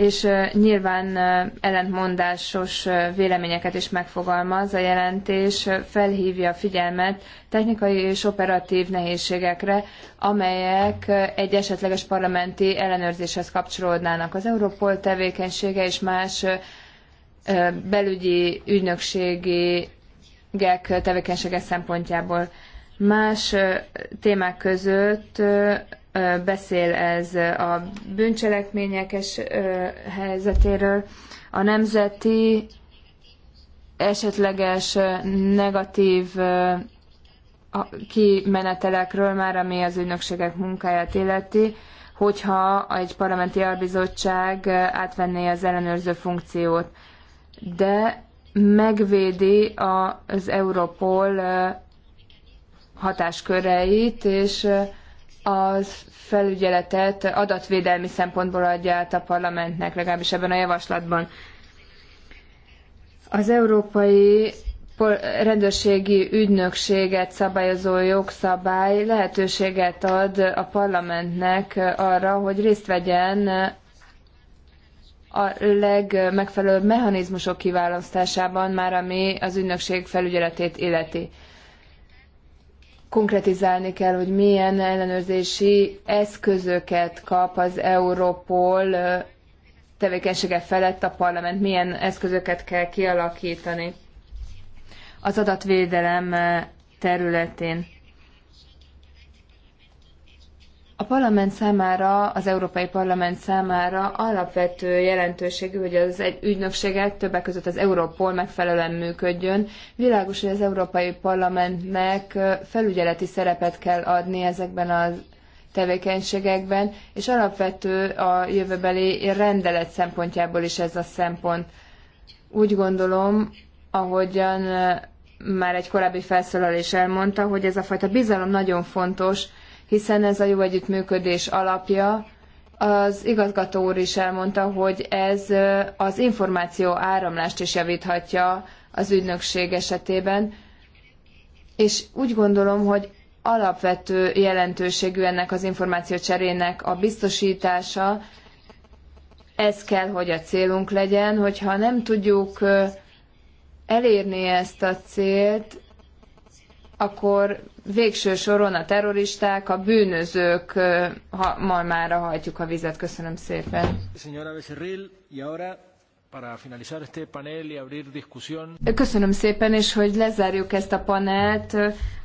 és nyilván ellentmondásos véleményeket is megfogalmaz. A jelentés felhívja a figyelmet technikai és operatív nehézségekre, amelyek egy esetleges parlamenti ellenőrzéshez kapcsolódnának. Az Europol tevékenysége és más belügyi ügynökségi tevékenysége szempontjából. Más témák között beszél ez a bűncselekményekes helyzetéről, a nemzeti esetleges negatív kimenetelekről már, ami az ügynökségek munkáját illeti, hogyha egy parlamenti albizottság átvenné az ellenőrző funkciót. De megvédi az Europol hatásköreit, és az felügyeletet adatvédelmi szempontból adja át a parlamentnek, legalábbis ebben a javaslatban. Az Európai rendőrségi ügynökséget szabályozó jogszabály lehetőséget ad a parlamentnek arra, hogy részt vegyen a legmegfelelőbb mechanizmusok kiválasztásában már, ami az ügynökség felügyeletét illeti konkretizálni kell, hogy milyen ellenőrzési eszközöket kap az Europol tevékenysége felett a parlament, milyen eszközöket kell kialakítani az adatvédelem területén. A parlament számára, az Európai Parlament számára alapvető jelentőségű, hogy az egy ügynökséget többek között az Európol megfelelően működjön. Világos, hogy az Európai Parlamentnek felügyeleti szerepet kell adni ezekben a tevékenységekben, és alapvető a jövőbeli rendelet szempontjából is ez a szempont. Úgy gondolom, ahogyan már egy korábbi felszólalás elmondta, hogy ez a fajta bizalom nagyon fontos, hiszen ez a jó együttműködés alapja. Az igazgató úr is elmondta, hogy ez az információ áramlást is javíthatja az ügynökség esetében, és úgy gondolom, hogy alapvető jelentőségű ennek az információcserének a biztosítása, ez kell, hogy a célunk legyen, hogyha nem tudjuk elérni ezt a célt, akkor végső soron a terroristák, a bűnözők ha, ma mára hajtjuk a vizet. Köszönöm szépen. Köszönöm szépen, és hogy lezárjuk ezt a panelt,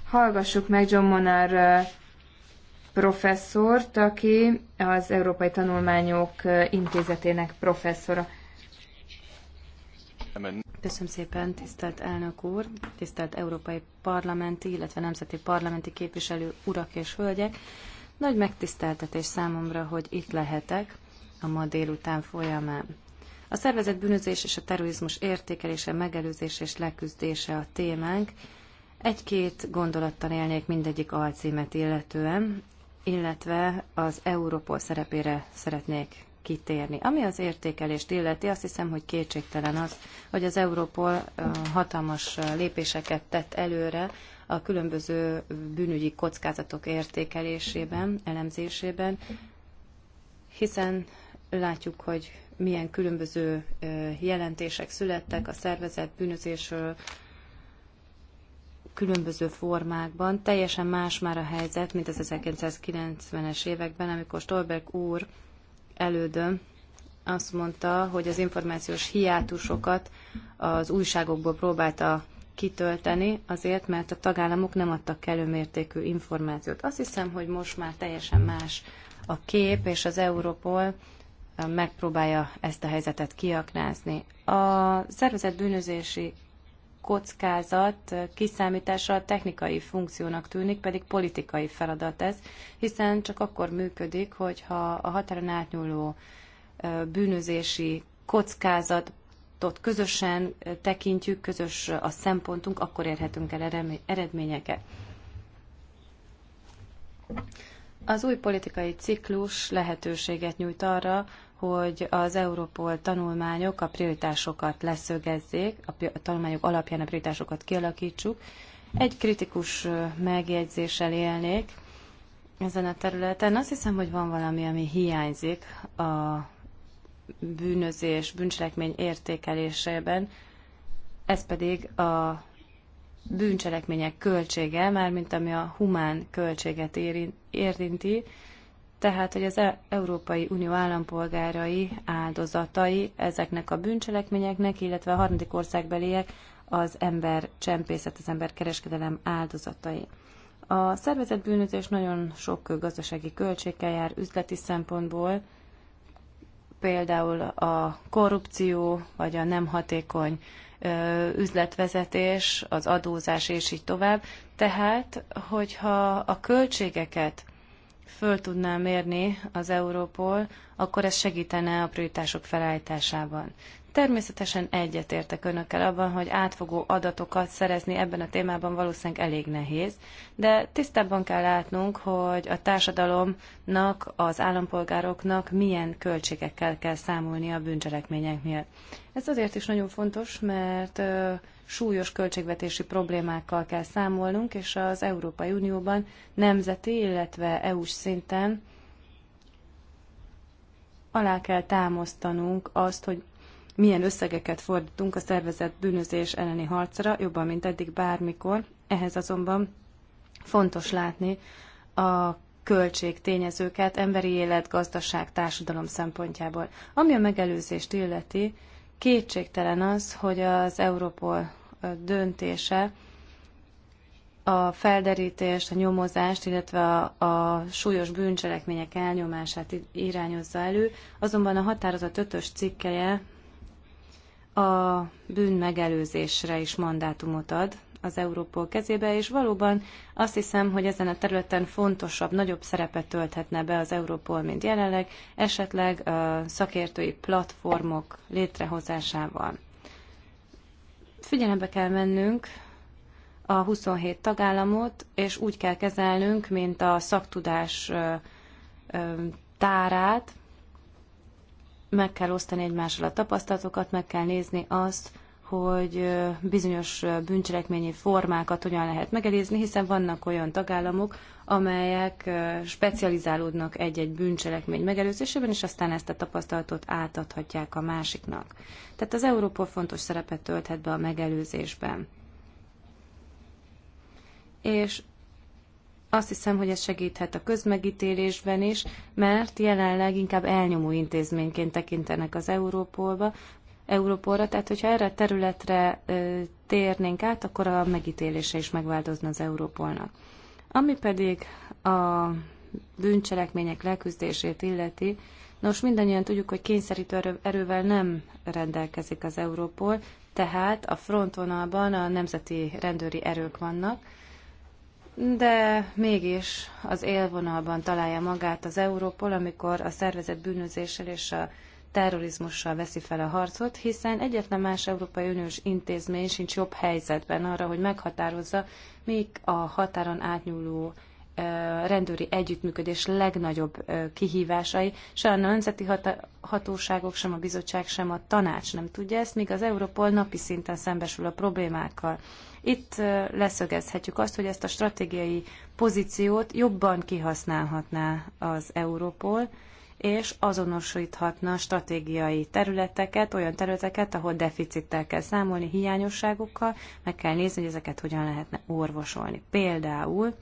hallgassuk meg John Monar professzort, aki az Európai Tanulmányok Intézetének professzora. Köszönöm szépen, tisztelt elnök úr, tisztelt európai parlamenti, illetve nemzeti parlamenti képviselő urak és hölgyek. Nagy megtiszteltetés számomra, hogy itt lehetek a ma délután folyamán. A szervezett bűnözés és a terrorizmus értékelése, megelőzése és leküzdése a témánk. Egy-két gondolattal élnék mindegyik alcímet illetően, illetve az Európol szerepére szeretnék kitérni. Ami az értékelést illeti, azt hiszem, hogy kétségtelen az, hogy az Európol hatalmas lépéseket tett előre a különböző bűnügyi kockázatok értékelésében, elemzésében, hiszen látjuk, hogy milyen különböző jelentések születtek a szervezet bűnözésről, különböző formákban. Teljesen más már a helyzet, mint az 1990-es években, amikor Stolberg úr elődöm azt mondta, hogy az információs hiátusokat az újságokból próbálta kitölteni, azért, mert a tagállamok nem adtak kellő mértékű információt. Azt hiszem, hogy most már teljesen más a kép, és az Europol eh, megpróbálja ezt a helyzetet kiaknázni. A szervezet bűnözési kockázat kiszámítása a technikai funkciónak tűnik, pedig politikai feladat ez, hiszen csak akkor működik, hogyha a határon átnyúló bűnözési kockázatot közösen tekintjük, közös a szempontunk, akkor érhetünk el eredményeket. Az új politikai ciklus lehetőséget nyújt arra, hogy az Európol tanulmányok a prioritásokat leszögezzék, a tanulmányok alapján a prioritásokat kialakítsuk. Egy kritikus megjegyzéssel élnék ezen a területen. Azt hiszem, hogy van valami, ami hiányzik a bűnözés, bűncselekmény értékelésében, ez pedig a bűncselekmények költsége, mármint ami a humán költséget érinti, tehát, hogy az e- Európai Unió állampolgárai áldozatai ezeknek a bűncselekményeknek, illetve a harmadik országbeliek az ember csempészet, az ember kereskedelem áldozatai. A szervezett bűnözés nagyon sok gazdasági költségkel jár üzleti szempontból, például a korrupció, vagy a nem hatékony üzletvezetés, az adózás és így tovább. Tehát, hogyha a költségeket föl tudná mérni az Európol, akkor ez segítene a prioritások felállításában. Természetesen egyetértek önökkel abban, hogy átfogó adatokat szerezni ebben a témában valószínűleg elég nehéz, de tisztában kell látnunk, hogy a társadalomnak, az állampolgároknak milyen költségekkel kell számolni a bűncselekmények miatt. Ez azért is nagyon fontos, mert súlyos költségvetési problémákkal kell számolnunk, és az Európai Unióban nemzeti, illetve EU-s szinten alá kell támasztanunk azt, hogy milyen összegeket fordítunk a szervezett bűnözés elleni harcra, jobban, mint eddig bármikor. Ehhez azonban fontos látni a költségtényezőket emberi élet, gazdaság, társadalom szempontjából. Ami a megelőzést illeti, Kétségtelen az, hogy az Europol döntése a felderítést, a nyomozást, illetve a, a súlyos bűncselekmények elnyomását irányozza elő, azonban a határozat ötös cikkeje a bűn megelőzésre is mandátumot ad az Európol kezébe, és valóban azt hiszem, hogy ezen a területen fontosabb, nagyobb szerepet tölthetne be az Európol, mint jelenleg, esetleg a szakértői platformok létrehozásával. Figyelembe kell mennünk a 27 tagállamot, és úgy kell kezelnünk, mint a szaktudás tárát, meg kell osztani egymással a tapasztalatokat, meg kell nézni azt, hogy bizonyos bűncselekményi formákat hogyan lehet megelézni, hiszen vannak olyan tagállamok, amelyek specializálódnak egy-egy bűncselekmény megelőzésében, és aztán ezt a tapasztalatot átadhatják a másiknak. Tehát az Európol fontos szerepet tölthet be a megelőzésben. És azt hiszem, hogy ez segíthet a közmegítélésben is, mert jelenleg inkább elnyomó intézményként tekintenek az Európolba, Európóra, tehát hogyha erre a területre térnénk át, akkor a megítélése is megváltozna az Európolnak. Ami pedig a bűncselekmények leküzdését illeti, nos, mindannyian tudjuk, hogy kényszerítő erővel nem rendelkezik az Európol, tehát a frontvonalban a nemzeti rendőri erők vannak, de mégis az élvonalban találja magát az Európol, amikor a szervezet bűnözéssel és a terrorizmussal veszi fel a harcot, hiszen egyetlen más Európai Uniós intézmény sincs jobb helyzetben arra, hogy meghatározza, még a határon átnyúló rendőri együttműködés legnagyobb kihívásai. se a nemzeti hatóságok, sem a bizottság, sem a tanács nem tudja ezt, míg az Európol napi szinten szembesül a problémákkal. Itt leszögezhetjük azt, hogy ezt a stratégiai pozíciót jobban kihasználhatná az Európol, és azonosíthatna stratégiai területeket, olyan területeket, ahol deficittel kell számolni, hiányosságokkal, meg kell nézni, hogy ezeket hogyan lehetne orvosolni. Például,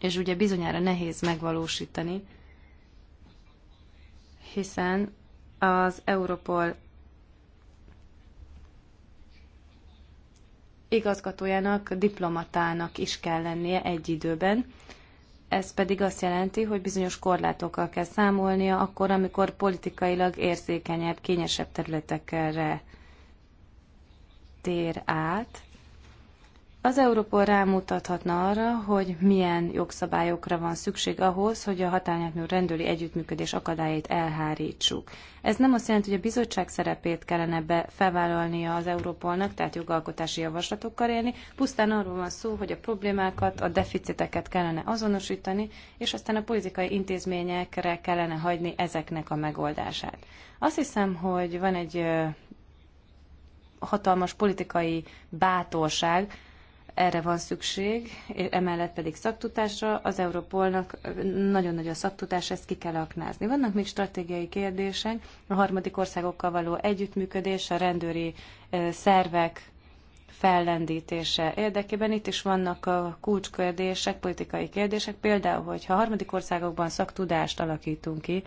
és ugye bizonyára nehéz megvalósítani, hiszen az Europol igazgatójának, diplomatának is kell lennie egy időben, ez pedig azt jelenti, hogy bizonyos korlátokkal kell számolnia akkor, amikor politikailag érzékenyebb, kényesebb területekre tér át, az Európol rámutathatna arra, hogy milyen jogszabályokra van szükség ahhoz, hogy a határnyátnyú rendőri együttműködés akadályait elhárítsuk. Ez nem azt jelenti, hogy a bizottság szerepét kellene be felvállalnia az Európolnak, tehát jogalkotási javaslatokkal élni, pusztán arról van szó, hogy a problémákat, a deficiteket kellene azonosítani, és aztán a politikai intézményekre kellene hagyni ezeknek a megoldását. Azt hiszem, hogy van egy hatalmas politikai bátorság, erre van szükség, emellett pedig szaktutásra. Az Európolnak nagyon nagy a szaktutás, ezt ki kell aknázni. Vannak még stratégiai kérdések, a harmadik országokkal való együttműködés, a rendőri szervek fellendítése érdekében. Itt is vannak a kulcskérdések, politikai kérdések, például, hogyha harmadik országokban szaktudást alakítunk ki,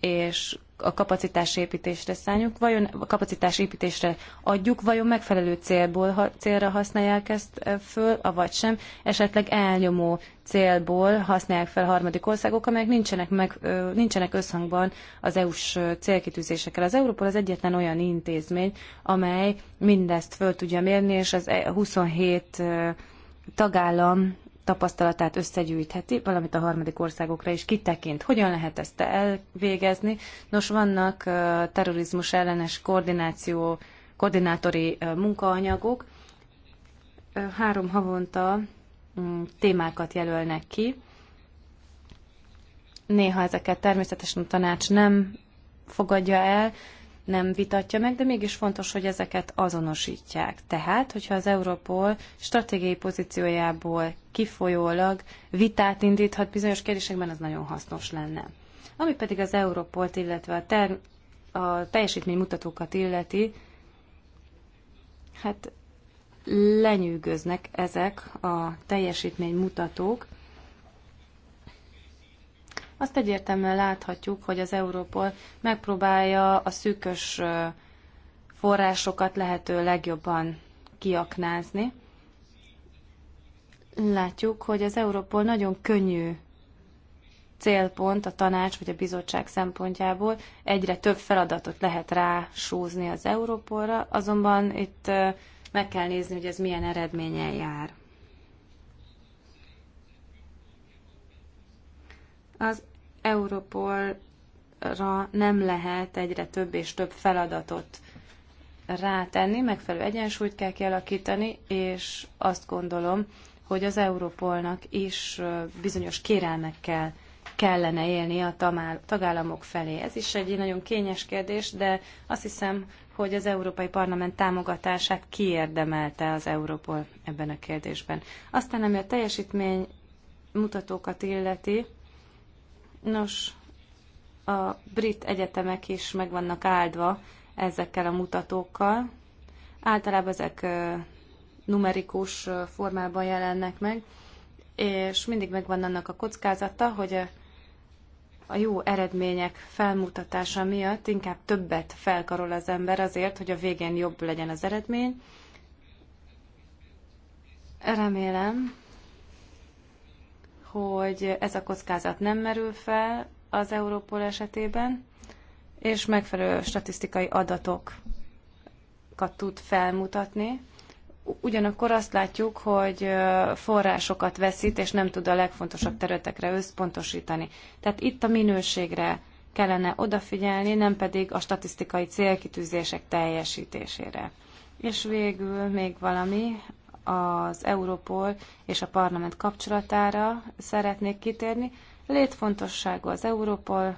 és a kapacitásépítésre szálljuk, vajon a kapacitásépítésre adjuk, vajon megfelelő célból, ha, célra használják ezt e, föl, avagy sem, esetleg elnyomó célból használják fel harmadik országok, amelyek nincsenek, meg, nincsenek összhangban az EU-s célkitűzésekkel. Az Európol az egyetlen olyan intézmény, amely mindezt föl tudja mérni, és az 27 e- tagállam tapasztalatát összegyűjtheti, valamint a harmadik országokra is kitekint. Hogyan lehet ezt elvégezni? Nos, vannak terrorizmus ellenes koordináció, koordinátori munkaanyagok. Három havonta mm, témákat jelölnek ki. Néha ezeket természetesen a tanács nem fogadja el, nem vitatja meg, de mégis fontos, hogy ezeket azonosítják. Tehát, hogyha az Európol stratégiai pozíciójából kifolyólag vitát indíthat bizonyos kérdésekben, az nagyon hasznos lenne. Ami pedig az Európolt, illetve a, ter- a teljesítménymutatókat illeti, hát lenyűgöznek ezek a teljesítménymutatók, azt egyértelműen láthatjuk, hogy az Európol megpróbálja a szűkös forrásokat lehető legjobban kiaknázni. Látjuk, hogy az Európol nagyon könnyű célpont a tanács vagy a bizottság szempontjából. Egyre több feladatot lehet rásúzni az Európolra, azonban itt meg kell nézni, hogy ez milyen eredménnyel jár. Az Europolra nem lehet egyre több és több feladatot rátenni, megfelelő egyensúlyt kell kialakítani, és azt gondolom, hogy az Europolnak is bizonyos kérelmekkel kellene élni a tagállamok felé. Ez is egy nagyon kényes kérdés, de azt hiszem, hogy az Európai Parlament támogatását kiérdemelte az Europol ebben a kérdésben. Aztán, ami a teljesítmény mutatókat illeti, Nos, a brit egyetemek is meg vannak áldva ezekkel a mutatókkal. Általában ezek numerikus formában jelennek meg, és mindig megvan annak a kockázata, hogy a jó eredmények felmutatása miatt inkább többet felkarol az ember azért, hogy a végén jobb legyen az eredmény. Remélem, hogy ez a kockázat nem merül fel az Európol esetében, és megfelelő statisztikai adatokat tud felmutatni. Ugyanakkor azt látjuk, hogy forrásokat veszít, és nem tud a legfontosabb területekre összpontosítani. Tehát itt a minőségre kellene odafigyelni, nem pedig a statisztikai célkitűzések teljesítésére. És végül még valami, az Europol és a parlament kapcsolatára szeretnék kitérni. Létfontosságú az Europol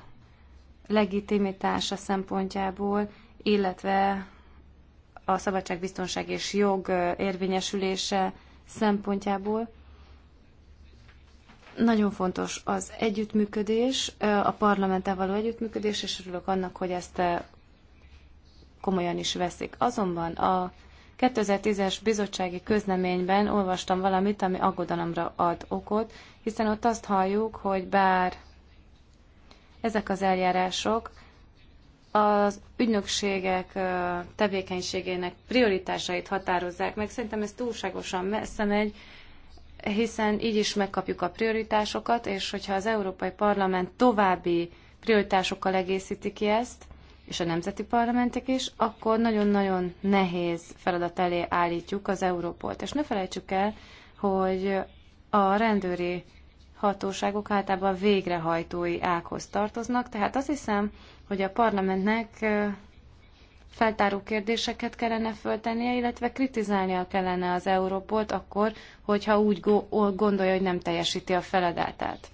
legitimitása szempontjából, illetve a szabadságbiztonság és jog érvényesülése szempontjából. Nagyon fontos az együttműködés, a parlamenttel való együttműködés, és örülök annak, hogy ezt komolyan is veszik. Azonban a 2010-es bizottsági közleményben olvastam valamit, ami aggodalomra ad okot, hiszen ott azt halljuk, hogy bár ezek az eljárások az ügynökségek tevékenységének prioritásait határozzák meg. Szerintem ez túlságosan messze megy, hiszen így is megkapjuk a prioritásokat, és hogyha az Európai Parlament további prioritásokkal egészíti ki ezt, és a nemzeti parlamentek is, akkor nagyon-nagyon nehéz feladat elé állítjuk az Európolt. És ne felejtsük el, hogy a rendőri hatóságok általában végrehajtói ághoz tartoznak, tehát azt hiszem, hogy a parlamentnek feltáró kérdéseket kellene föltennie, illetve kritizálnia kellene az Európolt akkor, hogyha úgy gondolja, hogy nem teljesíti a feladatát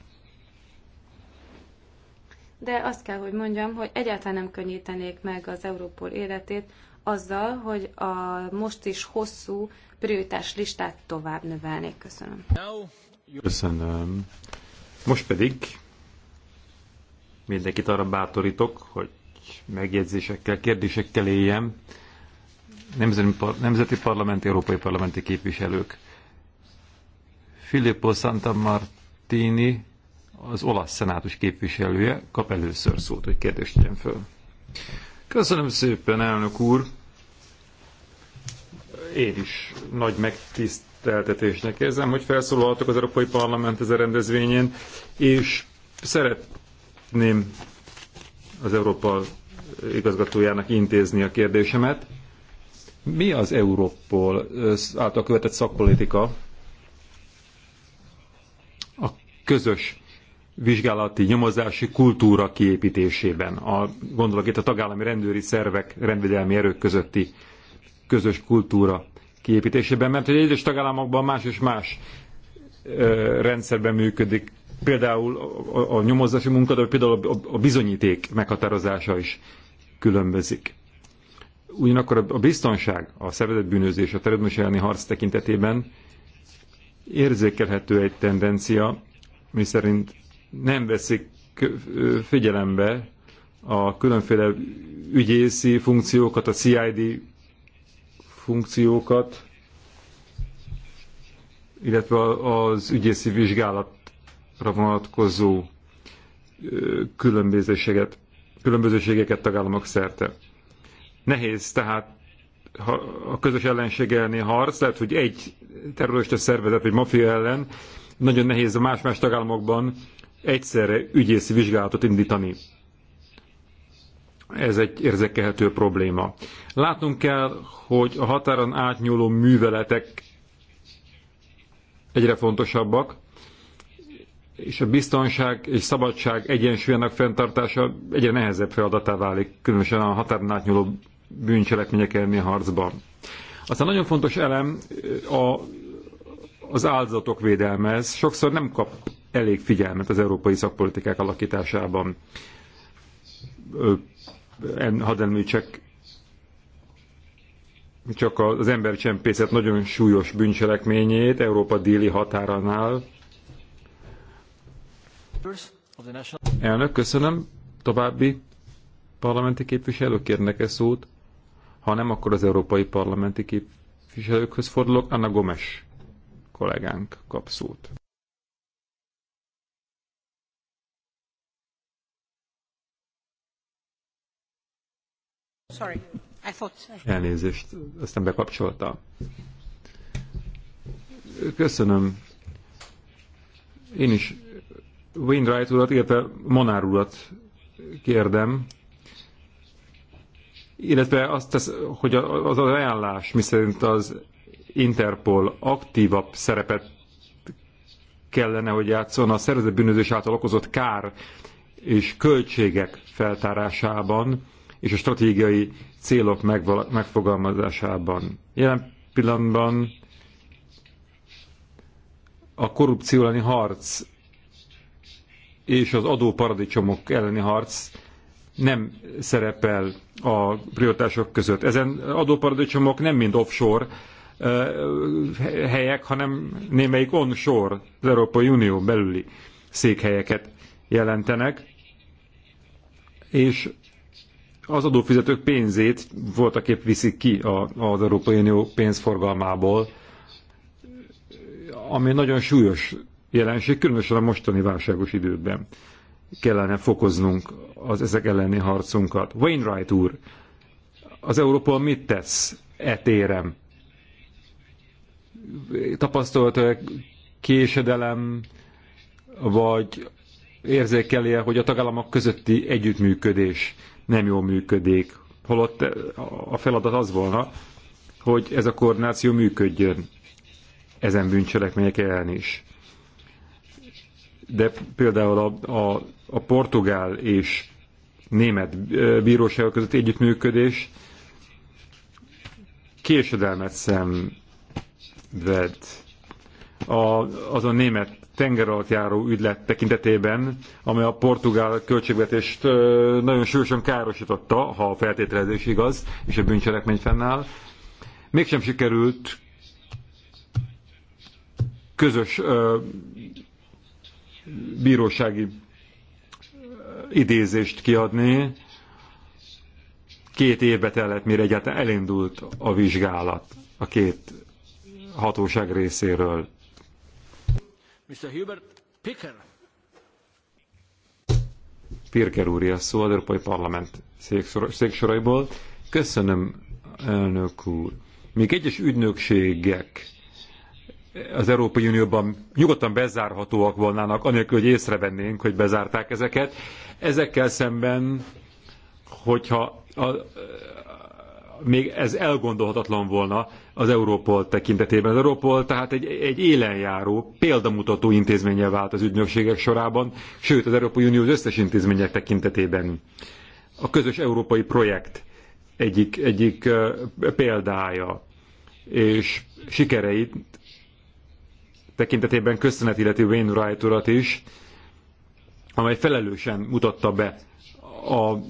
de azt kell, hogy mondjam, hogy egyáltalán nem könnyítenék meg az Európol életét azzal, hogy a most is hosszú prioritás listát tovább növelnék. Köszönöm. Köszönöm. Most pedig mindenkit arra bátorítok, hogy megjegyzésekkel, kérdésekkel éljem. Nemzeti parlamenti, Európai Parlamenti képviselők. Filippo Santa Martini az olasz szenátus képviselője kap először szót, hogy kérdést tegyen föl. Köszönöm szépen, elnök úr! Én is nagy megtiszteltetésnek érzem, hogy felszólalhatok az Európai Parlament ezen rendezvényén, és szeretném az Európa igazgatójának intézni a kérdésemet. Mi az Európol által követett szakpolitika a közös vizsgálati, nyomozási kultúra kiépítésében. A, gondolok itt a tagállami rendőri szervek, rendvédelmi erők közötti közös kultúra kiépítésében, mert hogy egyes tagállamokban más és más ö, rendszerben működik. Például a, a, a nyomozási munka, de például a, a bizonyíték meghatározása is különbözik. Ugyanakkor a, a biztonság, a szervezetbűnözés, a terrorizmus elleni harc tekintetében érzékelhető egy tendencia, miszerint nem veszik figyelembe a különféle ügyészi funkciókat, a CID funkciókat, illetve az ügyészi vizsgálatra vonatkozó különbözőségeket, különbözőségeket tagállamok szerte. Nehéz tehát ha a közös ellenség elleni harc, lehet, hogy egy terrorista szervezet vagy mafia ellen nagyon nehéz a más-más tagállamokban egyszerre ügyész vizsgálatot indítani. Ez egy érzekelhető probléma. Látnunk kell, hogy a határon átnyúló műveletek egyre fontosabbak, és a biztonság és szabadság egyensúlyának fenntartása egyre nehezebb feladatá válik, különösen a határon átnyúló bűncselekmények elmi harcban. Aztán nagyon fontos elem a, az áldozatok védelme. Ez sokszor nem kap elég figyelmet az európai szakpolitikák alakításában. Hadd említsek csak az embercsempészet nagyon súlyos bűncselekményét Európa déli határánál. Elnök, köszönöm. További parlamenti képviselők kérnek e szót? Ha nem, akkor az európai parlamenti képviselőkhöz fordulok. Anna Gomes kollégánk kap szót. Sorry, I thought... Elnézést, aztán bekapcsolta. Köszönöm. Én is Wainwright urat, illetve Monár urat kérdem, illetve azt tesz, hogy az az ajánlás, miszerint az Interpol aktívabb szerepet kellene, hogy játszon a szervezetbűnözés által okozott kár és költségek feltárásában, és a stratégiai célok megfogalmazásában. Jelen pillanatban a korrupció elleni harc és az adóparadicsomok elleni harc nem szerepel a prioritások között. Ezen adóparadicsomok nem mind offshore helyek, hanem némelyik onshore, az Európai Unió belüli székhelyeket jelentenek, és az adófizetők pénzét voltak épp viszik ki az Európai Unió pénzforgalmából, ami nagyon súlyos jelenség, különösen a mostani válságos időkben kellene fokoznunk az ezek elleni harcunkat. Wainwright úr, az Európa mit tesz e téren? Tapasztalt késedelem, vagy érzékelje, hogy a tagállamok közötti együttműködés nem jól működik. Holott a feladat az volna, hogy ez a koordináció működjön ezen bűncselekmények ellen is. De például a, a, a portugál és német bíróságok között együttműködés késedelmet szenved. A, azon német tengeralattjáró ügylet tekintetében, amely a portugál költségvetést nagyon súlyosan károsította, ha a feltételezés igaz, és a bűncselekmény fennáll. Mégsem sikerült közös ö, bírósági idézést kiadni. Két évbe tellett, mire egyáltalán elindult a vizsgálat a két hatóság részéről Pirker úr, a szó az Európai Parlament széksoraiból. Köszönöm, elnök úr. Még egyes ügynökségek az Európai Unióban nyugodtan bezárhatóak volnának, anélkül, hogy észrevennénk, hogy bezárták ezeket. Ezekkel szemben, hogyha a, még ez elgondolhatatlan volna az Európol tekintetében. Az Európol tehát egy, egy élenjáró, példamutató intézménye vált az ügynökségek sorában, sőt az Európai Unió az összes intézmények tekintetében. A közös európai projekt egyik, egyik példája, és sikereit tekintetében köszönet illeti Wainwright urat is, amely felelősen mutatta be az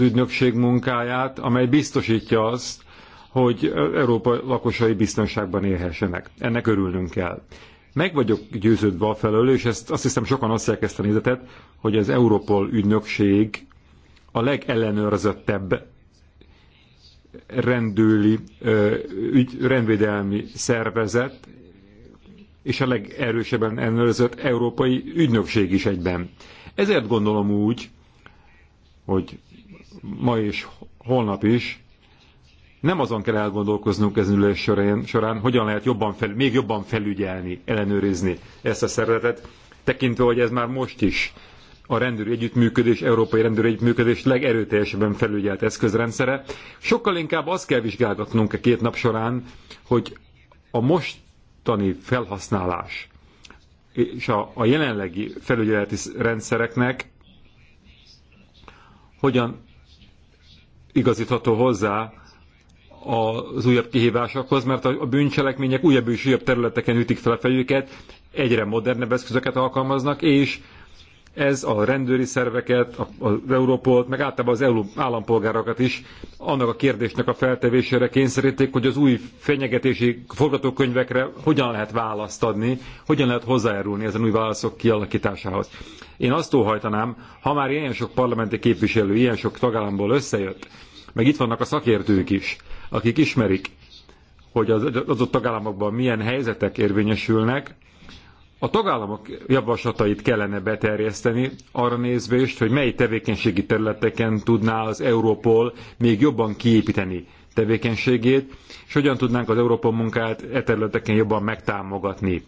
ügynökség munkáját, amely biztosítja azt, hogy Európa lakosai biztonságban élhessenek. Ennek örülnünk kell. Meg vagyok győződve a felől, és ezt azt hiszem sokan osztják ezt a nézetet, hogy az Európol ügynökség a legellenőrzöttebb rendőli, ügy, rendvédelmi szervezet, és a legerősebben ellenőrzött európai ügynökség is egyben. Ezért gondolom úgy, hogy ma is, holnap is nem azon kell elgondolkoznunk ez ülés során, során hogyan lehet jobban fel, még jobban felügyelni, ellenőrizni ezt a szervezetet, tekintve, hogy ez már most is a rendőri együttműködés, európai rendőri együttműködés legerőteljesebben felügyelt eszközrendszere. Sokkal inkább azt kell vizsgálgatnunk a két nap során, hogy a mostani felhasználás és a, a jelenlegi felügyeleti rendszereknek hogyan igazítható hozzá az újabb kihívásokhoz, mert a bűncselekmények újabb és újabb területeken ütik fel a fejüket, egyre modernebb eszközöket alkalmaznak, és ez a rendőri szerveket, az Európolt, meg általában az EU állampolgárokat is annak a kérdésnek a feltevésére kényszeríték, hogy az új fenyegetési forgatókönyvekre hogyan lehet választ adni, hogyan lehet hozzájárulni ezen új válaszok kialakításához. Én azt óhajtanám, ha már ilyen sok parlamenti képviselő, ilyen sok tagállamból összejött, meg itt vannak a szakértők is, akik ismerik, hogy az adott tagállamokban milyen helyzetek érvényesülnek, a tagállamok javaslatait kellene beterjeszteni, arra nézve is, hogy mely tevékenységi területeken tudná az Europol még jobban kiépíteni tevékenységét, és hogyan tudnánk az Európa munkát e területeken jobban megtámogatni.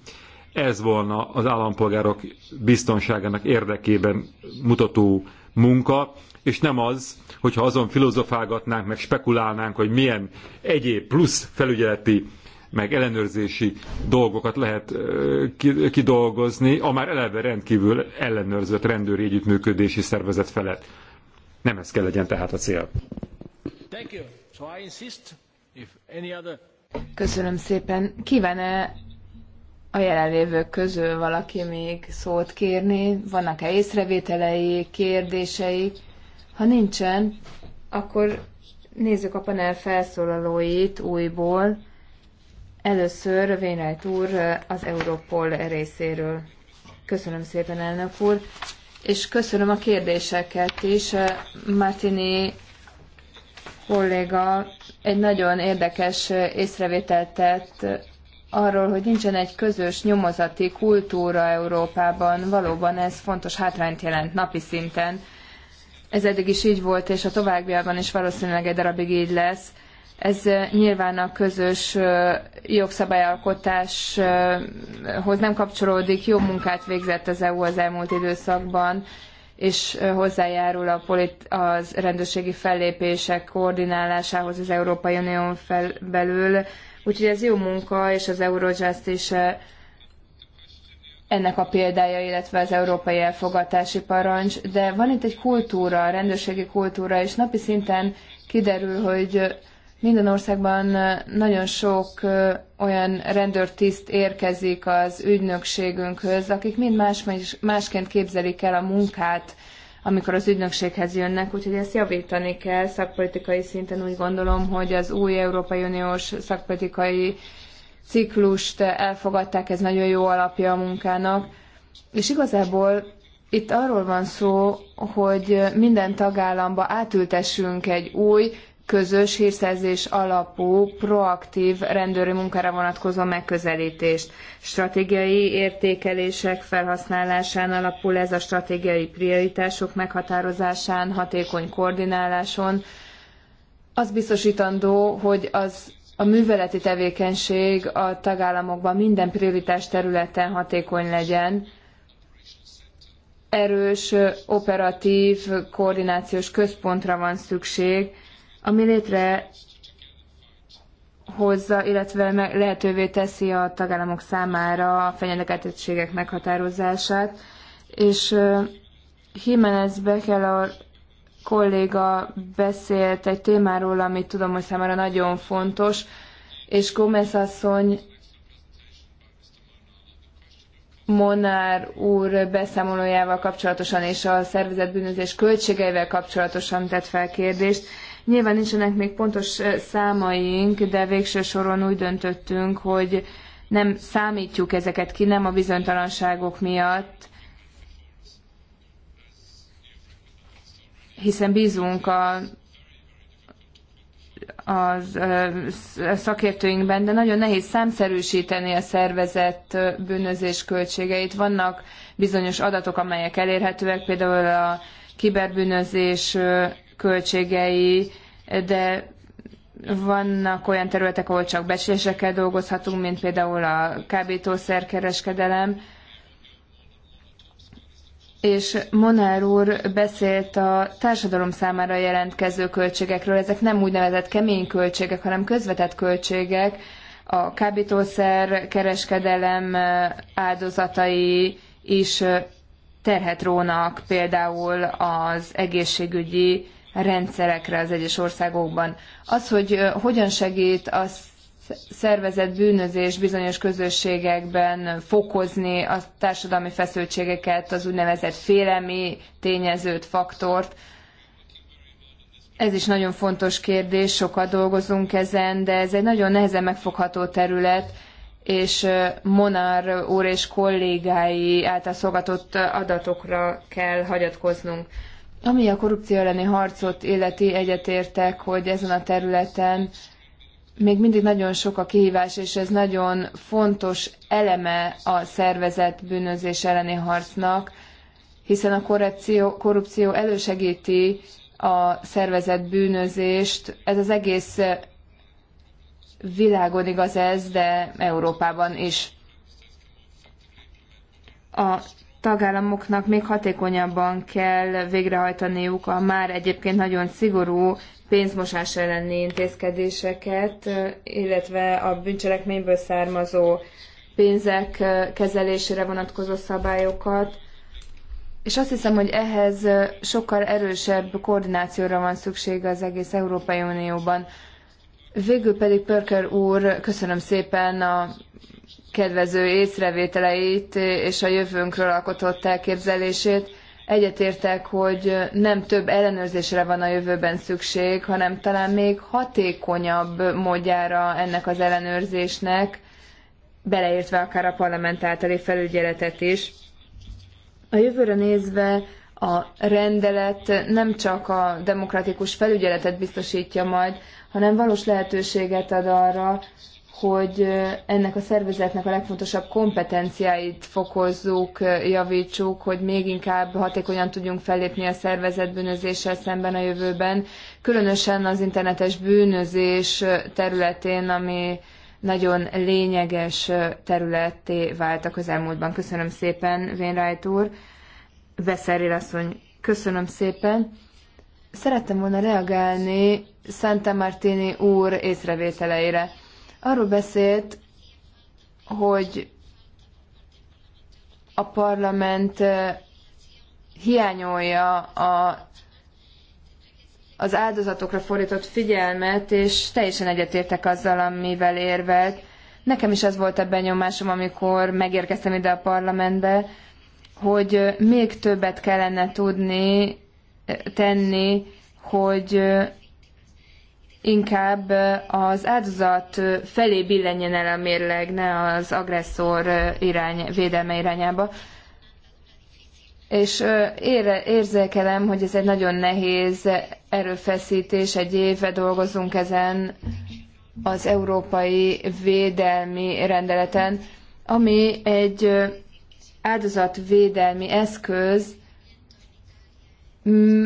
Ez volna az állampolgárok biztonságának érdekében mutató munka, és nem az, hogyha azon filozofálgatnánk, meg spekulálnánk, hogy milyen egyéb plusz felügyeleti meg ellenőrzési dolgokat lehet kidolgozni a már eleve rendkívül ellenőrzött rendőri együttműködési szervezet felett. Nem ez kell legyen tehát a cél. Köszönöm szépen. Kíván-e a jelenlévők közül valaki még szót kérni? Vannak-e észrevételei, kérdései? Ha nincsen, akkor nézzük a panel felszólalóit újból. Először Vénrejt úr az Europol részéről. Köszönöm szépen, elnök úr, és köszönöm a kérdéseket is. Martini kolléga egy nagyon érdekes észrevételt tett arról, hogy nincsen egy közös nyomozati kultúra Európában. Valóban ez fontos hátrányt jelent napi szinten. Ez eddig is így volt, és a továbbiakban is valószínűleg egy darabig így lesz ez nyilván a közös jogszabályalkotáshoz nem kapcsolódik, jó munkát végzett az EU az elmúlt időszakban, és hozzájárul a polit- az rendőrségi fellépések koordinálásához az Európai Unión fel belül. Úgyhogy ez jó munka, és az Eurojust is ennek a példája, illetve az európai elfogadási parancs, de van itt egy kultúra, a rendőrségi kultúra, és napi szinten kiderül, hogy minden országban nagyon sok olyan rendőrtiszt érkezik az ügynökségünkhöz, akik mind más, másként képzelik el a munkát, amikor az ügynökséghez jönnek, úgyhogy ezt javítani kell szakpolitikai szinten. Úgy gondolom, hogy az új Európai Uniós szakpolitikai ciklust elfogadták, ez nagyon jó alapja a munkának. És igazából itt arról van szó, hogy minden tagállamba átültessünk egy új, közös hírszerzés alapú, proaktív rendőri munkára vonatkozó megközelítést. Stratégiai értékelések felhasználásán alapul ez a stratégiai prioritások meghatározásán, hatékony koordináláson. Az biztosítandó, hogy az a műveleti tevékenység a tagállamokban minden prioritás területen hatékony legyen, erős operatív koordinációs központra van szükség, ami létre hozza, illetve lehetővé teszi a tagállamok számára a fenyegetettségek meghatározását, és Jimenez Bekel a kolléga beszélt egy témáról, amit tudom, hogy számára nagyon fontos, és Gómez asszony Monár úr beszámolójával kapcsolatosan és a szervezetbűnözés bűnözés költségeivel kapcsolatosan tett fel kérdést. Nyilván nincsenek még pontos számaink, de végső soron úgy döntöttünk, hogy nem számítjuk ezeket ki, nem a bizonytalanságok miatt, hiszen bízunk a a szakértőinkben, de nagyon nehéz számszerűsíteni a szervezett bűnözés költségeit. Vannak bizonyos adatok, amelyek elérhetőek, például a kiberbűnözés költségei, de vannak olyan területek, ahol csak becslésekkel dolgozhatunk, mint például a kábítószerkereskedelem. És Monár úr beszélt a társadalom számára jelentkező költségekről. Ezek nem úgynevezett kemény költségek, hanem közvetett költségek. A kábítószer kereskedelem áldozatai is terhet rónak például az egészségügyi rendszerekre az egyes országokban. Az, hogy hogyan segít a szervezett bűnözés bizonyos közösségekben fokozni a társadalmi feszültségeket, az úgynevezett félelmi tényezőt, faktort, ez is nagyon fontos kérdés, sokat dolgozunk ezen, de ez egy nagyon nehezen megfogható terület, és Monár úr és kollégái által szolgatott adatokra kell hagyatkoznunk. Ami a korrupció elleni harcot illeti, egyetértek, hogy ezen a területen még mindig nagyon sok a kihívás, és ez nagyon fontos eleme a szervezett bűnözés elleni harcnak, hiszen a korrupció, korrupció elősegíti a szervezett bűnözést. Ez az egész világon igaz ez, de Európában is. A tagállamoknak még hatékonyabban kell végrehajtaniuk a már egyébként nagyon szigorú pénzmosás elleni intézkedéseket, illetve a bűncselekményből származó pénzek eh, kezelésére vonatkozó szabályokat. És azt hiszem, hogy ehhez eh, sokkal erősebb koordinációra van szükség az egész Európai Unióban. Végül pedig Pörker úr, köszönöm szépen a kedvező észrevételeit és a jövőnkről alkotott elképzelését. Egyetértek, hogy nem több ellenőrzésre van a jövőben szükség, hanem talán még hatékonyabb módjára ennek az ellenőrzésnek, beleértve akár a parlament általi felügyeletet is. A jövőre nézve a rendelet nem csak a demokratikus felügyeletet biztosítja majd, hanem valós lehetőséget ad arra, hogy ennek a szervezetnek a legfontosabb kompetenciáit fokozzuk, javítsuk, hogy még inkább hatékonyan tudjunk fellépni a szervezet bűnözéssel szemben a jövőben, különösen az internetes bűnözés területén, ami nagyon lényeges területté vált a közelmúltban. Köszönöm szépen, Vénrájt úr. Veszeri asszony, köszönöm szépen. Szerettem volna reagálni Santa Martini úr észrevételeire Arról beszélt, hogy a parlament hiányolja a, az áldozatokra fordított figyelmet, és teljesen egyetértek azzal, amivel érvelt. Nekem is ez volt a benyomásom, amikor megérkeztem ide a parlamentbe, hogy még többet kellene tudni tenni, hogy inkább az áldozat felé billenjen el a mérleg, ne az agresszor irány, védelme irányába. És ére, érzékelem, hogy ez egy nagyon nehéz erőfeszítés, egy éve dolgozunk ezen az európai védelmi rendeleten, ami egy áldozatvédelmi eszköz,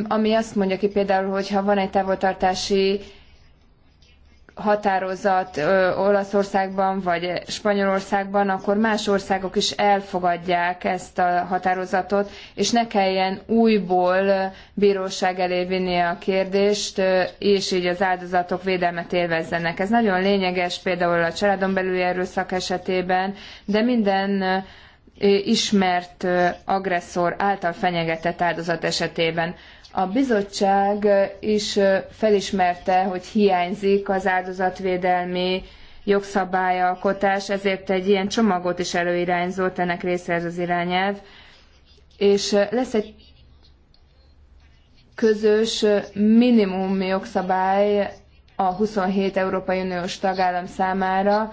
ami azt mondja ki például, hogy ha van egy távoltartási határozat Olaszországban vagy Spanyolországban, akkor más országok is elfogadják ezt a határozatot, és ne kelljen újból bíróság elé vinni a kérdést, és így az áldozatok védelmet élvezzenek. Ez nagyon lényeges például a családon belüli erőszak esetében, de minden ismert agresszor által fenyegetett áldozat esetében. A bizottság is felismerte, hogy hiányzik az áldozatvédelmi jogszabályalkotás, ezért egy ilyen csomagot is előirányzott, ennek része ez az irányelv. És lesz egy közös minimum jogszabály a 27 Európai Uniós tagállam számára,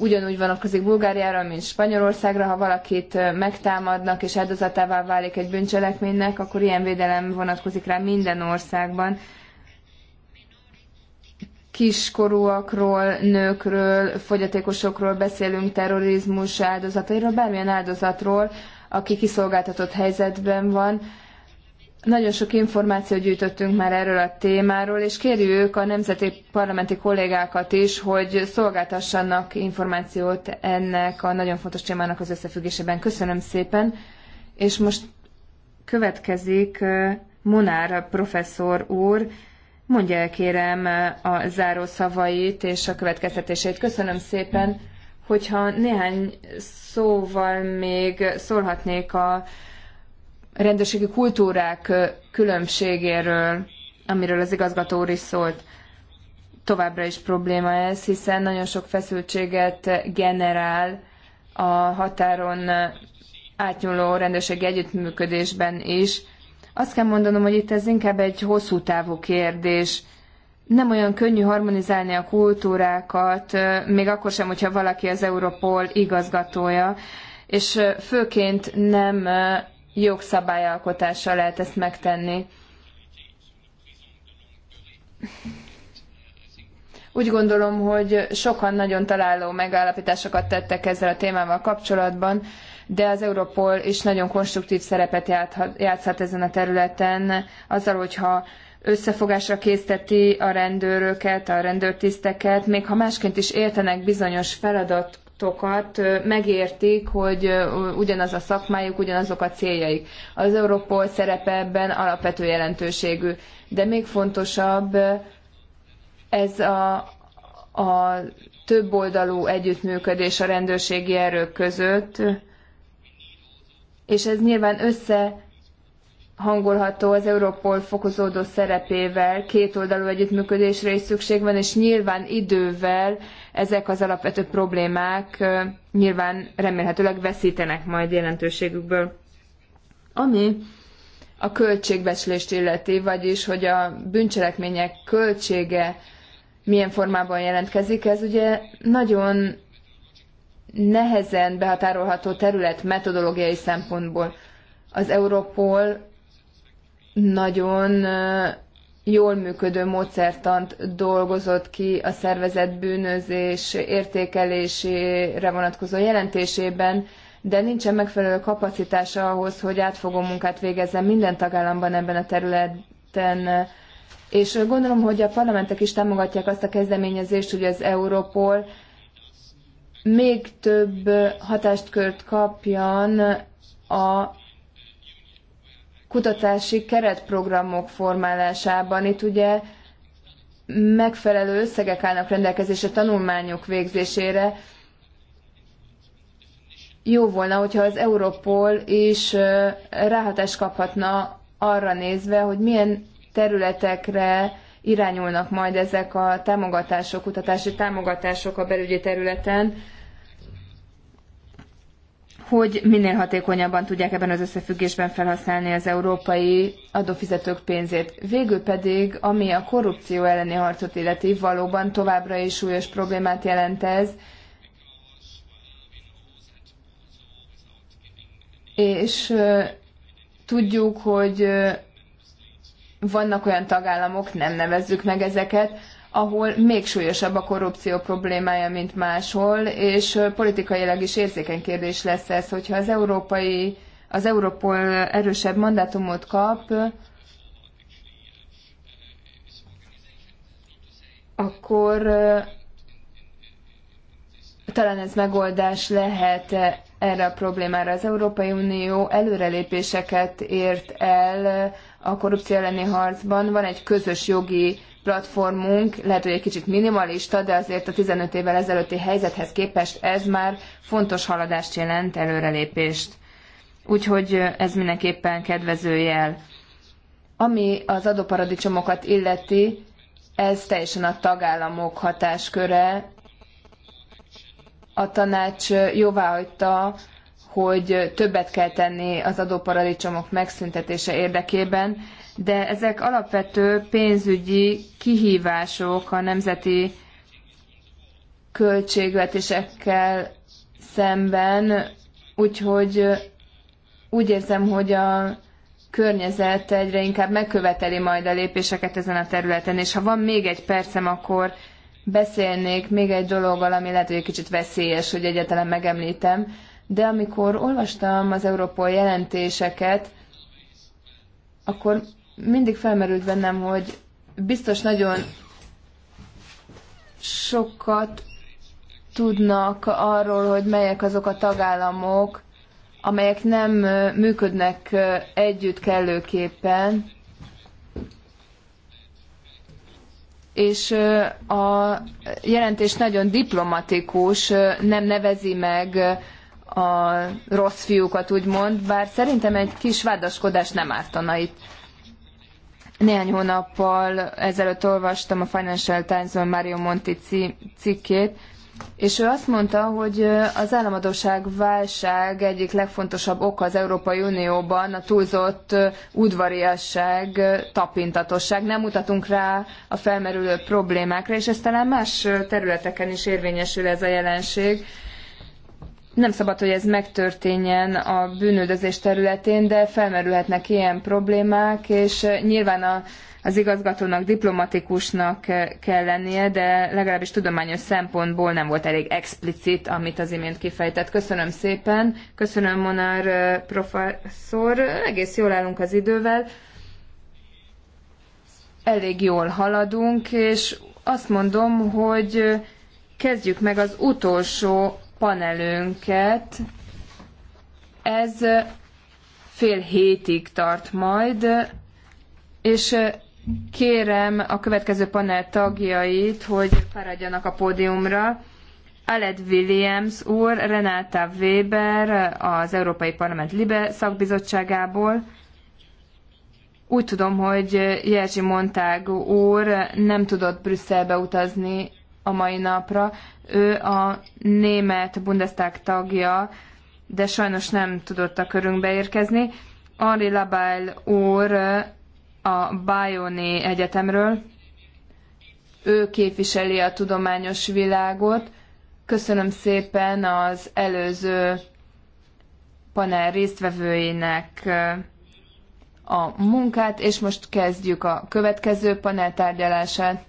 ugyanúgy vonatkozik Bulgáriára, mint Spanyolországra, ha valakit megtámadnak és áldozatává válik egy bűncselekménynek, akkor ilyen védelem vonatkozik rá minden országban. Kiskorúakról, nőkről, fogyatékosokról beszélünk, terrorizmus áldozatairól, bármilyen áldozatról, aki kiszolgáltatott helyzetben van, nagyon sok információt gyűjtöttünk már erről a témáról, és kérjük a nemzeti parlamenti kollégákat is, hogy szolgáltassanak információt ennek a nagyon fontos témának az összefüggésében. Köszönöm szépen, és most következik Monár professzor úr, mondja el kérem a záró szavait és a következtetéseit. Köszönöm szépen, hogyha néhány szóval még szólhatnék a rendőrségi kultúrák különbségéről, amiről az igazgató úr is szólt. Továbbra is probléma ez, hiszen nagyon sok feszültséget generál a határon átnyúló rendőrségi együttműködésben is. Azt kell mondanom, hogy itt ez inkább egy hosszú távú kérdés. Nem olyan könnyű harmonizálni a kultúrákat, még akkor sem, hogyha valaki az Europol igazgatója, és főként nem jogszabályalkotással lehet ezt megtenni. Úgy gondolom, hogy sokan nagyon találó megállapításokat tettek ezzel a témával kapcsolatban, de az Europol is nagyon konstruktív szerepet játszhat ezen a területen, azzal, hogyha összefogásra készteti a rendőröket, a rendőrtiszteket, még ha másként is értenek bizonyos feladat kontaktokat megértik, hogy ugyanaz a szakmájuk, ugyanazok a céljaik. Az Europol szerepe ebben alapvető jelentőségű. De még fontosabb ez a, a többoldalú együttműködés a rendőrségi erők között, és ez nyilván össze hangolható az Europol fokozódó szerepével, kétoldalú együttműködésre is szükség van, és nyilván idővel ezek az alapvető problémák nyilván remélhetőleg veszítenek majd jelentőségükből. Ami a költségbecslést illeti, vagyis hogy a bűncselekmények költsége milyen formában jelentkezik, ez ugye nagyon nehezen behatárolható terület metodológiai szempontból. Az Europol nagyon jól működő módszertant dolgozott ki a szervezett bűnözés értékelésére vonatkozó jelentésében, de nincsen megfelelő kapacitása ahhoz, hogy átfogó munkát végezzen minden tagállamban ebben a területen. És gondolom, hogy a parlamentek is támogatják azt a kezdeményezést, hogy az Europol még több hatást hatáskört kapjan a kutatási keretprogramok formálásában. Itt ugye megfelelő összegek állnak rendelkezésre tanulmányok végzésére. Jó volna, hogyha az Europol is ráhatást kaphatna arra nézve, hogy milyen területekre irányulnak majd ezek a támogatások, kutatási támogatások a belügyi területen, hogy minél hatékonyabban tudják ebben az összefüggésben felhasználni az európai adófizetők pénzét. Végül pedig, ami a korrupció elleni harcot illeti, valóban továbbra is súlyos problémát jelent ez, és tudjuk, hogy vannak olyan tagállamok, nem nevezzük meg ezeket, ahol még súlyosabb a korrupció problémája, mint máshol, és politikailag is érzékeny kérdés lesz ez, hogyha az európai, az Európol erősebb mandátumot kap, akkor talán ez megoldás lehet erre a problémára. Az Európai Unió előrelépéseket ért el a korrupció elleni harcban. Van egy közös jogi platformunk lehet, hogy egy kicsit minimalista, de azért a 15 évvel ezelőtti helyzethez képest ez már fontos haladást jelent, előrelépést. Úgyhogy ez mindenképpen kedvező jel. Ami az adóparadicsomokat illeti, ez teljesen a tagállamok hatásköre. A tanács jóváhagyta, hogy többet kell tenni az adóparadicsomok megszüntetése érdekében, de ezek alapvető pénzügyi kihívások a nemzeti költségvetésekkel szemben, úgyhogy úgy érzem, hogy a környezet egyre inkább megköveteli majd a lépéseket ezen a területen, és ha van még egy percem, akkor beszélnék még egy dologgal, ami lehet, hogy egy kicsit veszélyes, hogy egyetlen megemlítem, de amikor olvastam az Európol jelentéseket, akkor mindig felmerült bennem, hogy biztos nagyon sokat tudnak arról, hogy melyek azok a tagállamok, amelyek nem működnek együtt kellőképpen, és a jelentés nagyon diplomatikus, nem nevezi meg a rossz fiúkat, úgymond, bár szerintem egy kis vádaskodás nem ártana itt. Néhány hónappal ezelőtt olvastam a Financial Times-ban Mario Monti cikkét, és ő azt mondta, hogy az államadóság válság egyik legfontosabb oka az Európai Unióban a túlzott udvariasság, tapintatosság. Nem mutatunk rá a felmerülő problémákra, és ez talán más területeken is érvényesül ez a jelenség nem szabad, hogy ez megtörténjen a bűnöldözés területén, de felmerülhetnek ilyen problémák, és eh, nyilván a, az igazgatónak, diplomatikusnak eh, kell lennie, de legalábbis tudományos szempontból nem volt elég explicit, amit az imént kifejtett. Köszönöm szépen, köszönöm Monár eh, professzor, egész jól állunk az idővel, elég jól haladunk, és azt mondom, hogy kezdjük meg az utolsó panelünket. Ez fél hétig tart majd, és kérem a következő panel tagjait, hogy fáradjanak a pódiumra. Aled Williams úr, Renáta Weber az Európai Parlament Libe szakbizottságából. Úgy tudom, hogy Jerzy Montág úr nem tudott Brüsszelbe utazni a mai napra. Ő a német Bundestag tagja, de sajnos nem tudott a körünkbe érkezni. Henri Labail úr a Bajoni Egyetemről. Ő képviseli a tudományos világot. Köszönöm szépen az előző panel résztvevőinek a munkát, és most kezdjük a következő panel tárgyalását.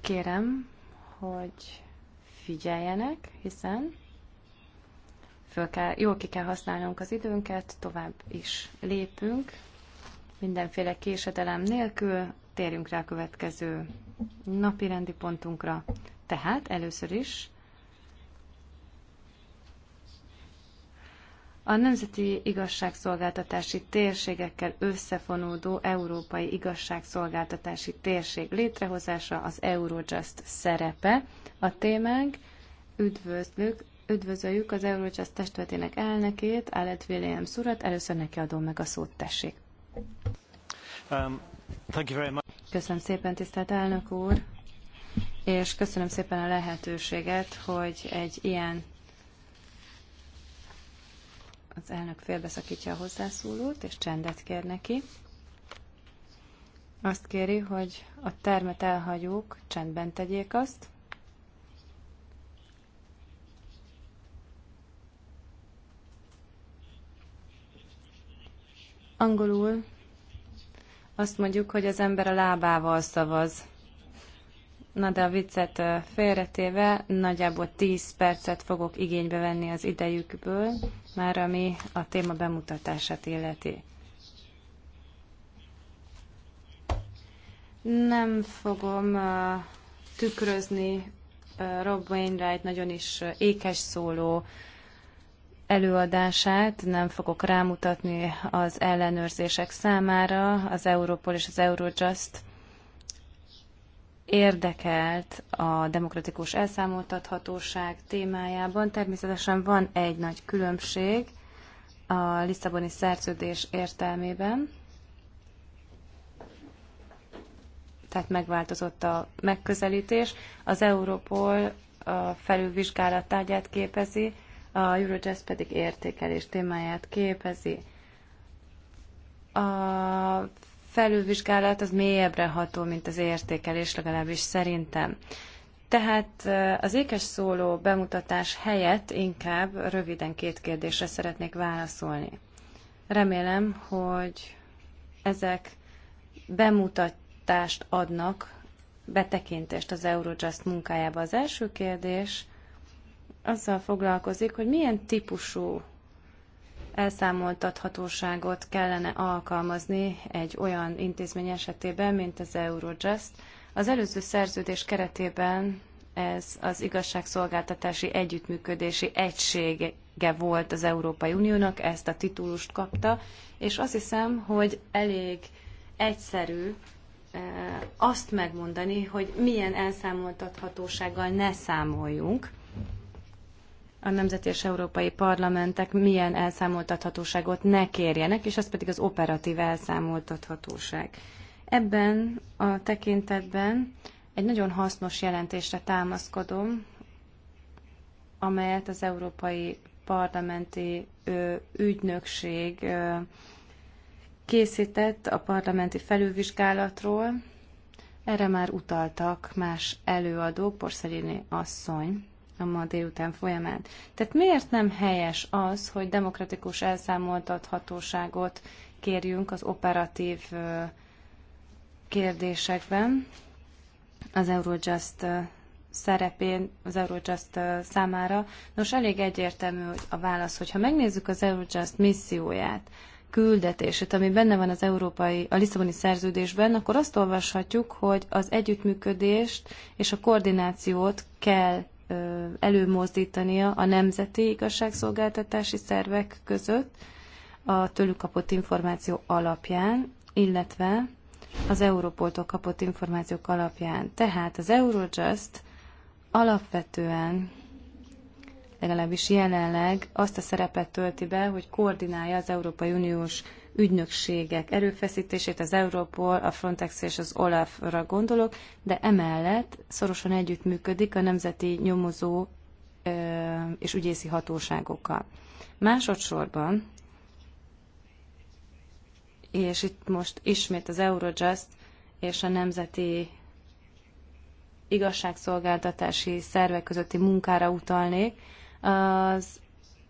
Kérem, hogy figyeljenek, hiszen föl kell, jól ki kell használnunk az időnket, tovább is lépünk, mindenféle késedelem nélkül, térjünk rá a következő napi rendi pontunkra. Tehát először is A nemzeti igazságszolgáltatási térségekkel összefonódó európai igazságszolgáltatási térség létrehozása az Eurojust szerepe. A témánk üdvözlük, üdvözöljük az Eurojust testületének elnökét, Alet William Surat. Először neki adom meg a szót, tessék. Um, thank you very much. Köszönöm szépen, tisztelt elnök úr, és köszönöm szépen a lehetőséget, hogy egy ilyen az elnök félbeszakítja a hozzászólót, és csendet kér neki. Azt kéri, hogy a termet elhagyók csendben tegyék azt. Angolul azt mondjuk, hogy az ember a lábával szavaz. Na de a viccet félretéve nagyjából 10 percet fogok igénybe venni az idejükből, már ami a téma bemutatását illeti. Nem fogom uh, tükrözni uh, Rob Wainwright nagyon is ékes szóló előadását, nem fogok rámutatni az ellenőrzések számára, az Europol és az Eurojust érdekelt a demokratikus elszámoltathatóság témájában. Természetesen van egy nagy különbség a Lisszaboni szerződés értelmében. Tehát megváltozott a megközelítés. Az Europol a felülvizsgálat tárgyát képezi, a Eurojust pedig értékelés témáját képezi. A felülvizsgálat az mélyebbre ható, mint az értékelés, legalábbis szerintem. Tehát az ékes szóló bemutatás helyett inkább röviden két kérdésre szeretnék válaszolni. Remélem, hogy ezek bemutatást adnak, betekintést az Eurojust munkájába. Az első kérdés azzal foglalkozik, hogy milyen típusú elszámoltathatóságot kellene alkalmazni egy olyan intézmény esetében, mint az Eurojust. Az előző szerződés keretében ez az igazságszolgáltatási együttműködési egysége volt az Európai Uniónak, ezt a titulust kapta, és azt hiszem, hogy elég egyszerű eh, azt megmondani, hogy milyen elszámoltathatósággal ne számoljunk a nemzeti és európai parlamentek milyen elszámoltathatóságot ne kérjenek, és ez pedig az operatív elszámoltathatóság. Ebben a tekintetben egy nagyon hasznos jelentésre támaszkodom, amelyet az Európai Parlamenti ö, Ügynökség ö, készített a parlamenti felülvizsgálatról. Erre már utaltak más előadók, Porcelini asszony a ma délután folyamán. Tehát miért nem helyes az, hogy demokratikus elszámoltathatóságot kérjünk az operatív kérdésekben az Eurojust szerepén az Eurojust számára. Nos, elég egyértelmű hogy a válasz, hogyha megnézzük az Eurojust misszióját, küldetését, ami benne van az európai, a Lisszaboni szerződésben, akkor azt olvashatjuk, hogy az együttműködést és a koordinációt kell előmozdítania a nemzeti igazságszolgáltatási szervek között a tőlük kapott információ alapján, illetve az Európoltól kapott információk alapján. Tehát az Eurojust alapvetően legalábbis jelenleg azt a szerepet tölti be, hogy koordinálja az Európai Uniós ügynökségek erőfeszítését, az Europol, a Frontex és az Olafra gondolok, de emellett szorosan együttműködik a nemzeti nyomozó és ügyészi hatóságokkal. Másodszorban, és itt most ismét az Eurojust és a nemzeti igazságszolgáltatási szervek közötti munkára utalnék, az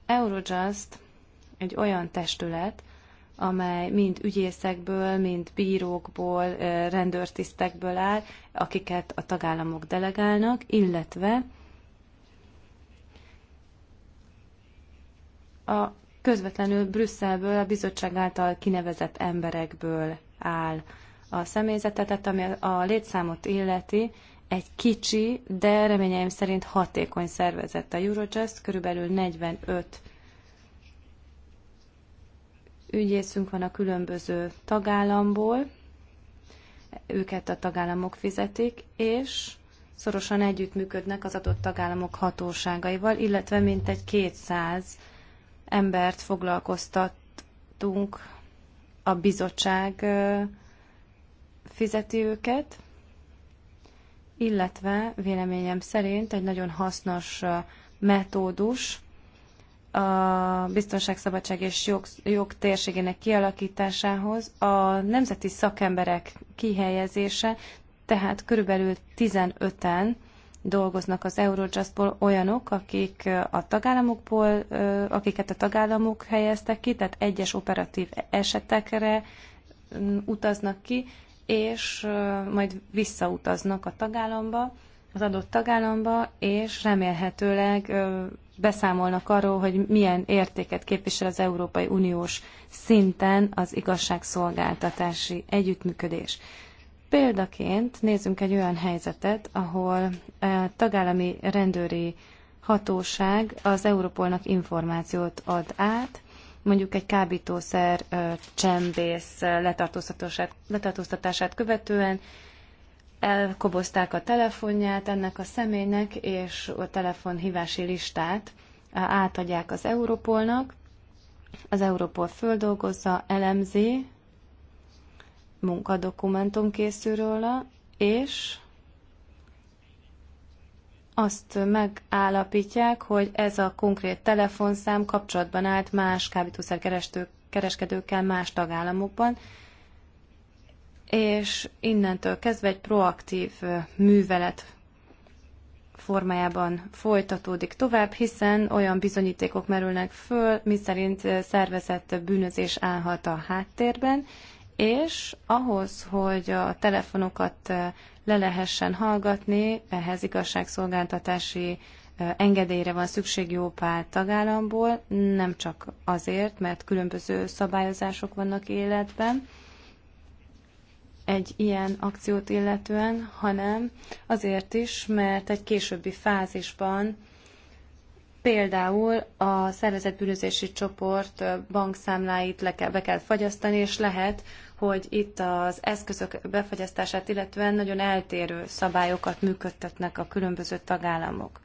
Eurojust egy olyan testület, amely mind ügyészekből, mind bírókból, rendőrtisztekből áll, akiket a tagállamok delegálnak, illetve a közvetlenül Brüsszelből, a bizottság által kinevezett emberekből áll a személyzetet, ami a létszámot illeti, egy kicsi, de reményeim szerint hatékony szervezet a Eurojust, körülbelül 45 ügyészünk van a különböző tagállamból, őket a tagállamok fizetik, és szorosan együttműködnek az adott tagállamok hatóságaival, illetve mintegy 200 embert foglalkoztattunk, a bizottság fizeti őket, illetve véleményem szerint egy nagyon hasznos metódus a biztonság, szabadság és jog, jog térségének kialakításához a nemzeti szakemberek kihelyezése, tehát körülbelül 15-en dolgoznak az Eurojustból olyanok, akik a tagállamokból, akiket a tagállamok helyeztek ki, tehát egyes operatív esetekre mm, utaznak ki, és majd visszautaznak a tagállamba, az adott tagállamba, és remélhetőleg beszámolnak arról, hogy milyen értéket képvisel az Európai Uniós szinten az igazságszolgáltatási együttműködés. Példaként nézzünk egy olyan helyzetet, ahol a tagállami rendőri hatóság az Európolnak információt ad át, mondjuk egy kábítószer csembész letartóztatását, letartóztatását követően, elkobozták a telefonját ennek a személynek, és a telefonhívási listát átadják az Európolnak. Az Európol földolgozza, elemzi, munkadokumentum készül róla, és azt megállapítják, hogy ez a konkrét telefonszám kapcsolatban állt más kábítószerkereskedőkkel más tagállamokban, és innentől kezdve egy proaktív művelet formájában folytatódik tovább, hiszen olyan bizonyítékok merülnek föl, miszerint szervezett bűnözés állhat a háttérben, és ahhoz, hogy a telefonokat le lehessen hallgatni, ehhez igazságszolgáltatási engedélyre van szükség jó pár tagállamból, nem csak azért, mert különböző szabályozások vannak életben, egy ilyen akciót illetően, hanem azért is, mert egy későbbi fázisban például a szervezetbűnözési csoport bankszámláit le kell, be kell fagyasztani, és lehet, hogy itt az eszközök befagyasztását illetően nagyon eltérő szabályokat működtetnek a különböző tagállamok.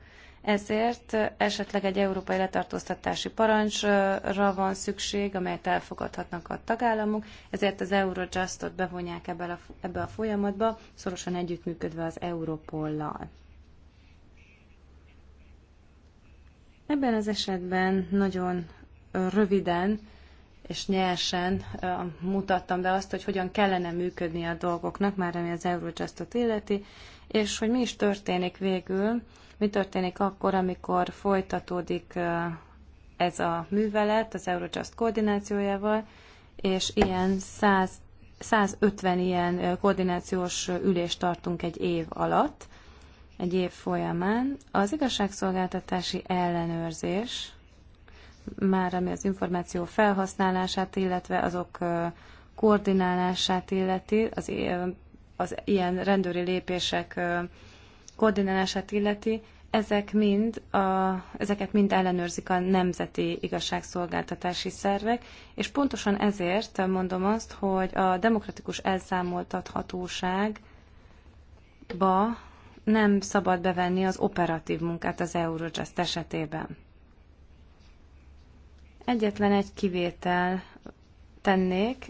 Ezért esetleg egy európai letartóztatási parancsra van szükség, amelyet elfogadhatnak a tagállamok, ezért az Eurojustot bevonják ebbe a, ebbe a folyamatba, szorosan együttműködve az Europollal. Ebben az esetben nagyon röviden és nyersen mutattam be azt, hogy hogyan kellene működni a dolgoknak, már ami az Eurojustot illeti, és hogy mi is történik végül, mi történik akkor, amikor folytatódik ez a művelet az Eurojust koordinációjával, és ilyen 100, 150 ilyen koordinációs ülést tartunk egy év alatt, egy év folyamán. Az igazságszolgáltatási ellenőrzés, már ami az információ felhasználását, illetve azok koordinálását illeti, az, az ilyen rendőri lépések koordinálását illeti, ezek mind a, ezeket mind ellenőrzik a nemzeti igazságszolgáltatási szervek, és pontosan ezért mondom azt, hogy a demokratikus elszámoltathatóságba nem szabad bevenni az operatív munkát az Eurojust esetében. Egyetlen egy kivétel tennék,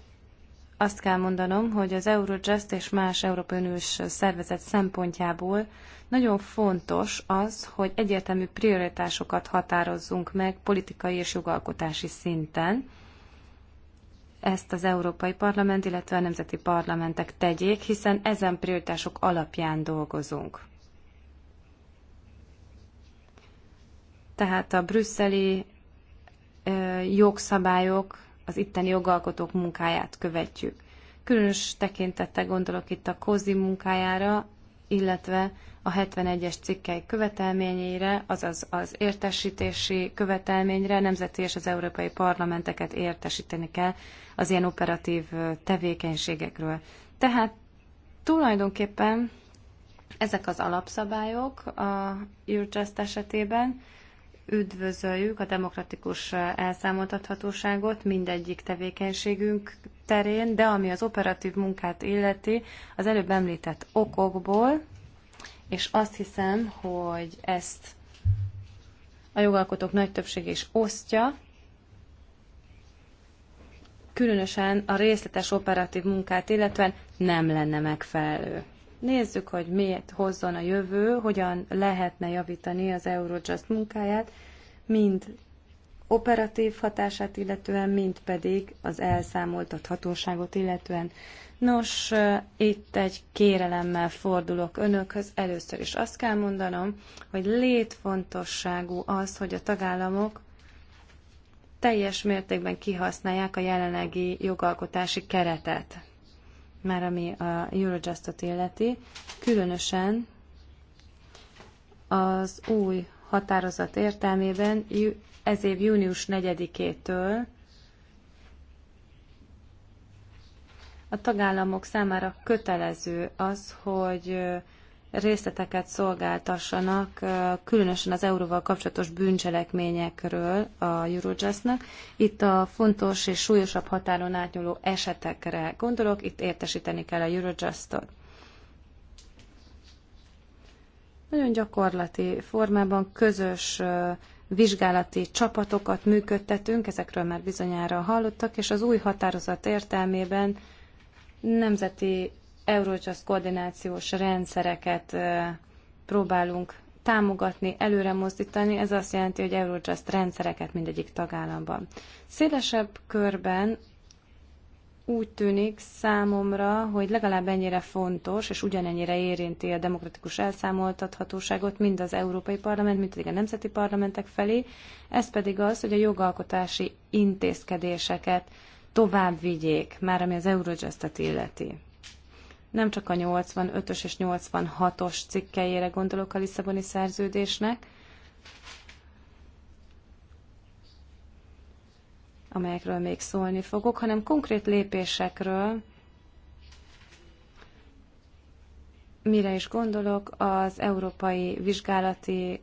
azt kell mondanom, hogy az Eurojust és más Európai Uniós szervezet szempontjából nagyon fontos az, hogy egyértelmű prioritásokat határozzunk meg politikai és jogalkotási szinten. Ezt az Európai Parlament, illetve a nemzeti parlamentek tegyék, hiszen ezen prioritások alapján dolgozunk. Tehát a brüsszeli jogszabályok, az itteni jogalkotók munkáját követjük. Különös tekintettel gondolok itt a COSI munkájára, illetve a 71-es cikkely követelményeire, azaz az értesítési követelményre nemzeti és az európai parlamenteket értesíteni kell az ilyen operatív tevékenységekről. Tehát tulajdonképpen ezek az alapszabályok a Eurojust esetében, Üdvözöljük a demokratikus elszámoltathatóságot mindegyik tevékenységünk terén, de ami az operatív munkát illeti, az előbb említett okokból, és azt hiszem, hogy ezt a jogalkotók nagy többsége is osztja, különösen a részletes operatív munkát illetve nem lenne megfelelő. Nézzük, hogy miért hozzon a jövő, hogyan lehetne javítani az Eurojust munkáját, mind operatív hatását illetően, mind pedig az elszámoltat hatóságot illetően. Nos, itt egy kérelemmel fordulok önökhöz. Először is azt kell mondanom, hogy létfontosságú az, hogy a tagállamok teljes mértékben kihasználják a jelenlegi jogalkotási keretet már ami a Eurojustot illeti, különösen az új határozat értelmében ez év június 4-től a tagállamok számára kötelező az, hogy részleteket szolgáltassanak, különösen az euróval kapcsolatos bűncselekményekről a Eurojustnak. Itt a fontos és súlyosabb határon átnyúló esetekre gondolok, itt értesíteni kell a Eurojustot. Nagyon gyakorlati formában közös vizsgálati csapatokat működtetünk, ezekről már bizonyára hallottak, és az új határozat értelmében nemzeti Eurojust koordinációs rendszereket próbálunk támogatni, előre mozdítani, ez azt jelenti, hogy Eurojust rendszereket mindegyik tagállamban. Szélesebb körben úgy tűnik számomra, hogy legalább ennyire fontos, és ugyanennyire érinti a demokratikus elszámoltathatóságot mind az Európai Parlament, mint pedig a nemzeti parlamentek felé, ez pedig az, hogy a jogalkotási intézkedéseket tovább vigyék, már ami az Eurojustat illeti. Nem csak a 85-ös és 86-os cikkeire gondolok a Lisszaboni szerződésnek, amelyekről még szólni fogok, hanem konkrét lépésekről, mire is gondolok, az európai vizsgálati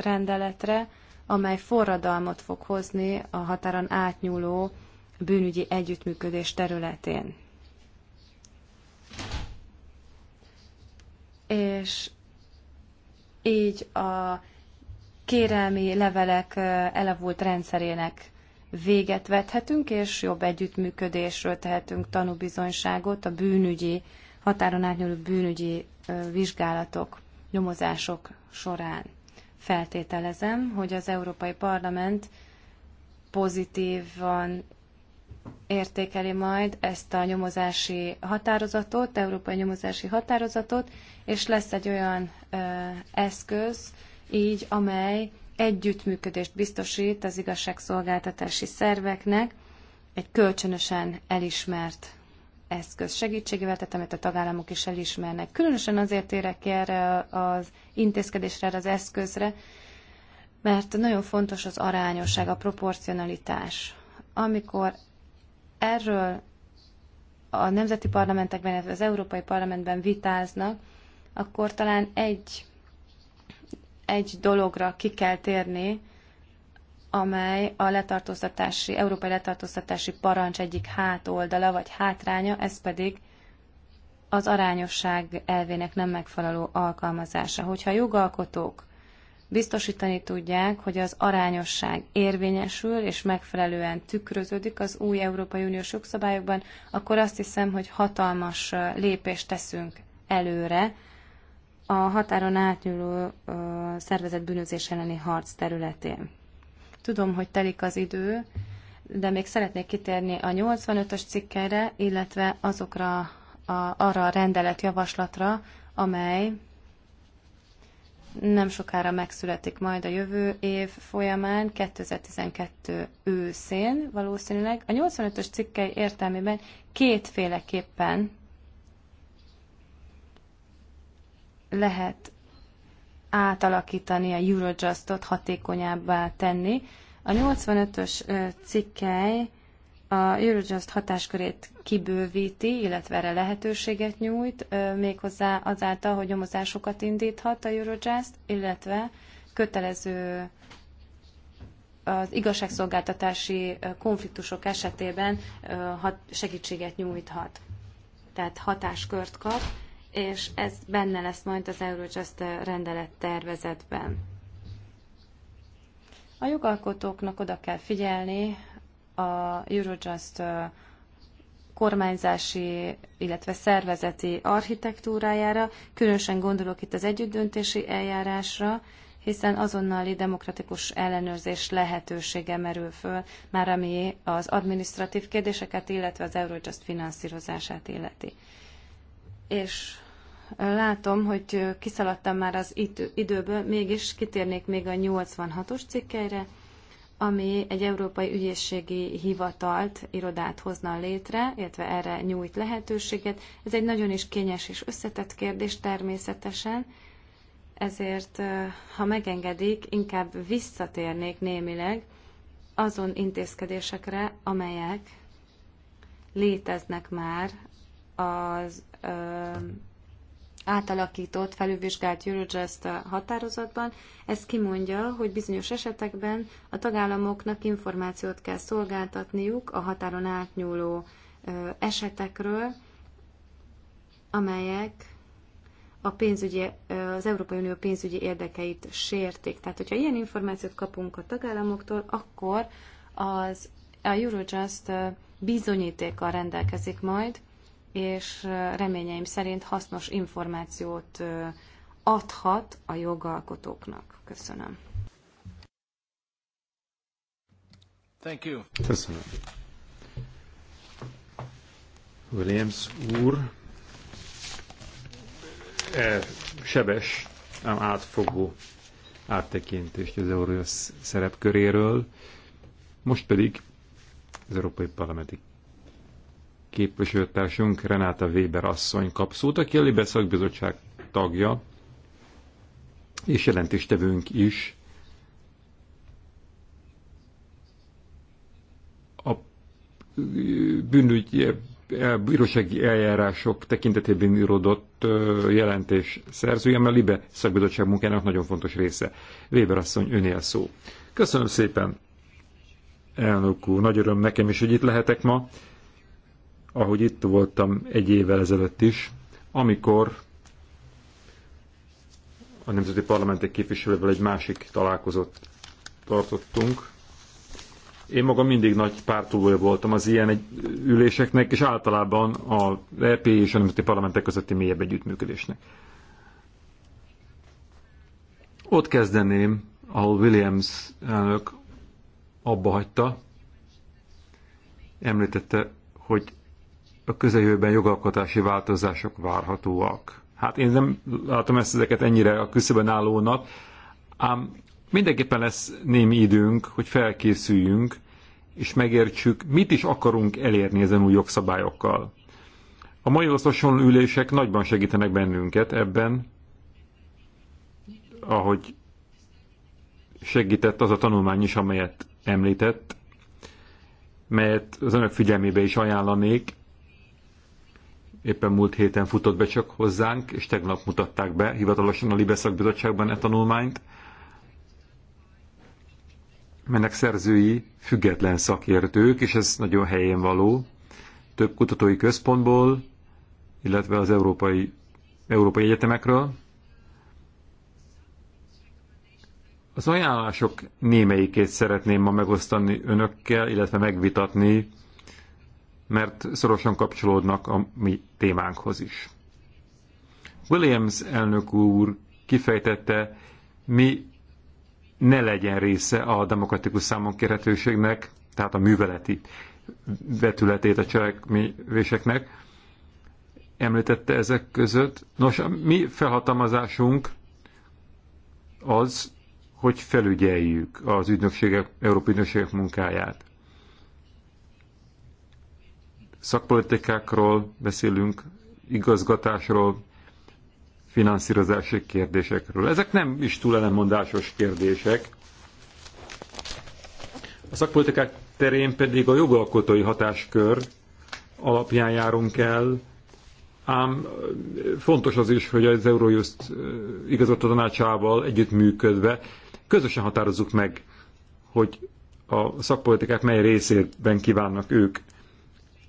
rendeletre, amely forradalmat fog hozni a határon átnyúló bűnügyi együttműködés területén. és így a kérelmi levelek elavult rendszerének véget vethetünk, és jobb együttműködésről tehetünk tanúbizonyságot a bűnügyi, határon átnyúló bűnügyi vizsgálatok, nyomozások során. Feltételezem, hogy az Európai Parlament pozitívan értékeli majd ezt a nyomozási határozatot, európai nyomozási határozatot, és lesz egy olyan ö, eszköz, így amely együttműködést biztosít az igazságszolgáltatási szerveknek egy kölcsönösen elismert eszköz segítségével, tehát amit a tagállamok is elismernek. Különösen azért érek erre az intézkedésre, erre az eszközre, mert nagyon fontos az arányosság, a proporcionalitás. Amikor erről a nemzeti parlamentekben, az Európai Parlamentben vitáznak, akkor talán egy, egy dologra ki kell térni, amely a letartóztatási, európai letartóztatási parancs egyik hátoldala vagy hátránya, ez pedig az arányosság elvének nem megfelelő alkalmazása. Hogyha jogalkotók biztosítani tudják, hogy az arányosság érvényesül és megfelelően tükröződik az új Európai Uniós jogszabályokban, akkor azt hiszem, hogy hatalmas lépést teszünk előre a határon átnyúló szervezett bűnözés elleni harc területén. Tudom, hogy telik az idő, de még szeretnék kitérni a 85-ös cikkere, illetve azokra a, arra a rendeletjavaslatra, amely nem sokára megszületik majd a jövő év folyamán, 2012 őszén valószínűleg. A 85-ös cikkei értelmében kétféleképpen lehet átalakítani a Eurojustot, hatékonyabbá tenni. A 85-ös cikkei a Eurojust hatáskörét kibővíti, illetve erre lehetőséget nyújt, méghozzá azáltal, hogy nyomozásokat indíthat a Eurojust, illetve kötelező az igazságszolgáltatási konfliktusok esetében segítséget nyújthat. Tehát hatáskört kap, és ez benne lesz majd az Eurojust rendelet tervezetben. A jogalkotóknak oda kell figyelni a Eurojust kormányzási, illetve szervezeti architektúrájára, különösen gondolok itt az együttdöntési eljárásra, hiszen azonnali demokratikus ellenőrzés lehetősége merül föl, már ami az administratív kérdéseket, illetve az Eurojust finanszírozását illeti. És látom, hogy kiszaladtam már az időből, mégis kitérnék még a 86-os cikkeire, ami egy európai ügyészségi hivatalt, irodát hozna létre, illetve erre nyújt lehetőséget. Ez egy nagyon is kényes és összetett kérdés természetesen, ezért, ha megengedik, inkább visszatérnék némileg azon intézkedésekre, amelyek léteznek már az átalakított, felülvizsgált Eurojust határozatban. Ez kimondja, hogy bizonyos esetekben a tagállamoknak információt kell szolgáltatniuk a határon átnyúló esetekről, amelyek a pénzügyi, az Európai Unió pénzügyi érdekeit sértik. Tehát, hogyha ilyen információt kapunk a tagállamoktól, akkor az, a Eurojust bizonyítékkal rendelkezik majd, és reményeim szerint hasznos információt adhat a jogalkotóknak. Köszönöm. Thank you. Köszönöm. Williams úr, e, sebes, ám átfogó áttekintést az Eurojust szerepköréről, most pedig az Európai Parlamenti képviselőtársunk Renáta Weber asszony kap szót, aki a Libe szakbizottság tagja, és jelentéstevőnk is. A bűnügy bírósági eljárások tekintetében irodott jelentés szerzője, mert a Libe szakbizottság munkának nagyon fontos része. Weber asszony, önél szó. Köszönöm szépen, elnök úr, nagy öröm nekem is, hogy itt lehetek ma ahogy itt voltam egy évvel ezelőtt is, amikor a Nemzeti Parlamentek képviselővel egy másik találkozót tartottunk. Én magam mindig nagy pártolója voltam az ilyen egy üléseknek, és általában a EP és a Nemzeti Parlamentek közötti mélyebb együttműködésnek. Ott kezdeném, ahol Williams elnök abba hagyta, említette, hogy a közeljövőben jogalkotási változások várhatóak. Hát én nem látom ezt ezeket ennyire a küszöben állónak, ám mindenképpen lesz némi időnk, hogy felkészüljünk, és megértsük, mit is akarunk elérni ezen új jogszabályokkal. A mai osztoson ülések nagyban segítenek bennünket ebben, ahogy segített az a tanulmány is, amelyet említett, melyet az önök figyelmébe is ajánlanék, éppen múlt héten futott be csak hozzánk, és tegnap mutatták be hivatalosan a libeszak bizottságban e tanulmányt, melynek szerzői független szakértők, és ez nagyon helyén való, több kutatói központból, illetve az európai, európai egyetemekről. Az ajánlások némelyikét szeretném ma megosztani önökkel, illetve megvitatni mert szorosan kapcsolódnak a mi témánkhoz is. Williams elnök úr kifejtette, mi ne legyen része a demokratikus számonkérhetőségnek, tehát a műveleti vetületét a cselekvéseknek. Említette ezek között. Nos, a mi felhatalmazásunk az, hogy felügyeljük az ügynökségek, európai ügynökségek munkáját szakpolitikákról beszélünk, igazgatásról, finanszírozási kérdésekről. Ezek nem is túl ellenmondásos kérdések. A szakpolitikák terén pedig a jogalkotói hatáskör alapján járunk el, ám fontos az is, hogy az Eurojust igazgató tanácsával együttműködve közösen határozzuk meg, hogy a szakpolitikák mely részében kívánnak ők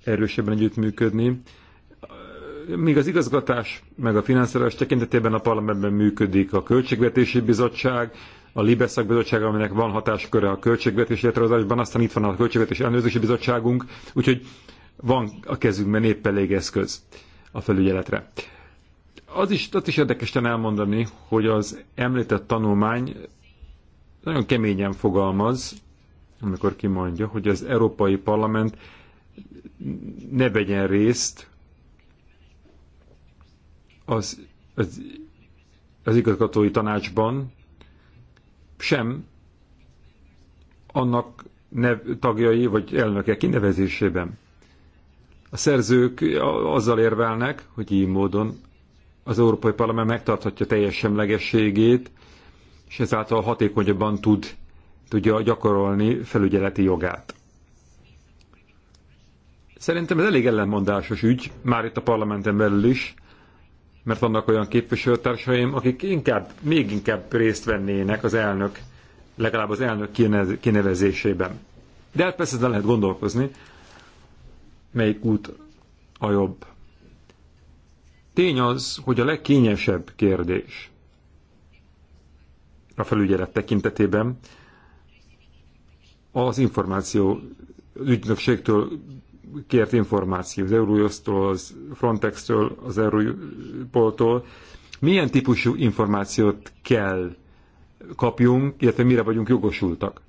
erősebben együttműködni. Míg az igazgatás meg a finanszírozás tekintetében a parlamentben működik a Költségvetési Bizottság, a Libeszak bizottság, aminek van hatásköre a költségvetési létrehozásban, aztán itt van a Költségvetési Ellenőrzési Bizottságunk, úgyhogy van a kezünkben épp elég eszköz a felügyeletre. Az is, az is érdekesen elmondani, hogy az említett tanulmány nagyon keményen fogalmaz, amikor kimondja, hogy az Európai Parlament ne vegyen részt az, az, az igazgatói tanácsban, sem annak nev, tagjai vagy elnöke kinevezésében. A szerzők azzal érvelnek, hogy így módon az Európai Parlament megtarthatja teljes semlegességét, és ezáltal hatékonyabban tud, tudja gyakorolni felügyeleti jogát. Szerintem ez elég ellenmondásos ügy, már itt a parlamenten belül is, mert vannak olyan képviselőtársaim, akik inkább, még inkább részt vennének az elnök, legalább az elnök kinevezésében. De hát persze ezzel lehet gondolkozni, melyik út a jobb. Tény az, hogy a legkényesebb kérdés a felügyelet tekintetében az információ ügynökségtől kért információ az eurojust az Frontextől, az Europoltól, milyen típusú információt kell kapjunk, illetve mire vagyunk jogosultak.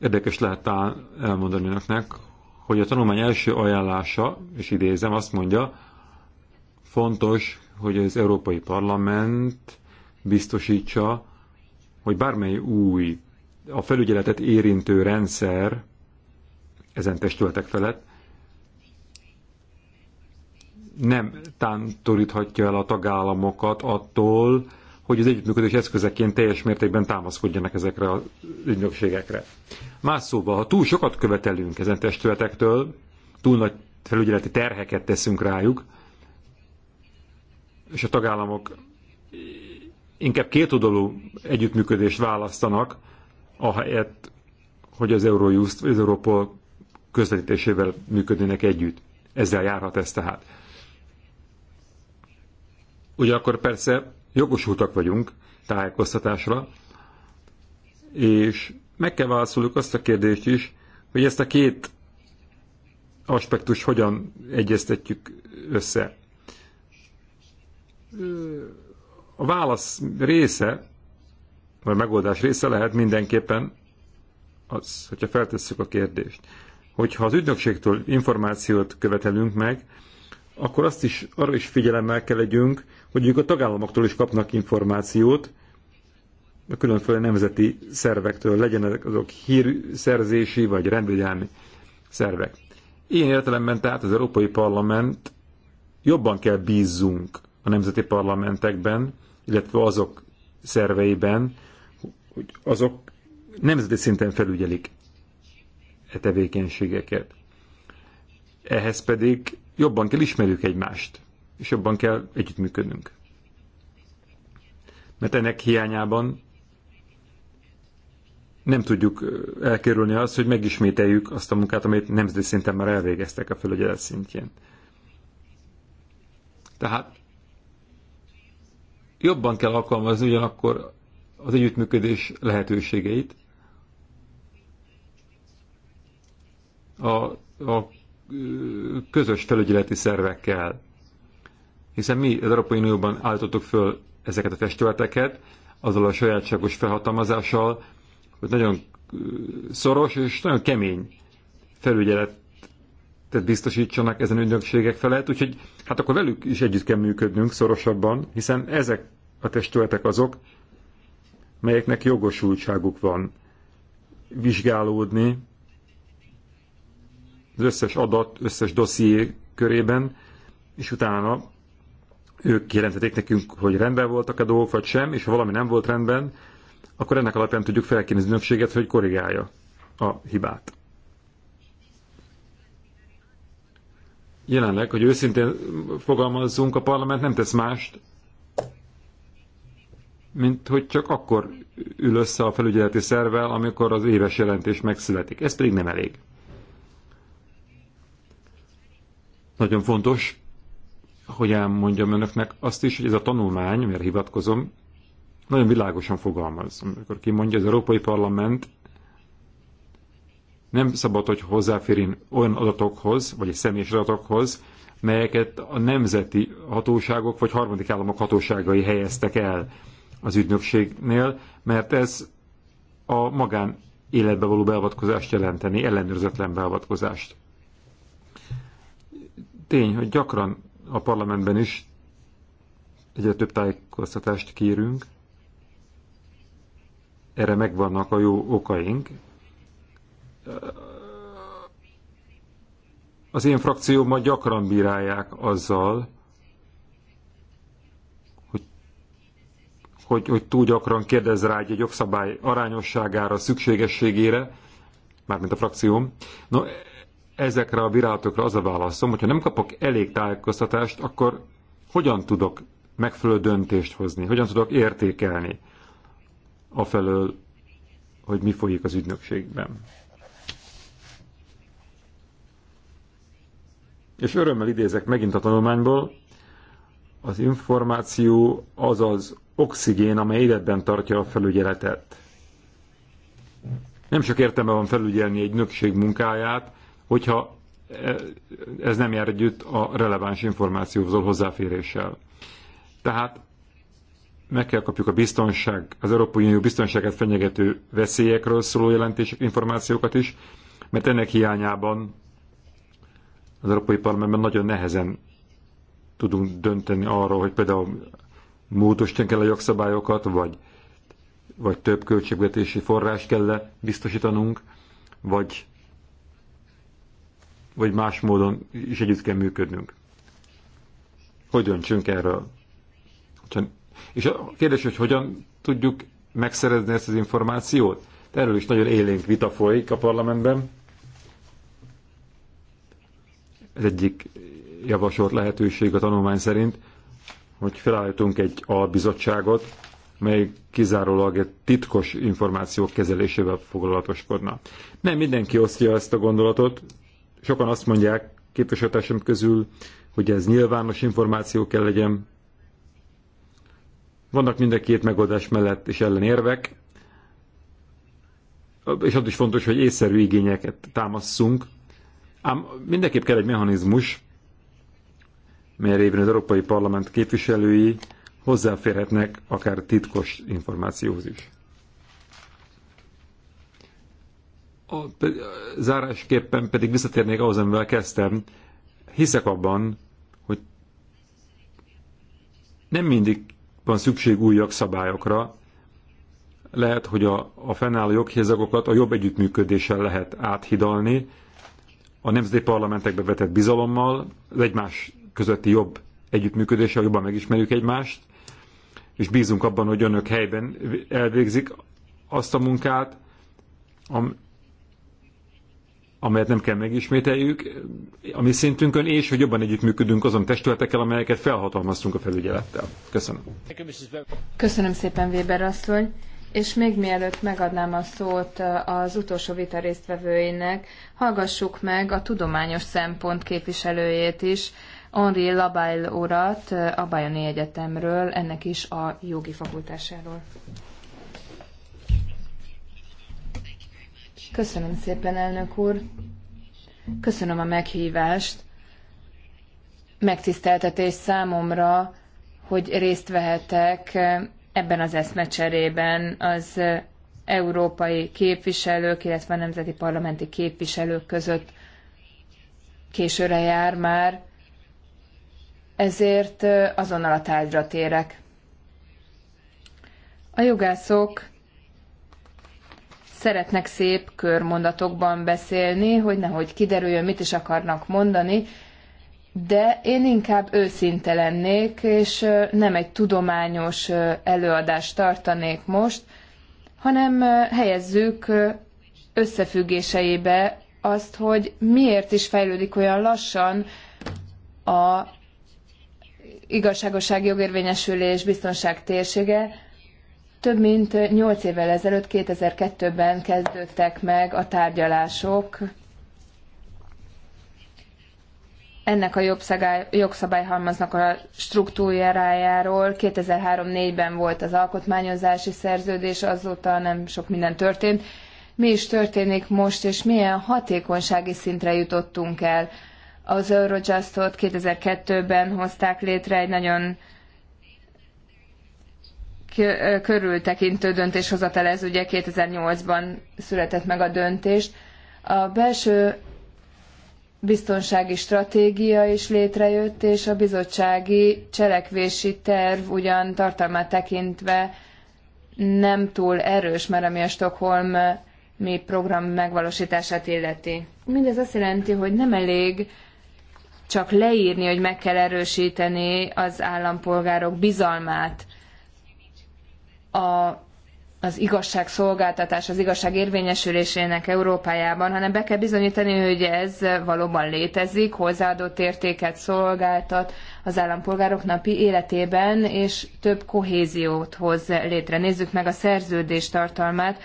Érdekes lehet elmondani önöknek, hogy a tanulmány első ajánlása, és idézem, azt mondja, fontos, hogy az Európai Parlament biztosítsa, hogy bármely új, a felügyeletet érintő rendszer ezen testületek felett, nem tántoríthatja el a tagállamokat attól, hogy az együttműködés eszközeként teljes mértékben támaszkodjanak ezekre az ügynökségekre. Más szóval, ha túl sokat követelünk ezen testületektől, túl nagy felügyeleti terheket teszünk rájuk, és a tagállamok inkább kétoldalú együttműködést választanak, ahelyett, hogy az Eurojust, az Europol közvetítésével működnének együtt. Ezzel járhat ez tehát. Ugyanakkor persze jogosultak vagyunk tájékoztatásra, és meg kell válaszoljuk azt a kérdést is, hogy ezt a két aspektus hogyan egyeztetjük össze. A válasz része, vagy a megoldás része lehet mindenképpen az, hogyha feltesszük a kérdést hogyha az ügynökségtől információt követelünk meg, akkor azt is, arra is figyelemmel kell legyünk, hogy ők a tagállamoktól is kapnak információt, a különféle nemzeti szervektől, legyenek azok hírszerzési vagy rendvédelmi szervek. Ilyen értelemben tehát az Európai Parlament jobban kell bízzunk a nemzeti parlamentekben, illetve azok szerveiben, hogy azok nemzeti szinten felügyelik e tevékenységeket. Ehhez pedig jobban kell ismerjük egymást, és jobban kell együttműködnünk. Mert ennek hiányában nem tudjuk elkerülni azt, hogy megismételjük azt a munkát, amit nemzeti szinten már elvégeztek a fölögyelet szintjén. Tehát jobban kell alkalmazni ugyanakkor az együttműködés lehetőségeit, a, a közös felügyeleti szervekkel. Hiszen mi az Európai Unióban állítottuk föl ezeket a testületeket, azzal a sajátságos felhatalmazással, hogy nagyon szoros és nagyon kemény felügyeletet biztosítsanak ezen ügynökségek felett, úgyhogy hát akkor velük is együtt kell működnünk szorosabban, hiszen ezek a testületek azok, melyeknek jogosultságuk van vizsgálódni, az összes adat, összes dosszié körében, és utána ők jelentették nekünk, hogy rendben voltak a dolgok, vagy sem, és ha valami nem volt rendben, akkor ennek alapján tudjuk felkérni az ünökséget, hogy korrigálja a hibát. Jelenleg, hogy őszintén fogalmazzunk, a parlament nem tesz mást, mint hogy csak akkor ül össze a felügyeleti szervvel, amikor az éves jelentés megszületik. Ez pedig nem elég. Nagyon fontos, hogy elmondjam önöknek azt is, hogy ez a tanulmány, amire hivatkozom, nagyon világosan fogalmaz. Amikor kimondja, az Európai Parlament nem szabad, hogy hozzáférjen olyan adatokhoz, vagy személyes adatokhoz, melyeket a nemzeti hatóságok vagy harmadik államok hatóságai helyeztek el az ügynökségnél, mert ez a magán életbe való beavatkozást jelenteni, ellenőrzetlen beavatkozást tény, hogy gyakran a parlamentben is egyre több tájékoztatást kérünk, erre megvannak a jó okaink. Az én frakciómat gyakran bírálják azzal, hogy, hogy, hogy túl gyakran kérdez rá egy jogszabály arányosságára, szükségességére, mármint a frakcióm. No, ezekre a virálatokra az a válaszom, hogyha nem kapok elég tájékoztatást, akkor hogyan tudok megfelelő döntést hozni, hogyan tudok értékelni a felől, hogy mi folyik az ügynökségben. És örömmel idézek megint a tanulmányból, az információ az az oxigén, amely életben tartja a felügyeletet. Nem sok értelme van felügyelni egy nökség munkáját, hogyha e, ez nem jár együtt a releváns információhoz hozzáféréssel. Tehát meg kell kapjuk a biztonság, az Európai Unió biztonságát fenyegető veszélyekről szóló jelentések, információkat is, mert ennek hiányában az Európai Parlamentben nagyon nehezen tudunk dönteni arról, hogy például módosítani kell a jogszabályokat, vagy, vagy több költségvetési forrás kell biztosítanunk, vagy vagy más módon is együtt kell működnünk. Hogy döntsünk erről? És a kérdés, hogy hogyan tudjuk megszerezni ezt az információt? Erről is nagyon élénk vita folyik a parlamentben. Ez egyik javasolt lehetőség a tanulmány szerint, hogy felállítunk egy albizottságot, mely kizárólag egy titkos információk kezelésével foglalatoskodna. Nem mindenki osztja ezt a gondolatot, sokan azt mondják képviselőtársam közül, hogy ez nyilvános információ kell legyen. Vannak mind a két megoldás mellett és ellenérvek, és az is fontos, hogy észszerű igényeket támaszunk. ám mindenképp kell egy mechanizmus, mely révén az Európai Parlament képviselői hozzáférhetnek akár titkos információhoz is. zárásképpen pedig visszatérnék ahhoz, amivel kezdtem. Hiszek abban, hogy nem mindig van szükség új jogszabályokra, lehet, hogy a, a fennálló joghézagokat a jobb együttműködéssel lehet áthidalni, a nemzeti parlamentekbe vetett bizalommal, az egymás közötti jobb együttműködéssel jobban megismerjük egymást, és bízunk abban, hogy önök helyben elvégzik azt a munkát, amelyet nem kell megismételjük a mi szintünkön, és hogy jobban együttműködünk azon testületekkel, amelyeket felhatalmaztunk a felügyelettel. Köszönöm. Köszönöm szépen, Weber asszony. És még mielőtt megadnám a szót eh, az utolsó vita résztvevőinek, hallgassuk meg a tudományos szempont képviselőjét is, Henri Labail urat eh, a Bajoni Egyetemről, ennek is a jogi fakultásáról. Köszönöm szépen, elnök úr. Köszönöm a meghívást. Megtiszteltetés számomra, hogy részt vehetek eh, ebben az eszmecserében az eh, európai képviselők, illetve a nemzeti parlamenti képviselők között későre jár már, ezért eh, azonnal a tárgyra térek. A jogászok szeretnek szép körmondatokban beszélni, hogy nehogy kiderüljön, mit is akarnak mondani, de én inkább őszinte lennék, és nem egy tudományos előadást tartanék most, hanem helyezzük összefüggéseibe azt, hogy miért is fejlődik olyan lassan a igazságosság, jogérvényesülés, biztonság térsége, több mint 8 évvel ezelőtt, 2002-ben kezdődtek meg a tárgyalások ennek a jogszabályhalmaznak a struktúrájáról. 2003-4-ben volt az alkotmányozási szerződés, azóta nem sok minden történt. Mi is történik most, és milyen hatékonysági szintre jutottunk el? Az Eurojustot 2002-ben hozták létre egy nagyon körültekintő döntéshozatal ez, ugye 2008-ban született meg a döntés. A belső biztonsági stratégia is létrejött, és a bizottsági cselekvési terv ugyan tartalmát tekintve nem túl erős, mert ami a Stockholm mi program megvalósítását illeti. Mindez azt jelenti, hogy nem elég csak leírni, hogy meg kell erősíteni az állampolgárok bizalmát a, az igazságszolgáltatás, az igazság érvényesülésének Európájában, hanem be kell bizonyítani, hogy ez valóban létezik, hozzáadott értéket szolgáltat az állampolgárok napi életében, és több kohéziót hoz létre. Nézzük meg a szerződés tartalmát.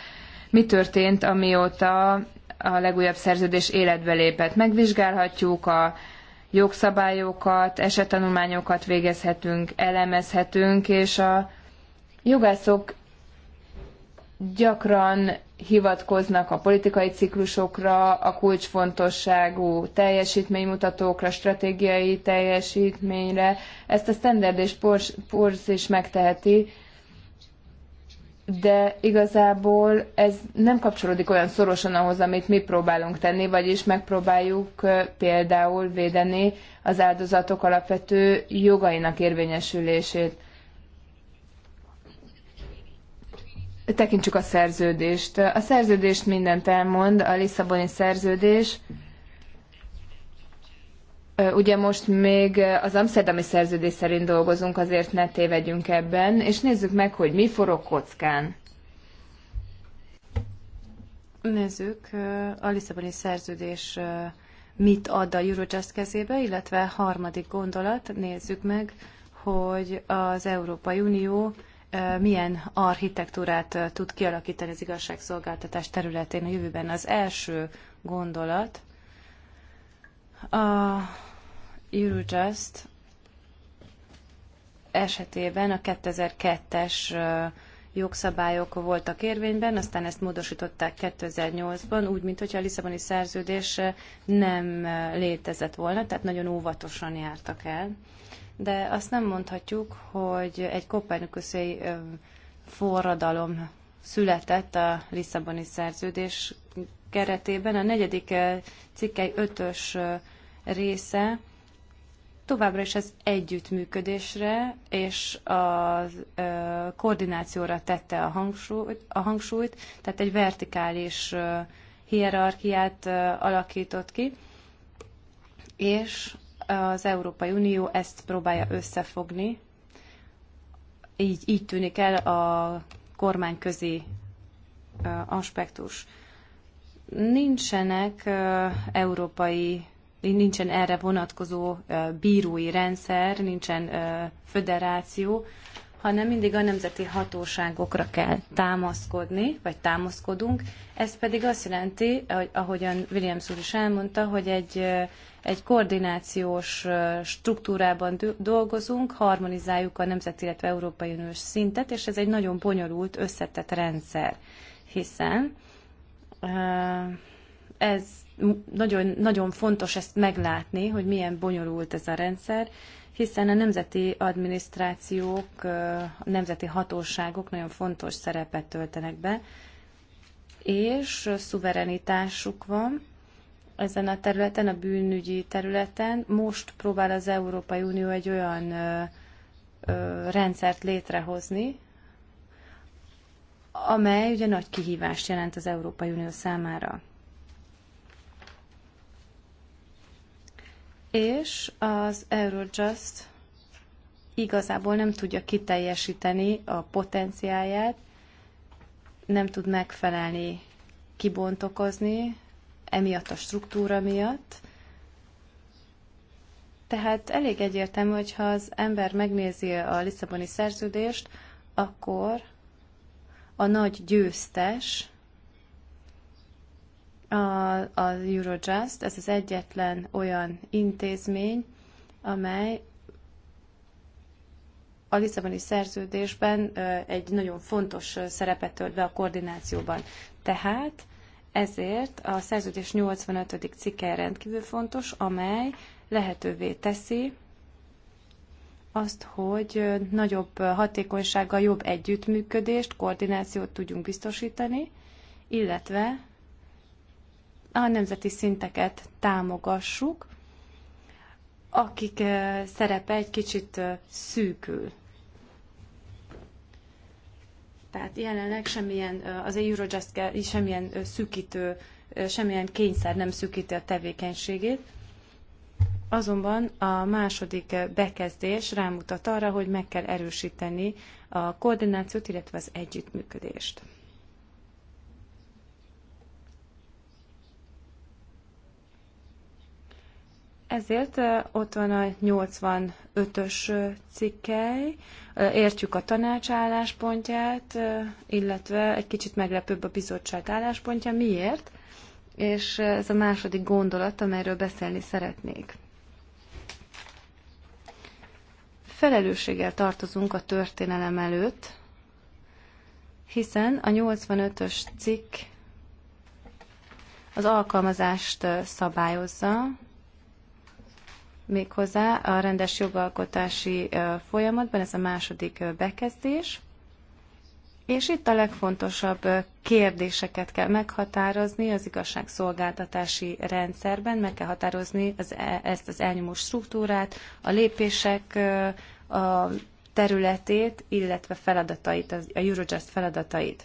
Mi történt, amióta a legújabb szerződés életbe lépett? Megvizsgálhatjuk a jogszabályokat, esettanulmányokat végezhetünk, elemezhetünk, és a Jogászok gyakran hivatkoznak a politikai ciklusokra, a kulcsfontosságú teljesítménymutatókra, stratégiai teljesítményre. Ezt a Standard és Porsz is megteheti, de igazából ez nem kapcsolódik olyan szorosan ahhoz, amit mi próbálunk tenni, vagyis megpróbáljuk például védeni az áldozatok alapvető jogainak érvényesülését. Tekintsük a szerződést. A szerződést mindent elmond, a Lisszaboni szerződés. Ugye most még az Amsterdami szerződés szerint dolgozunk, azért ne tévedjünk ebben, és nézzük meg, hogy mi forog kockán. Nézzük, a Lisszaboni szerződés mit ad a Eurojust kezébe, illetve harmadik gondolat, nézzük meg, hogy az Európai Unió milyen architektúrát tud kialakítani az igazságszolgáltatás területén a jövőben. Az első gondolat a Eurojust esetében a 2002-es jogszabályok voltak érvényben, aztán ezt módosították 2008-ban, úgy, mint hogyha a Lisszaboni szerződés nem létezett volna, tehát nagyon óvatosan jártak el de azt nem mondhatjuk, hogy egy kopernikuszi forradalom született a Lisszaboni szerződés keretében. A negyedik cikkely ötös része továbbra is az együttműködésre és a koordinációra tette a hangsúlyt, a hangsúlyt tehát egy vertikális hierarchiát alakított ki, és az Európai Unió ezt próbálja összefogni. Így, így tűnik el a kormányközi aspektus. Nincsenek európai, nincsen erre vonatkozó bírói rendszer, nincsen föderáció, hanem mindig a nemzeti hatóságokra kell támaszkodni, vagy támaszkodunk. Ez pedig azt jelenti, ahogyan Williams úr is elmondta, hogy egy, egy koordinációs struktúrában dolgozunk, harmonizáljuk a nemzeti, illetve Európai Uniós szintet, és ez egy nagyon bonyolult, összetett rendszer, hiszen ez nagyon, nagyon fontos ezt meglátni, hogy milyen bonyolult ez a rendszer, hiszen a nemzeti adminisztrációk, a nemzeti hatóságok nagyon fontos szerepet töltenek be, és szuverenitásuk van ezen a területen, a bűnügyi területen. Most próbál az Európai Unió egy olyan ö, ö, rendszert létrehozni, amely ugye nagy kihívást jelent az Európai Unió számára. és az Eurojust igazából nem tudja kiteljesíteni a potenciáját, nem tud megfelelni, kibontokozni, emiatt a struktúra miatt. Tehát elég egyértelmű, hogy ha az ember megnézi a Lisszaboni szerződést, akkor a nagy győztes a, a Eurojust, ez az egyetlen olyan intézmény, amely a Lisszaboni szerződésben egy nagyon fontos szerepet tölt be a koordinációban. Tehát ezért a szerződés 85. cikke rendkívül fontos, amely lehetővé teszi azt, hogy nagyobb hatékonysággal jobb együttműködést, koordinációt tudjunk biztosítani, illetve a nemzeti szinteket támogassuk, akik szerepe egy kicsit szűkül. Tehát jelenleg semmilyen, az Eurojust kell, semmilyen szűkítő, semmilyen kényszer nem szűkíti a tevékenységét. Azonban a második bekezdés rámutat arra, hogy meg kell erősíteni a koordinációt, illetve az együttműködést. Ezért ott van a 85-ös cikkely, értjük a tanács álláspontját, illetve egy kicsit meglepőbb a bizottság álláspontja. Miért? És ez a második gondolat, amelyről beszélni szeretnék. Felelősséggel tartozunk a történelem előtt, hiszen a 85-ös cikk az alkalmazást szabályozza, méghozzá a rendes jogalkotási folyamatban, ez a második bekezdés. És itt a legfontosabb kérdéseket kell meghatározni az igazságszolgáltatási rendszerben, meg kell határozni az, e, ezt az elnyomó struktúrát, a lépések a területét, illetve feladatait, a Eurojust feladatait.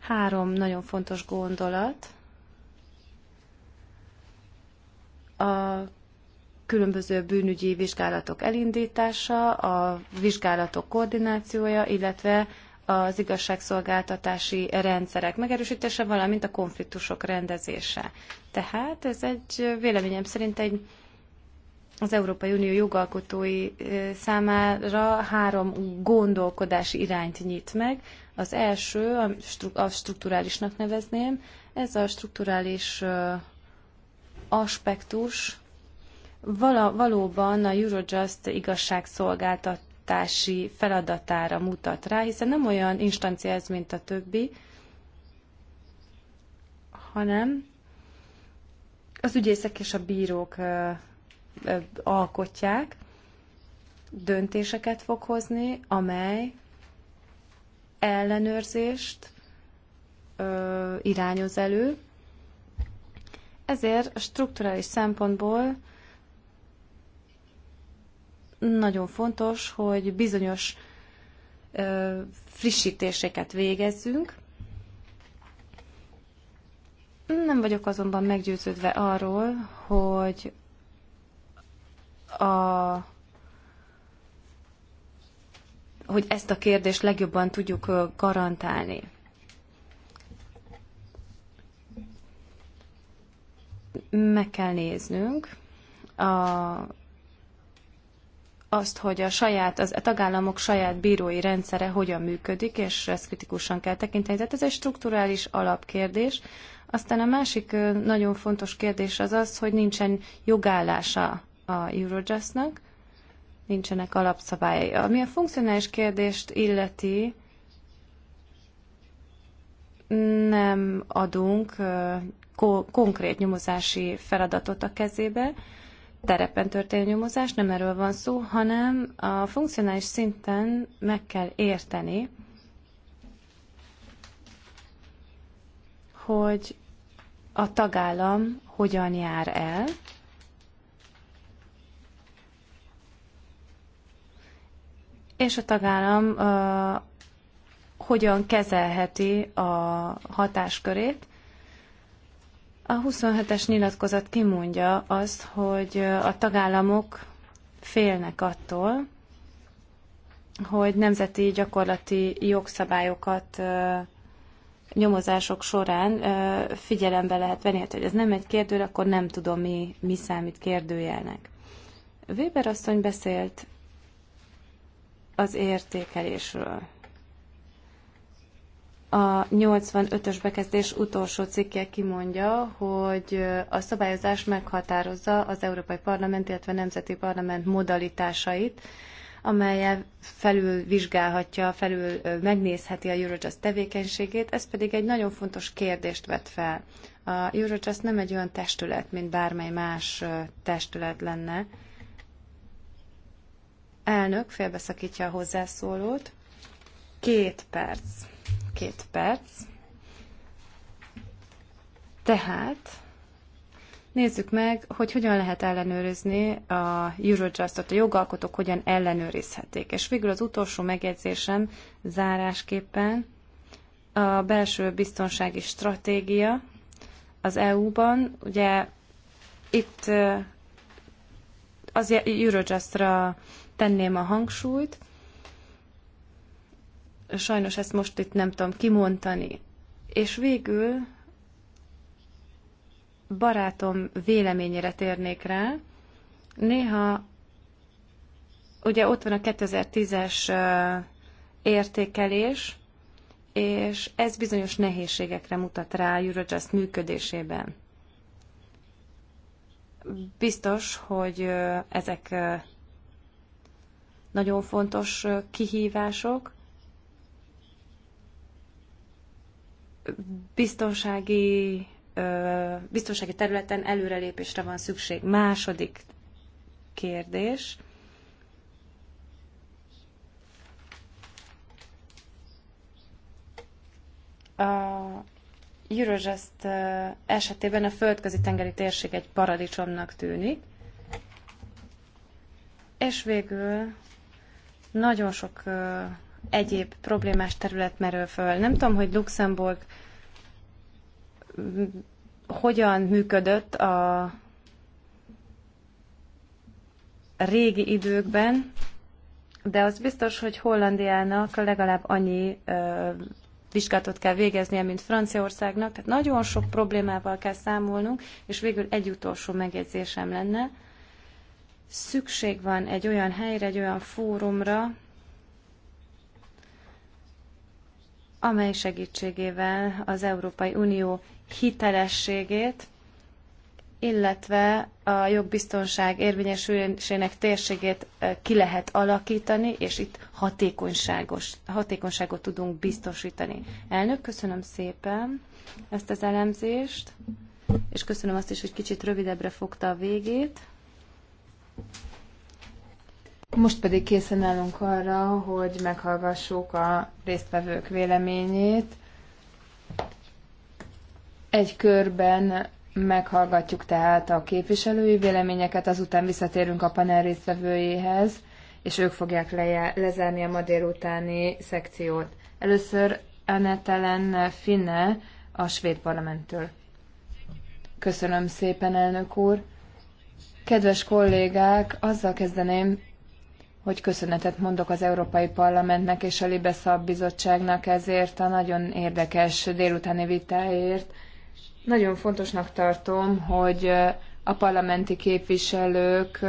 Három nagyon fontos gondolat a különböző bűnügyi vizsgálatok elindítása, a vizsgálatok koordinációja, illetve az igazságszolgáltatási rendszerek megerősítése, valamint a konfliktusok rendezése. Tehát ez egy véleményem szerint egy az Európai Unió jogalkotói számára három gondolkodási irányt nyit meg. Az első, a strukturálisnak nevezném, ez a strukturális aspektus vala, valóban a Eurojust igazságszolgáltatási feladatára mutat rá, hiszen nem olyan instancia ez, mint a többi, hanem az ügyészek és a bírók alkotják, döntéseket fog hozni, amely ellenőrzést ö, irányoz elő, ezért a strukturális szempontból nagyon fontos, hogy bizonyos ö, frissítéseket végezzünk. Nem vagyok azonban meggyőződve arról, hogy a hogy ezt a kérdést legjobban tudjuk garantálni. meg kell néznünk a, azt, hogy a saját, az, a tagállamok saját bírói rendszere hogyan működik, és ezt kritikusan kell tekinteni. Tehát ez egy strukturális alapkérdés. Aztán a másik nagyon fontos kérdés az az, hogy nincsen jogállása a Eurojustnak, nincsenek alapszabályai. Ami a funkcionális kérdést illeti, nem adunk konkrét nyomozási feladatot a kezébe, terepen történő nyomozás, nem erről van szó, hanem a funkcionális szinten meg kell érteni, hogy a tagállam hogyan jár el, és a tagállam uh, hogyan kezelheti a hatáskörét, a 27-es nyilatkozat kimondja azt, hogy a tagállamok félnek attól, hogy nemzeti gyakorlati jogszabályokat nyomozások során figyelembe lehet venni. Hát, hogy ez nem egy kérdő, akkor nem tudom, mi, mi számít kérdőjelnek. Weber asszony beszélt az értékelésről a 85-ös bekezdés utolsó cikke kimondja, hogy a szabályozás meghatározza az Európai Parlament, illetve a Nemzeti Parlament modalitásait, amelyel felül vizsgálhatja, felül megnézheti a Eurojust tevékenységét, ez pedig egy nagyon fontos kérdést vet fel. A Eurojust nem egy olyan testület, mint bármely más testület lenne. Elnök félbeszakítja a hozzászólót. Két perc két perc. Tehát nézzük meg, hogy hogyan lehet ellenőrizni a Eurojustot, a jogalkotók hogyan ellenőrizhetik. És végül az utolsó megjegyzésem zárásképpen a belső biztonsági stratégia az EU-ban, ugye itt az Eurojustra tenném a hangsúlyt, Sajnos ezt most itt nem tudom kimondani. És végül barátom véleményére térnék rá. Néha ugye ott van a 2010-es értékelés, és ez bizonyos nehézségekre mutat rá a Eurojust működésében. Biztos, hogy ezek nagyon fontos kihívások, biztonsági, biztonsági területen előrelépésre van szükség. Második kérdés. A Eurojust esetében a földközi tengeri térség egy paradicsomnak tűnik, és végül nagyon sok egyéb problémás terület merül föl. Nem tudom, hogy Luxemburg hogyan működött a régi időkben, de az biztos, hogy Hollandiának legalább annyi ö, vizsgátot kell végeznie, mint Franciaországnak, tehát nagyon sok problémával kell számolnunk, és végül egy utolsó megjegyzésem lenne. Szükség van egy olyan helyre, egy olyan fórumra, amely segítségével az Európai Unió hitelességét, illetve a jogbiztonság érvényesülésének térségét ki lehet alakítani, és itt hatékonyságos, hatékonyságot tudunk biztosítani. Elnök, köszönöm szépen ezt az elemzést, és köszönöm azt is, hogy kicsit rövidebbre fogta a végét. Most pedig készen állunk arra, hogy meghallgassuk a résztvevők véleményét. Egy körben meghallgatjuk tehát a képviselői véleményeket, azután visszatérünk a panel résztvevőjéhez, és ők fogják lezárni a ma délutáni szekciót. Először Anetelen Finne a svéd parlamenttől. Köszönöm szépen, elnök úr! Kedves kollégák, azzal kezdeném, hogy köszönetet mondok az Európai Parlamentnek és a Libeszab Bizottságnak ezért a nagyon érdekes délutáni vitáért. Nagyon fontosnak tartom, hogy a parlamenti képviselők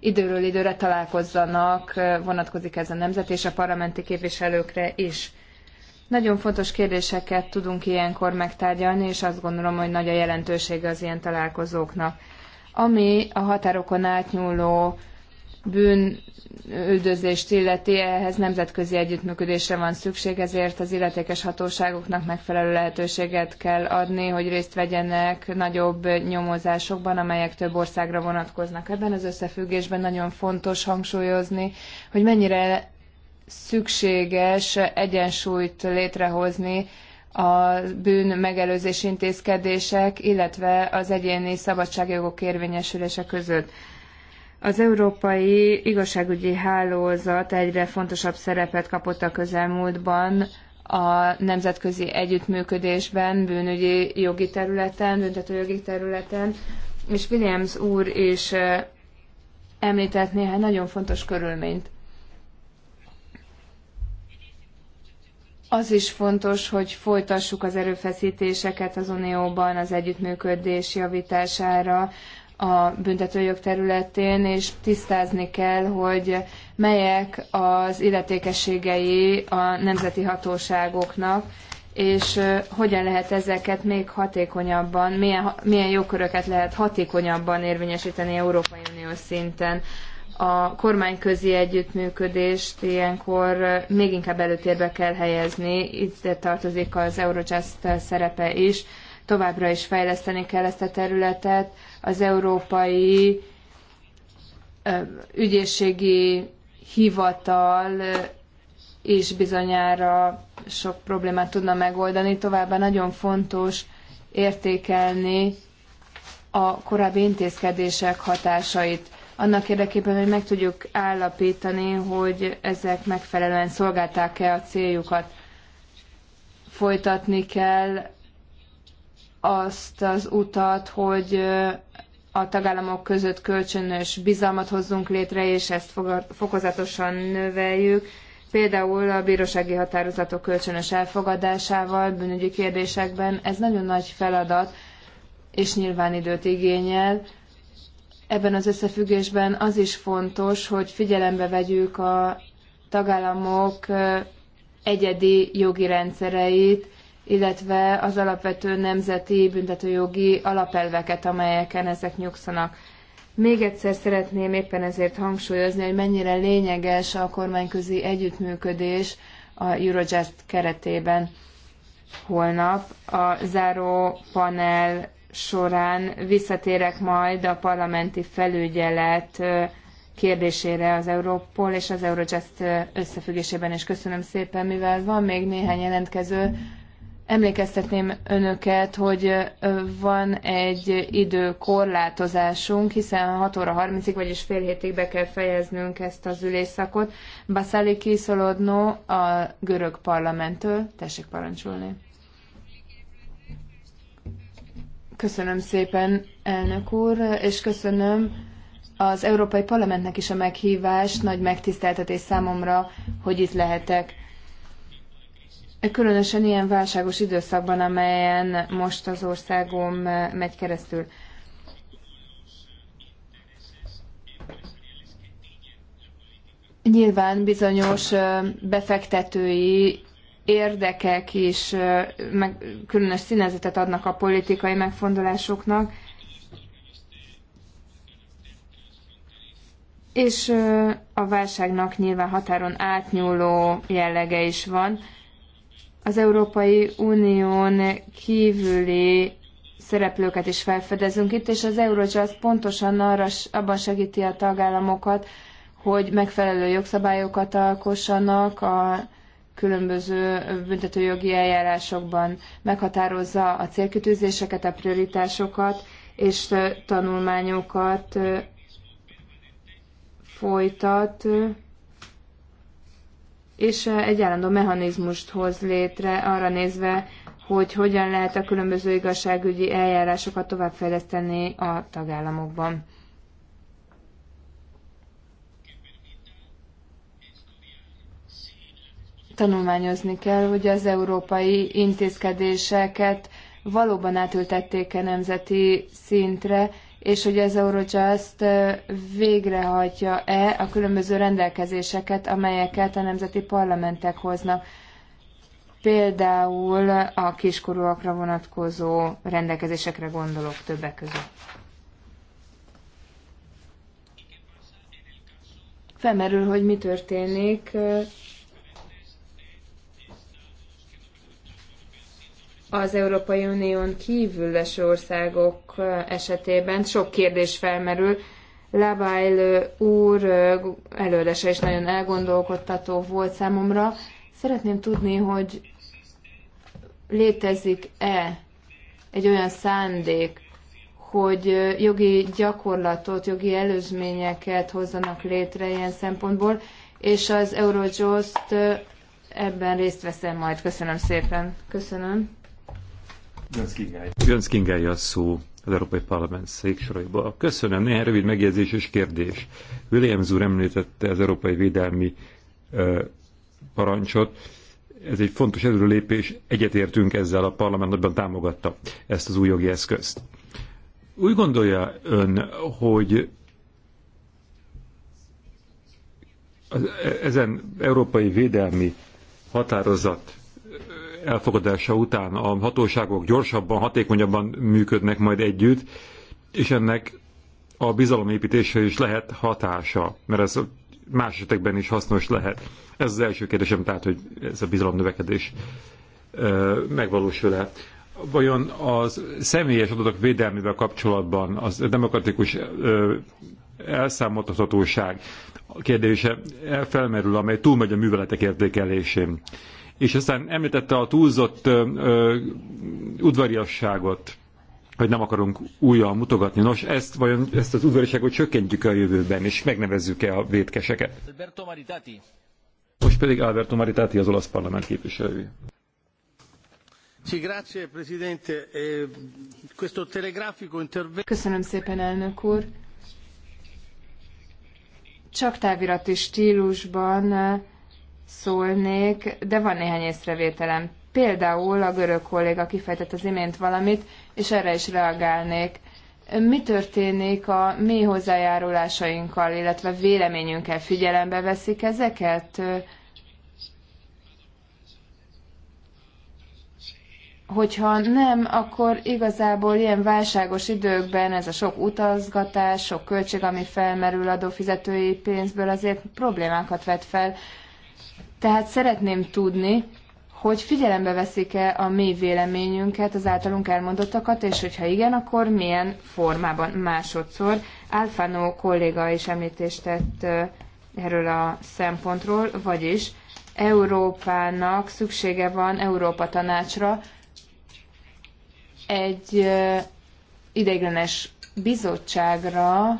időről időre találkozzanak, vonatkozik ez a nemzet és a parlamenti képviselőkre is. Nagyon fontos kérdéseket tudunk ilyenkor megtárgyalni, és azt gondolom, hogy nagy a jelentősége az ilyen találkozóknak. Ami a határokon átnyúló bűnüldözést illeti, ehhez nemzetközi együttműködésre van szükség, ezért az illetékes hatóságoknak megfelelő lehetőséget kell adni, hogy részt vegyenek nagyobb nyomozásokban, amelyek több országra vonatkoznak. Ebben az összefüggésben nagyon fontos hangsúlyozni, hogy mennyire szükséges egyensúlyt létrehozni a bűn megelőzés intézkedések, illetve az egyéni szabadságjogok érvényesülése között. Az európai igazságügyi hálózat egyre fontosabb szerepet kapott a közelmúltban a nemzetközi együttműködésben, bűnügyi jogi területen, büntetőjogi területen, és Williams úr is említett néhány nagyon fontos körülményt. Az is fontos, hogy folytassuk az erőfeszítéseket az Unióban az együttműködés javítására, a büntetőjog területén, és tisztázni kell, hogy melyek az illetékességei a nemzeti hatóságoknak, és hogyan lehet ezeket még hatékonyabban, milyen, milyen jogköröket lehet hatékonyabban érvényesíteni Európai Unió szinten. A kormányközi együttműködést ilyenkor még inkább előtérbe kell helyezni, itt tartozik az Eurojust szerepe is, továbbra is fejleszteni kell ezt a területet. Az európai ügyészségi hivatal és bizonyára sok problémát tudna megoldani. Továbbá nagyon fontos értékelni a korábbi intézkedések hatásait. Annak érdekében, hogy meg tudjuk állapítani, hogy ezek megfelelően szolgálták-e a céljukat. Folytatni kell azt az utat, hogy a tagállamok között kölcsönös bizalmat hozzunk létre, és ezt fokozatosan növeljük. Például a bírósági határozatok kölcsönös elfogadásával, bűnügyi kérdésekben. Ez nagyon nagy feladat, és nyilván időt igényel. Ebben az összefüggésben az is fontos, hogy figyelembe vegyük a tagállamok egyedi jogi rendszereit, illetve az alapvető nemzeti büntetőjogi alapelveket, amelyeken ezek nyugszanak. Még egyszer szeretném éppen ezért hangsúlyozni, hogy mennyire lényeges a kormányközi együttműködés a Eurojust keretében. Holnap a záró panel során visszatérek majd a parlamenti felügyelet kérdésére az Európol és az Eurojust összefüggésében, és köszönöm szépen, mivel van még néhány jelentkező, Emlékeztetném önöket, hogy van egy időkorlátozásunk, hiszen 6 óra 30-ig, vagyis fél hétig be kell fejeznünk ezt az ülésszakot. Baszali Kiszolodnó a görög parlamenttől. Tessék parancsolni. Köszönöm szépen, elnök úr, és köszönöm az Európai Parlamentnek is a meghívást. Nagy megtiszteltetés számomra, hogy itt lehetek. Különösen ilyen válságos időszakban, amelyen most az országom megy keresztül. Nyilván bizonyos befektetői érdekek is meg különös színezetet adnak a politikai megfondolásoknak. És a válságnak nyilván határon átnyúló jellege is van az Európai Unión kívüli szereplőket is felfedezünk itt, és az Eurojust pontosan arra, abban segíti a tagállamokat, hogy megfelelő jogszabályokat alkossanak a különböző büntetőjogi eljárásokban, meghatározza a célkütőzéseket, a prioritásokat és tanulmányokat folytat és eh, egy állandó mechanizmust hoz létre arra nézve, hogy hogyan lehet a különböző igazságügyi eljárásokat továbbfejleszteni a tagállamokban. Tanulmányozni kell, hogy az európai intézkedéseket valóban átültették-e nemzeti szintre, és hogy az Eurojust végrehajtja-e a különböző rendelkezéseket, amelyeket a nemzeti parlamentek hoznak. Például a kiskorúakra vonatkozó rendelkezésekre gondolok többek között. Felmerül, hogy mi történik az Európai Unión kívül leső országok esetében sok kérdés felmerül. Lavail úr előadása is nagyon elgondolkodtató volt számomra. Szeretném tudni, hogy létezik-e egy olyan szándék, hogy jogi gyakorlatot, jogi előzményeket hozzanak létre ilyen szempontból, és az Eurojust ebben részt veszem majd. Köszönöm szépen. Köszönöm. Gönc Kingály a szó az Európai Parlament széksoraiba. Köszönöm, néhány rövid megjegyzés és kérdés. Williams úr említette az Európai Védelmi ö, parancsot. Ez egy fontos előrelépés, egyetértünk ezzel, a parlament nagyban támogatta ezt az új jogi eszközt. Úgy gondolja ön, hogy az, e, ezen európai védelmi határozat elfogadása után a hatóságok gyorsabban, hatékonyabban működnek majd együtt, és ennek a bizalomépítése is lehet hatása, mert ez más esetekben is hasznos lehet. Ez az első kérdésem, tehát, hogy ez a növekedés megvalósul-e. Vajon az személyes adatok védelmével kapcsolatban az demokratikus elszámoltathatóság kérdése felmerül, amely túlmegy a műveletek értékelésén és aztán említette a túlzott ö, ö, udvariasságot, hogy nem akarunk újra mutogatni. Nos, ezt, vajon, ezt az udvariasságot csökkentjük a jövőben, és megnevezzük-e a vétkeseket? Alberto Maritati. Most pedig Alberto Maritati, az olasz parlament képviselője. E, Köszönöm szépen, elnök úr. Csak távirati stílusban szólnék, de van néhány észrevételem. Például a görög kolléga kifejtett az imént valamit, és erre is reagálnék. Mi történik a mi hozzájárulásainkkal, illetve véleményünkkel? Figyelembe veszik ezeket? hogyha nem, akkor igazából ilyen válságos időkben ez a sok utazgatás, sok költség, ami felmerül adófizetői pénzből, azért problémákat vet fel tehát szeretném tudni, hogy figyelembe veszik-e a mi véleményünket, az általunk elmondottakat, és hogyha igen, akkor milyen formában másodszor. Alfano kolléga is említést tett erről a szempontról, vagyis Európának szüksége van Európa tanácsra egy ideiglenes bizottságra,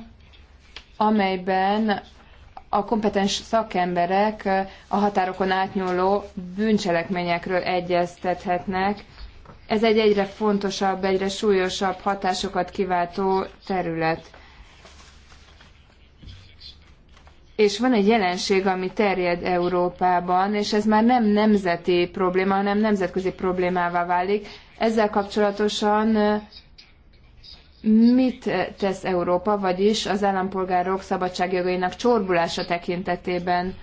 amelyben a kompetens szakemberek a határokon átnyúló bűncselekményekről egyeztethetnek. Ez egy egyre fontosabb, egyre súlyosabb hatásokat kiváltó terület. És van egy jelenség, ami terjed Európában, és ez már nem nemzeti probléma, hanem nemzetközi problémává válik. Ezzel kapcsolatosan mit tesz Európa, vagyis az állampolgárok szabadságjogainak csorbulása tekintetében.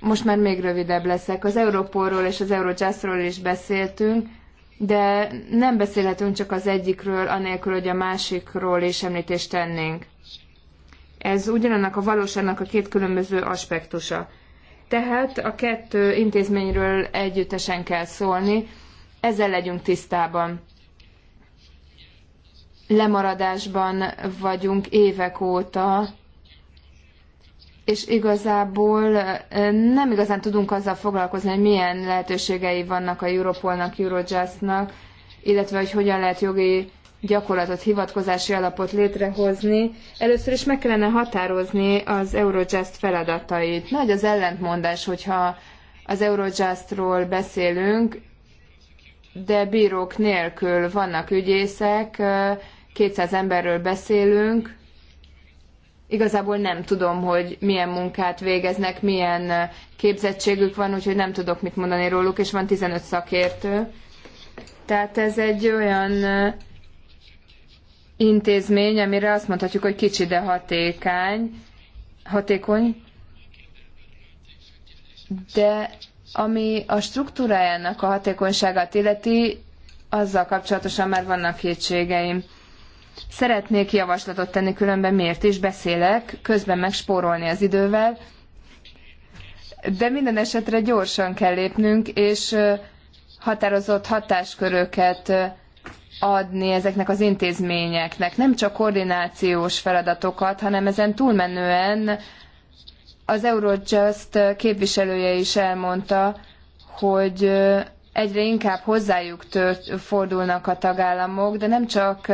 Most már még rövidebb leszek. Az Európolról és az Eurojustról is beszéltünk, de nem beszélhetünk csak az egyikről, anélkül, hogy a másikról is említést tennénk. Ez ugyanannak a valóságnak a két különböző aspektusa. Tehát a kettő intézményről együttesen kell szólni, ezzel legyünk tisztában lemaradásban vagyunk évek óta, és igazából nem igazán tudunk azzal foglalkozni, hogy milyen lehetőségei vannak a Europolnak, Eurojustnak, illetve hogy hogyan lehet jogi gyakorlatot, hivatkozási alapot létrehozni. Először is meg kellene határozni az Eurojust feladatait. Nagy az ellentmondás, hogyha az Eurojustról beszélünk, de bírók nélkül vannak ügyészek, 200 emberről beszélünk, igazából nem tudom, hogy milyen munkát végeznek, milyen képzettségük van, úgyhogy nem tudok mit mondani róluk, és van 15 szakértő. Tehát ez egy olyan intézmény, amire azt mondhatjuk, hogy kicsi, de hatékány, hatékony, de ami a struktúrájának a hatékonyságát illeti, azzal kapcsolatosan már vannak kétségeim. Szeretnék javaslatot tenni, különben miért is beszélek, közben megspórolni az idővel, de minden esetre gyorsan kell lépnünk, és határozott hatásköröket adni ezeknek az intézményeknek. Nem csak koordinációs feladatokat, hanem ezen túlmenően az Eurojust képviselője is elmondta, hogy egyre inkább hozzájuk tört, fordulnak a tagállamok, de nem csak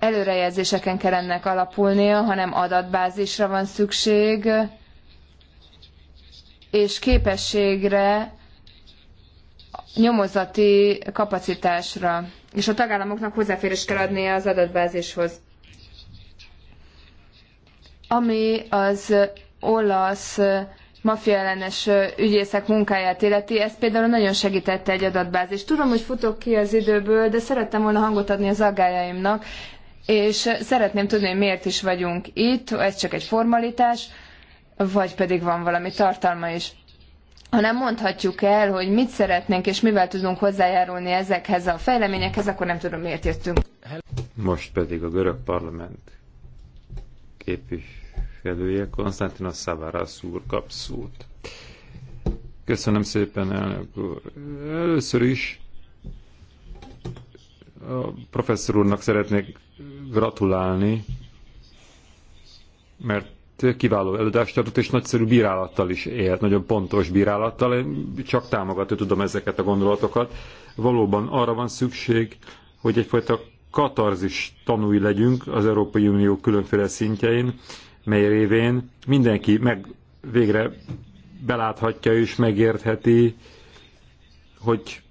előrejelzéseken kell ennek alapulnia, hanem adatbázisra van szükség, és képességre, nyomozati kapacitásra. És a tagállamoknak hozzáférés kell adnia az adatbázishoz. Ami az olasz mafiaellenes ügyészek munkáját illeti, ez például nagyon segítette egy adatbázis. Tudom, hogy futok ki az időből, de szerettem volna hangot adni az aggájaimnak, és szeretném tudni, hogy miért is vagyunk itt, ez csak egy formalitás, vagy pedig van valami tartalma is hanem mondhatjuk el, hogy mit szeretnénk és mivel tudunk hozzájárulni ezekhez a fejleményekhez, akkor nem tudom, miért jöttünk. Most pedig a görög parlament képviselője, Konstantinos Szavarász úr kap szót. Köszönöm szépen, elnök úr. Először is a professzor úrnak szeretnék gratulálni, mert kiváló előadást adott, és nagyszerű bírálattal is élt, nagyon pontos bírálattal. Én csak támogatni tudom ezeket a gondolatokat. Valóban arra van szükség, hogy egyfajta katarzis tanúi legyünk az Európai Unió különféle szintjein, mely révén mindenki meg végre beláthatja és megértheti, hogy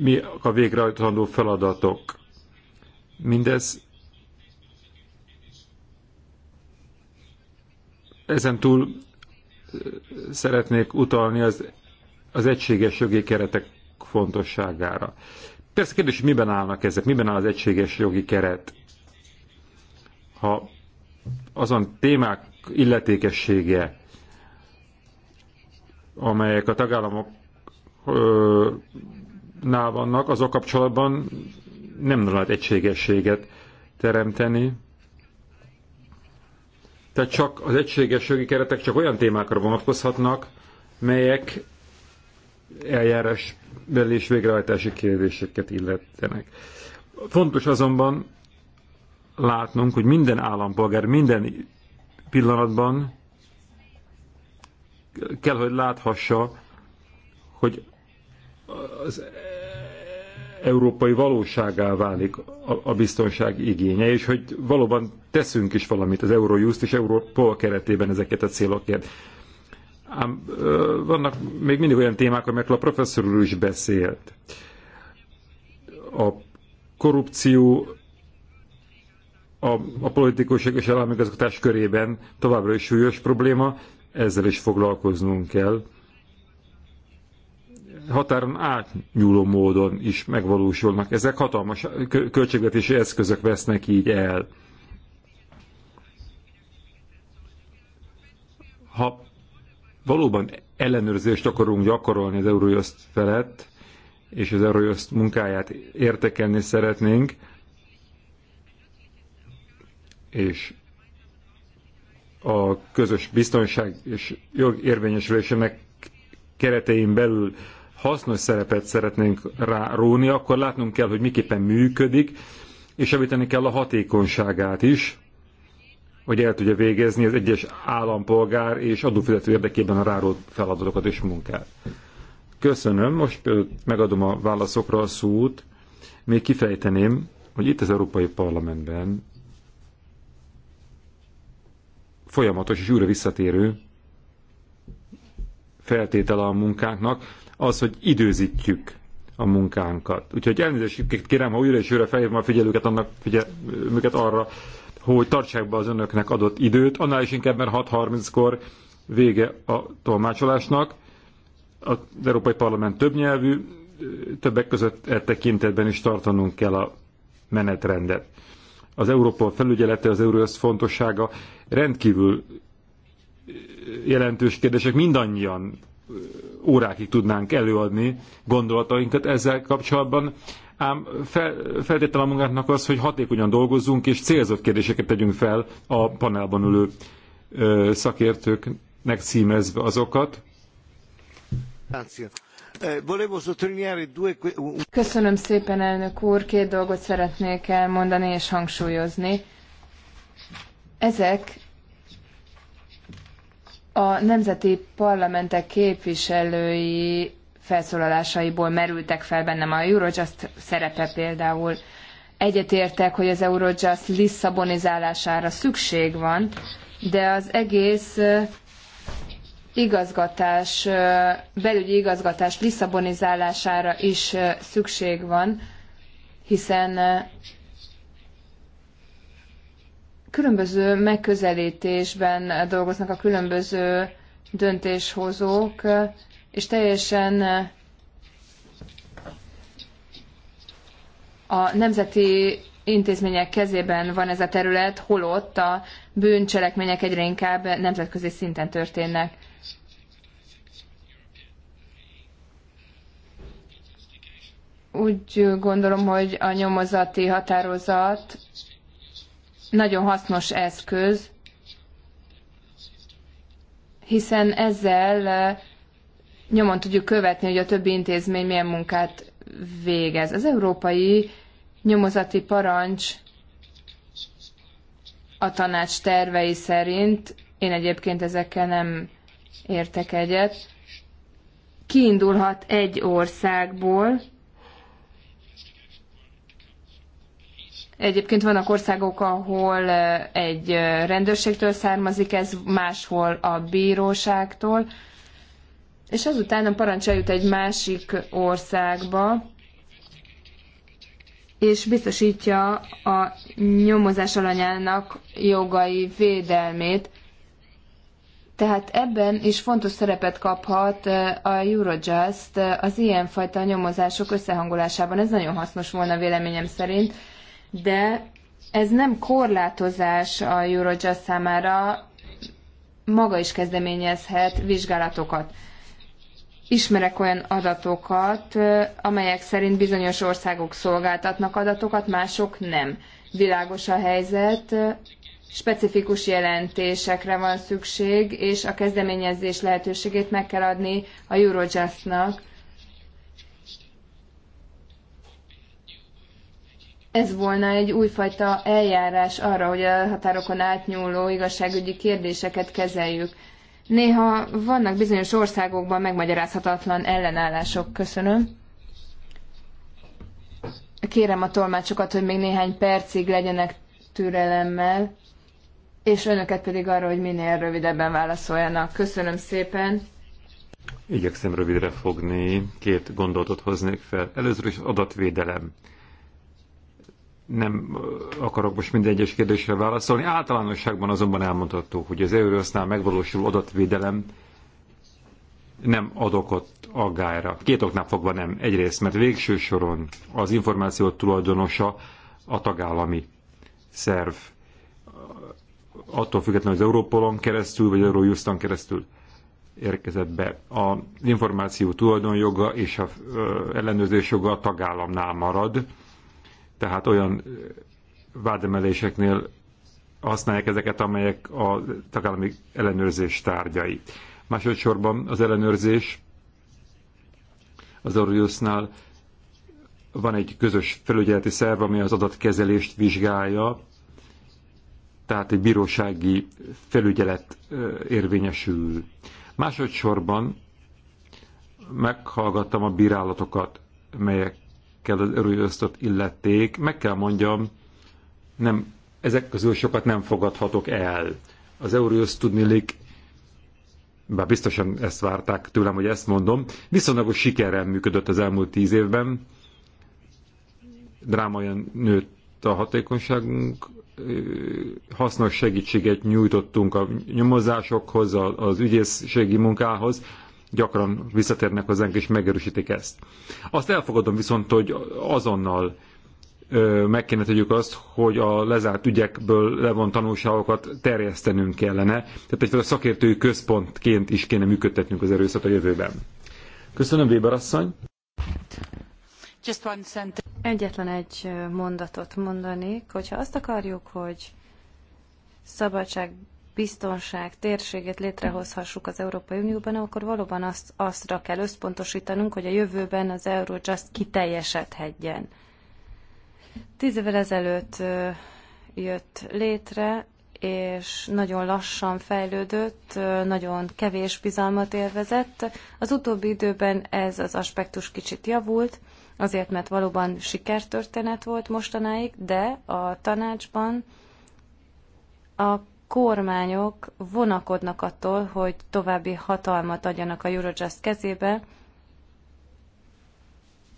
mi a végrehajtandó feladatok. Mindez ezen túl szeretnék utalni az, az egységes jogi keretek fontosságára. Persze kérdés, miben állnak ezek, miben áll az egységes jogi keret? Ha azon témák illetékessége, amelyek a tagállamok ö, nál vannak, a kapcsolatban nem lehet egységességet teremteni. Tehát csak az egységes jogi keretek csak olyan témákra vonatkozhatnak, melyek eljárás és végrehajtási kérdéseket illetenek. Fontos azonban látnunk, hogy minden állampolgár minden pillanatban kell, hogy láthassa, hogy az európai valóságá válik a biztonság igénye, és hogy valóban teszünk is valamit az Eurojust és Európa keretében ezeket a célokért. Ám vannak még mindig olyan témák, amelyekről a professzor úr is beszélt. A korrupció a, a politikusok és a körében továbbra is súlyos probléma, ezzel is foglalkoznunk kell határon átnyúló módon is megvalósulnak. Ezek hatalmas költségvetési eszközök vesznek így el. Ha valóban ellenőrzést akarunk gyakorolni az Eurojust felett, és az Eurojust munkáját értekelni szeretnénk, és a közös biztonság és jog érvényesülésének keretein belül hasznos szerepet szeretnénk ráróni, akkor látnunk kell, hogy miképpen működik, és javítani kell a hatékonyságát is, hogy el tudja végezni az egyes állampolgár és adófizető érdekében a rárót feladatokat és munkát. Köszönöm, most megadom a válaszokra a szót. Még kifejteném, hogy itt az Európai Parlamentben folyamatos és újra visszatérő feltétele a munkánknak, az, hogy időzítjük a munkánkat. Úgyhogy elnézést kérem, ha újra és újra felhívom a figyelőket, annak figyelőket arra, hogy tartsák be az önöknek adott időt, annál is inkább, mert 6.30-kor vége a tolmácsolásnak. Az Európai Parlament többnyelvű, többek között e tekintetben is tartanunk kell a menetrendet. Az Európa felügyelete, az Euróösz fontossága rendkívül jelentős kérdések mindannyian órákig tudnánk előadni gondolatainkat ezzel kapcsolatban, ám fel, a magának az, hogy hatékonyan dolgozzunk és célzott kérdéseket tegyünk fel a panelban ülő ö, szakértőknek címezve azokat. Eh, Köszönöm szépen, elnök úr. Két dolgot szeretnék elmondani és hangsúlyozni. Ezek a nemzeti parlamentek képviselői felszólalásaiból merültek fel bennem a Eurojust szerepe például. Egyetértek, hogy az Eurojust lisszabonizálására szükség van, de az egész igazgatás, belügyi igazgatás lisszabonizálására is szükség van, hiszen különböző megközelítésben dolgoznak a különböző döntéshozók, és teljesen a nemzeti intézmények kezében van ez a terület, holott a bűncselekmények egyre inkább nemzetközi szinten történnek. Úgy gondolom, hogy a nyomozati határozat nagyon hasznos eszköz, hiszen ezzel eh, nyomon tudjuk követni, hogy a többi intézmény milyen munkát végez. Az európai nyomozati parancs a tanács tervei szerint, én egyébként ezekkel nem értek egyet, kiindulhat egy országból, Egyébként vannak országok, ahol egy rendőrségtől származik, ez máshol a bíróságtól, és azután a parancs eljut egy másik országba, és biztosítja a nyomozás alanyának jogai védelmét. Tehát ebben is fontos szerepet kaphat a Eurojust az ilyenfajta nyomozások összehangolásában. Ez nagyon hasznos volna véleményem szerint, de ez nem korlátozás a Eurojust számára, maga is kezdeményezhet vizsgálatokat. Ismerek olyan adatokat, amelyek szerint bizonyos országok szolgáltatnak adatokat, mások nem. Világos a helyzet, specifikus jelentésekre van szükség, és a kezdeményezés lehetőségét meg kell adni a Eurojustnak, ez volna egy újfajta eljárás arra, hogy a határokon átnyúló igazságügyi kérdéseket kezeljük. Néha vannak bizonyos országokban megmagyarázhatatlan ellenállások. Köszönöm. Kérem a tolmácsokat, hogy még néhány percig legyenek türelemmel, és önöket pedig arra, hogy minél rövidebben válaszoljanak. Köszönöm szépen. Igyekszem rövidre fogni, két gondolatot hoznék fel. Először is adatvédelem nem akarok most minden egyes kérdésre válaszolni. Általánosságban azonban elmondható, hogy az Eurosznál megvalósuló adatvédelem nem adokott aggályra. Két oknál fogva nem. Egyrészt, mert végső soron az információ tulajdonosa a tagállami szerv. Attól függetlenül, hogy az Europolon keresztül, vagy Eurojuston keresztül érkezett be. Az információ tulajdonjoga és a ellenőrzés joga a tagállamnál marad tehát olyan vádemeléseknél használják ezeket, amelyek a tagállami ellenőrzés tárgyai. Másodszorban az ellenőrzés az Oriusnál van egy közös felügyeleti szerv, ami az adatkezelést vizsgálja, tehát egy bírósági felügyelet érvényesül. Másodszorban meghallgattam a bírálatokat, melyek kell az erőosztott illették. Meg kell mondjam, nem, ezek közül sokat nem fogadhatok el. Az tudni tudnilik, bár biztosan ezt várták tőlem, hogy ezt mondom, viszonylagos sikerrel működött az elmúlt tíz évben. Drámaian nőtt a hatékonyságunk, hasznos segítséget nyújtottunk a nyomozásokhoz, az ügyészségi munkához, gyakran visszatérnek hozzánk és megerősítik ezt. Azt elfogadom viszont, hogy azonnal meg kéne tegyük azt, hogy a lezárt ügyekből levont tanulságokat terjesztenünk kellene. Tehát egyfajta szakértői központként is kéne működtetnünk az erőszak a jövőben. Köszönöm, Weber asszony. Egyetlen egy mondatot mondanék, hogyha azt akarjuk, hogy szabadság, biztonság térségét létrehozhassuk az Európai Unióban, akkor valóban azt, aztra kell összpontosítanunk, hogy a jövőben az Eurojust kiteljesedhedjen. Tíz évvel ezelőtt jött létre, és nagyon lassan fejlődött, nagyon kevés bizalmat élvezett. Az utóbbi időben ez az aspektus kicsit javult, azért mert valóban sikertörténet volt mostanáig, de a tanácsban a kormányok vonakodnak attól, hogy további hatalmat adjanak a Eurojust kezébe,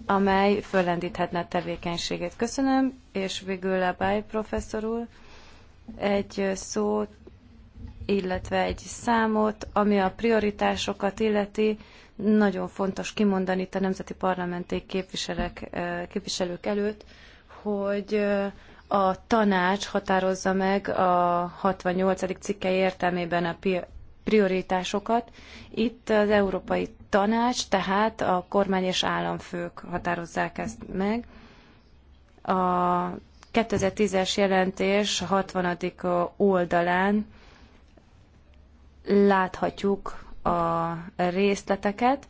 amely föllendíthetne a tevékenységét. Köszönöm, és végül Labály professzor úr egy szót, illetve egy számot, ami a prioritásokat illeti, nagyon fontos kimondani itt a nemzeti parlamenti eh, képviselők előtt, hogy eh, a tanács határozza meg a 68. cikke értelmében a prioritásokat. Itt az Európai Tanács, tehát a kormány és államfők határozzák ezt meg. A 2010-es jelentés 60. oldalán láthatjuk a részleteket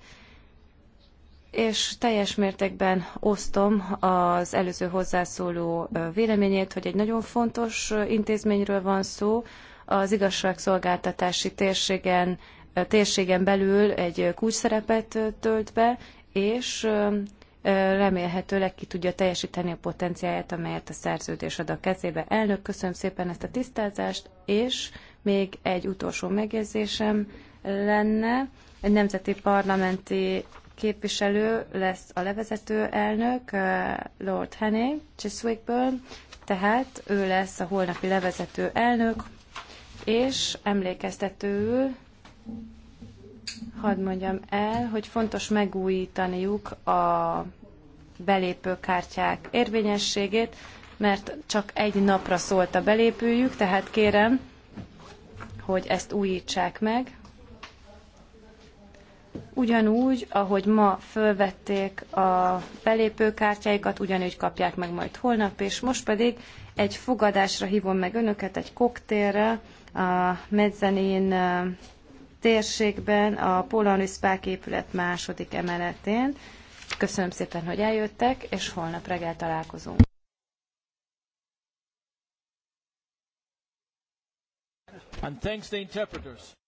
és teljes mértékben osztom az előző hozzászóló véleményét, hogy egy nagyon fontos intézményről van szó, az igazságszolgáltatási térségen, térségen belül egy kulcsszerepet tölt be, és remélhetőleg ki tudja teljesíteni a potenciáját, amelyet a szerződés ad a kezébe. Elnök, köszönöm szépen ezt a tisztázást, és még egy utolsó megjegyzésem lenne. Egy nemzeti parlamenti képviselő lesz a levezető elnök, eh, Lord Henning Chiswickből, tehát ő lesz a holnapi levezető elnök, és emlékeztetőül hadd mondjam el, hogy fontos megújítaniuk a belépőkártyák érvényességét, mert csak egy napra szólt a belépőjük, tehát kérem, hogy ezt újítsák meg. Ugyanúgy, ahogy ma fölvették a belépőkártyáikat, ugyanúgy kapják meg majd holnap, és most pedig egy fogadásra hívom meg önöket, egy koktélre a Medzenén térségben, a Polaris épület második emeletén. Köszönöm szépen, hogy eljöttek, és holnap reggel találkozunk. And thanks the interpreters.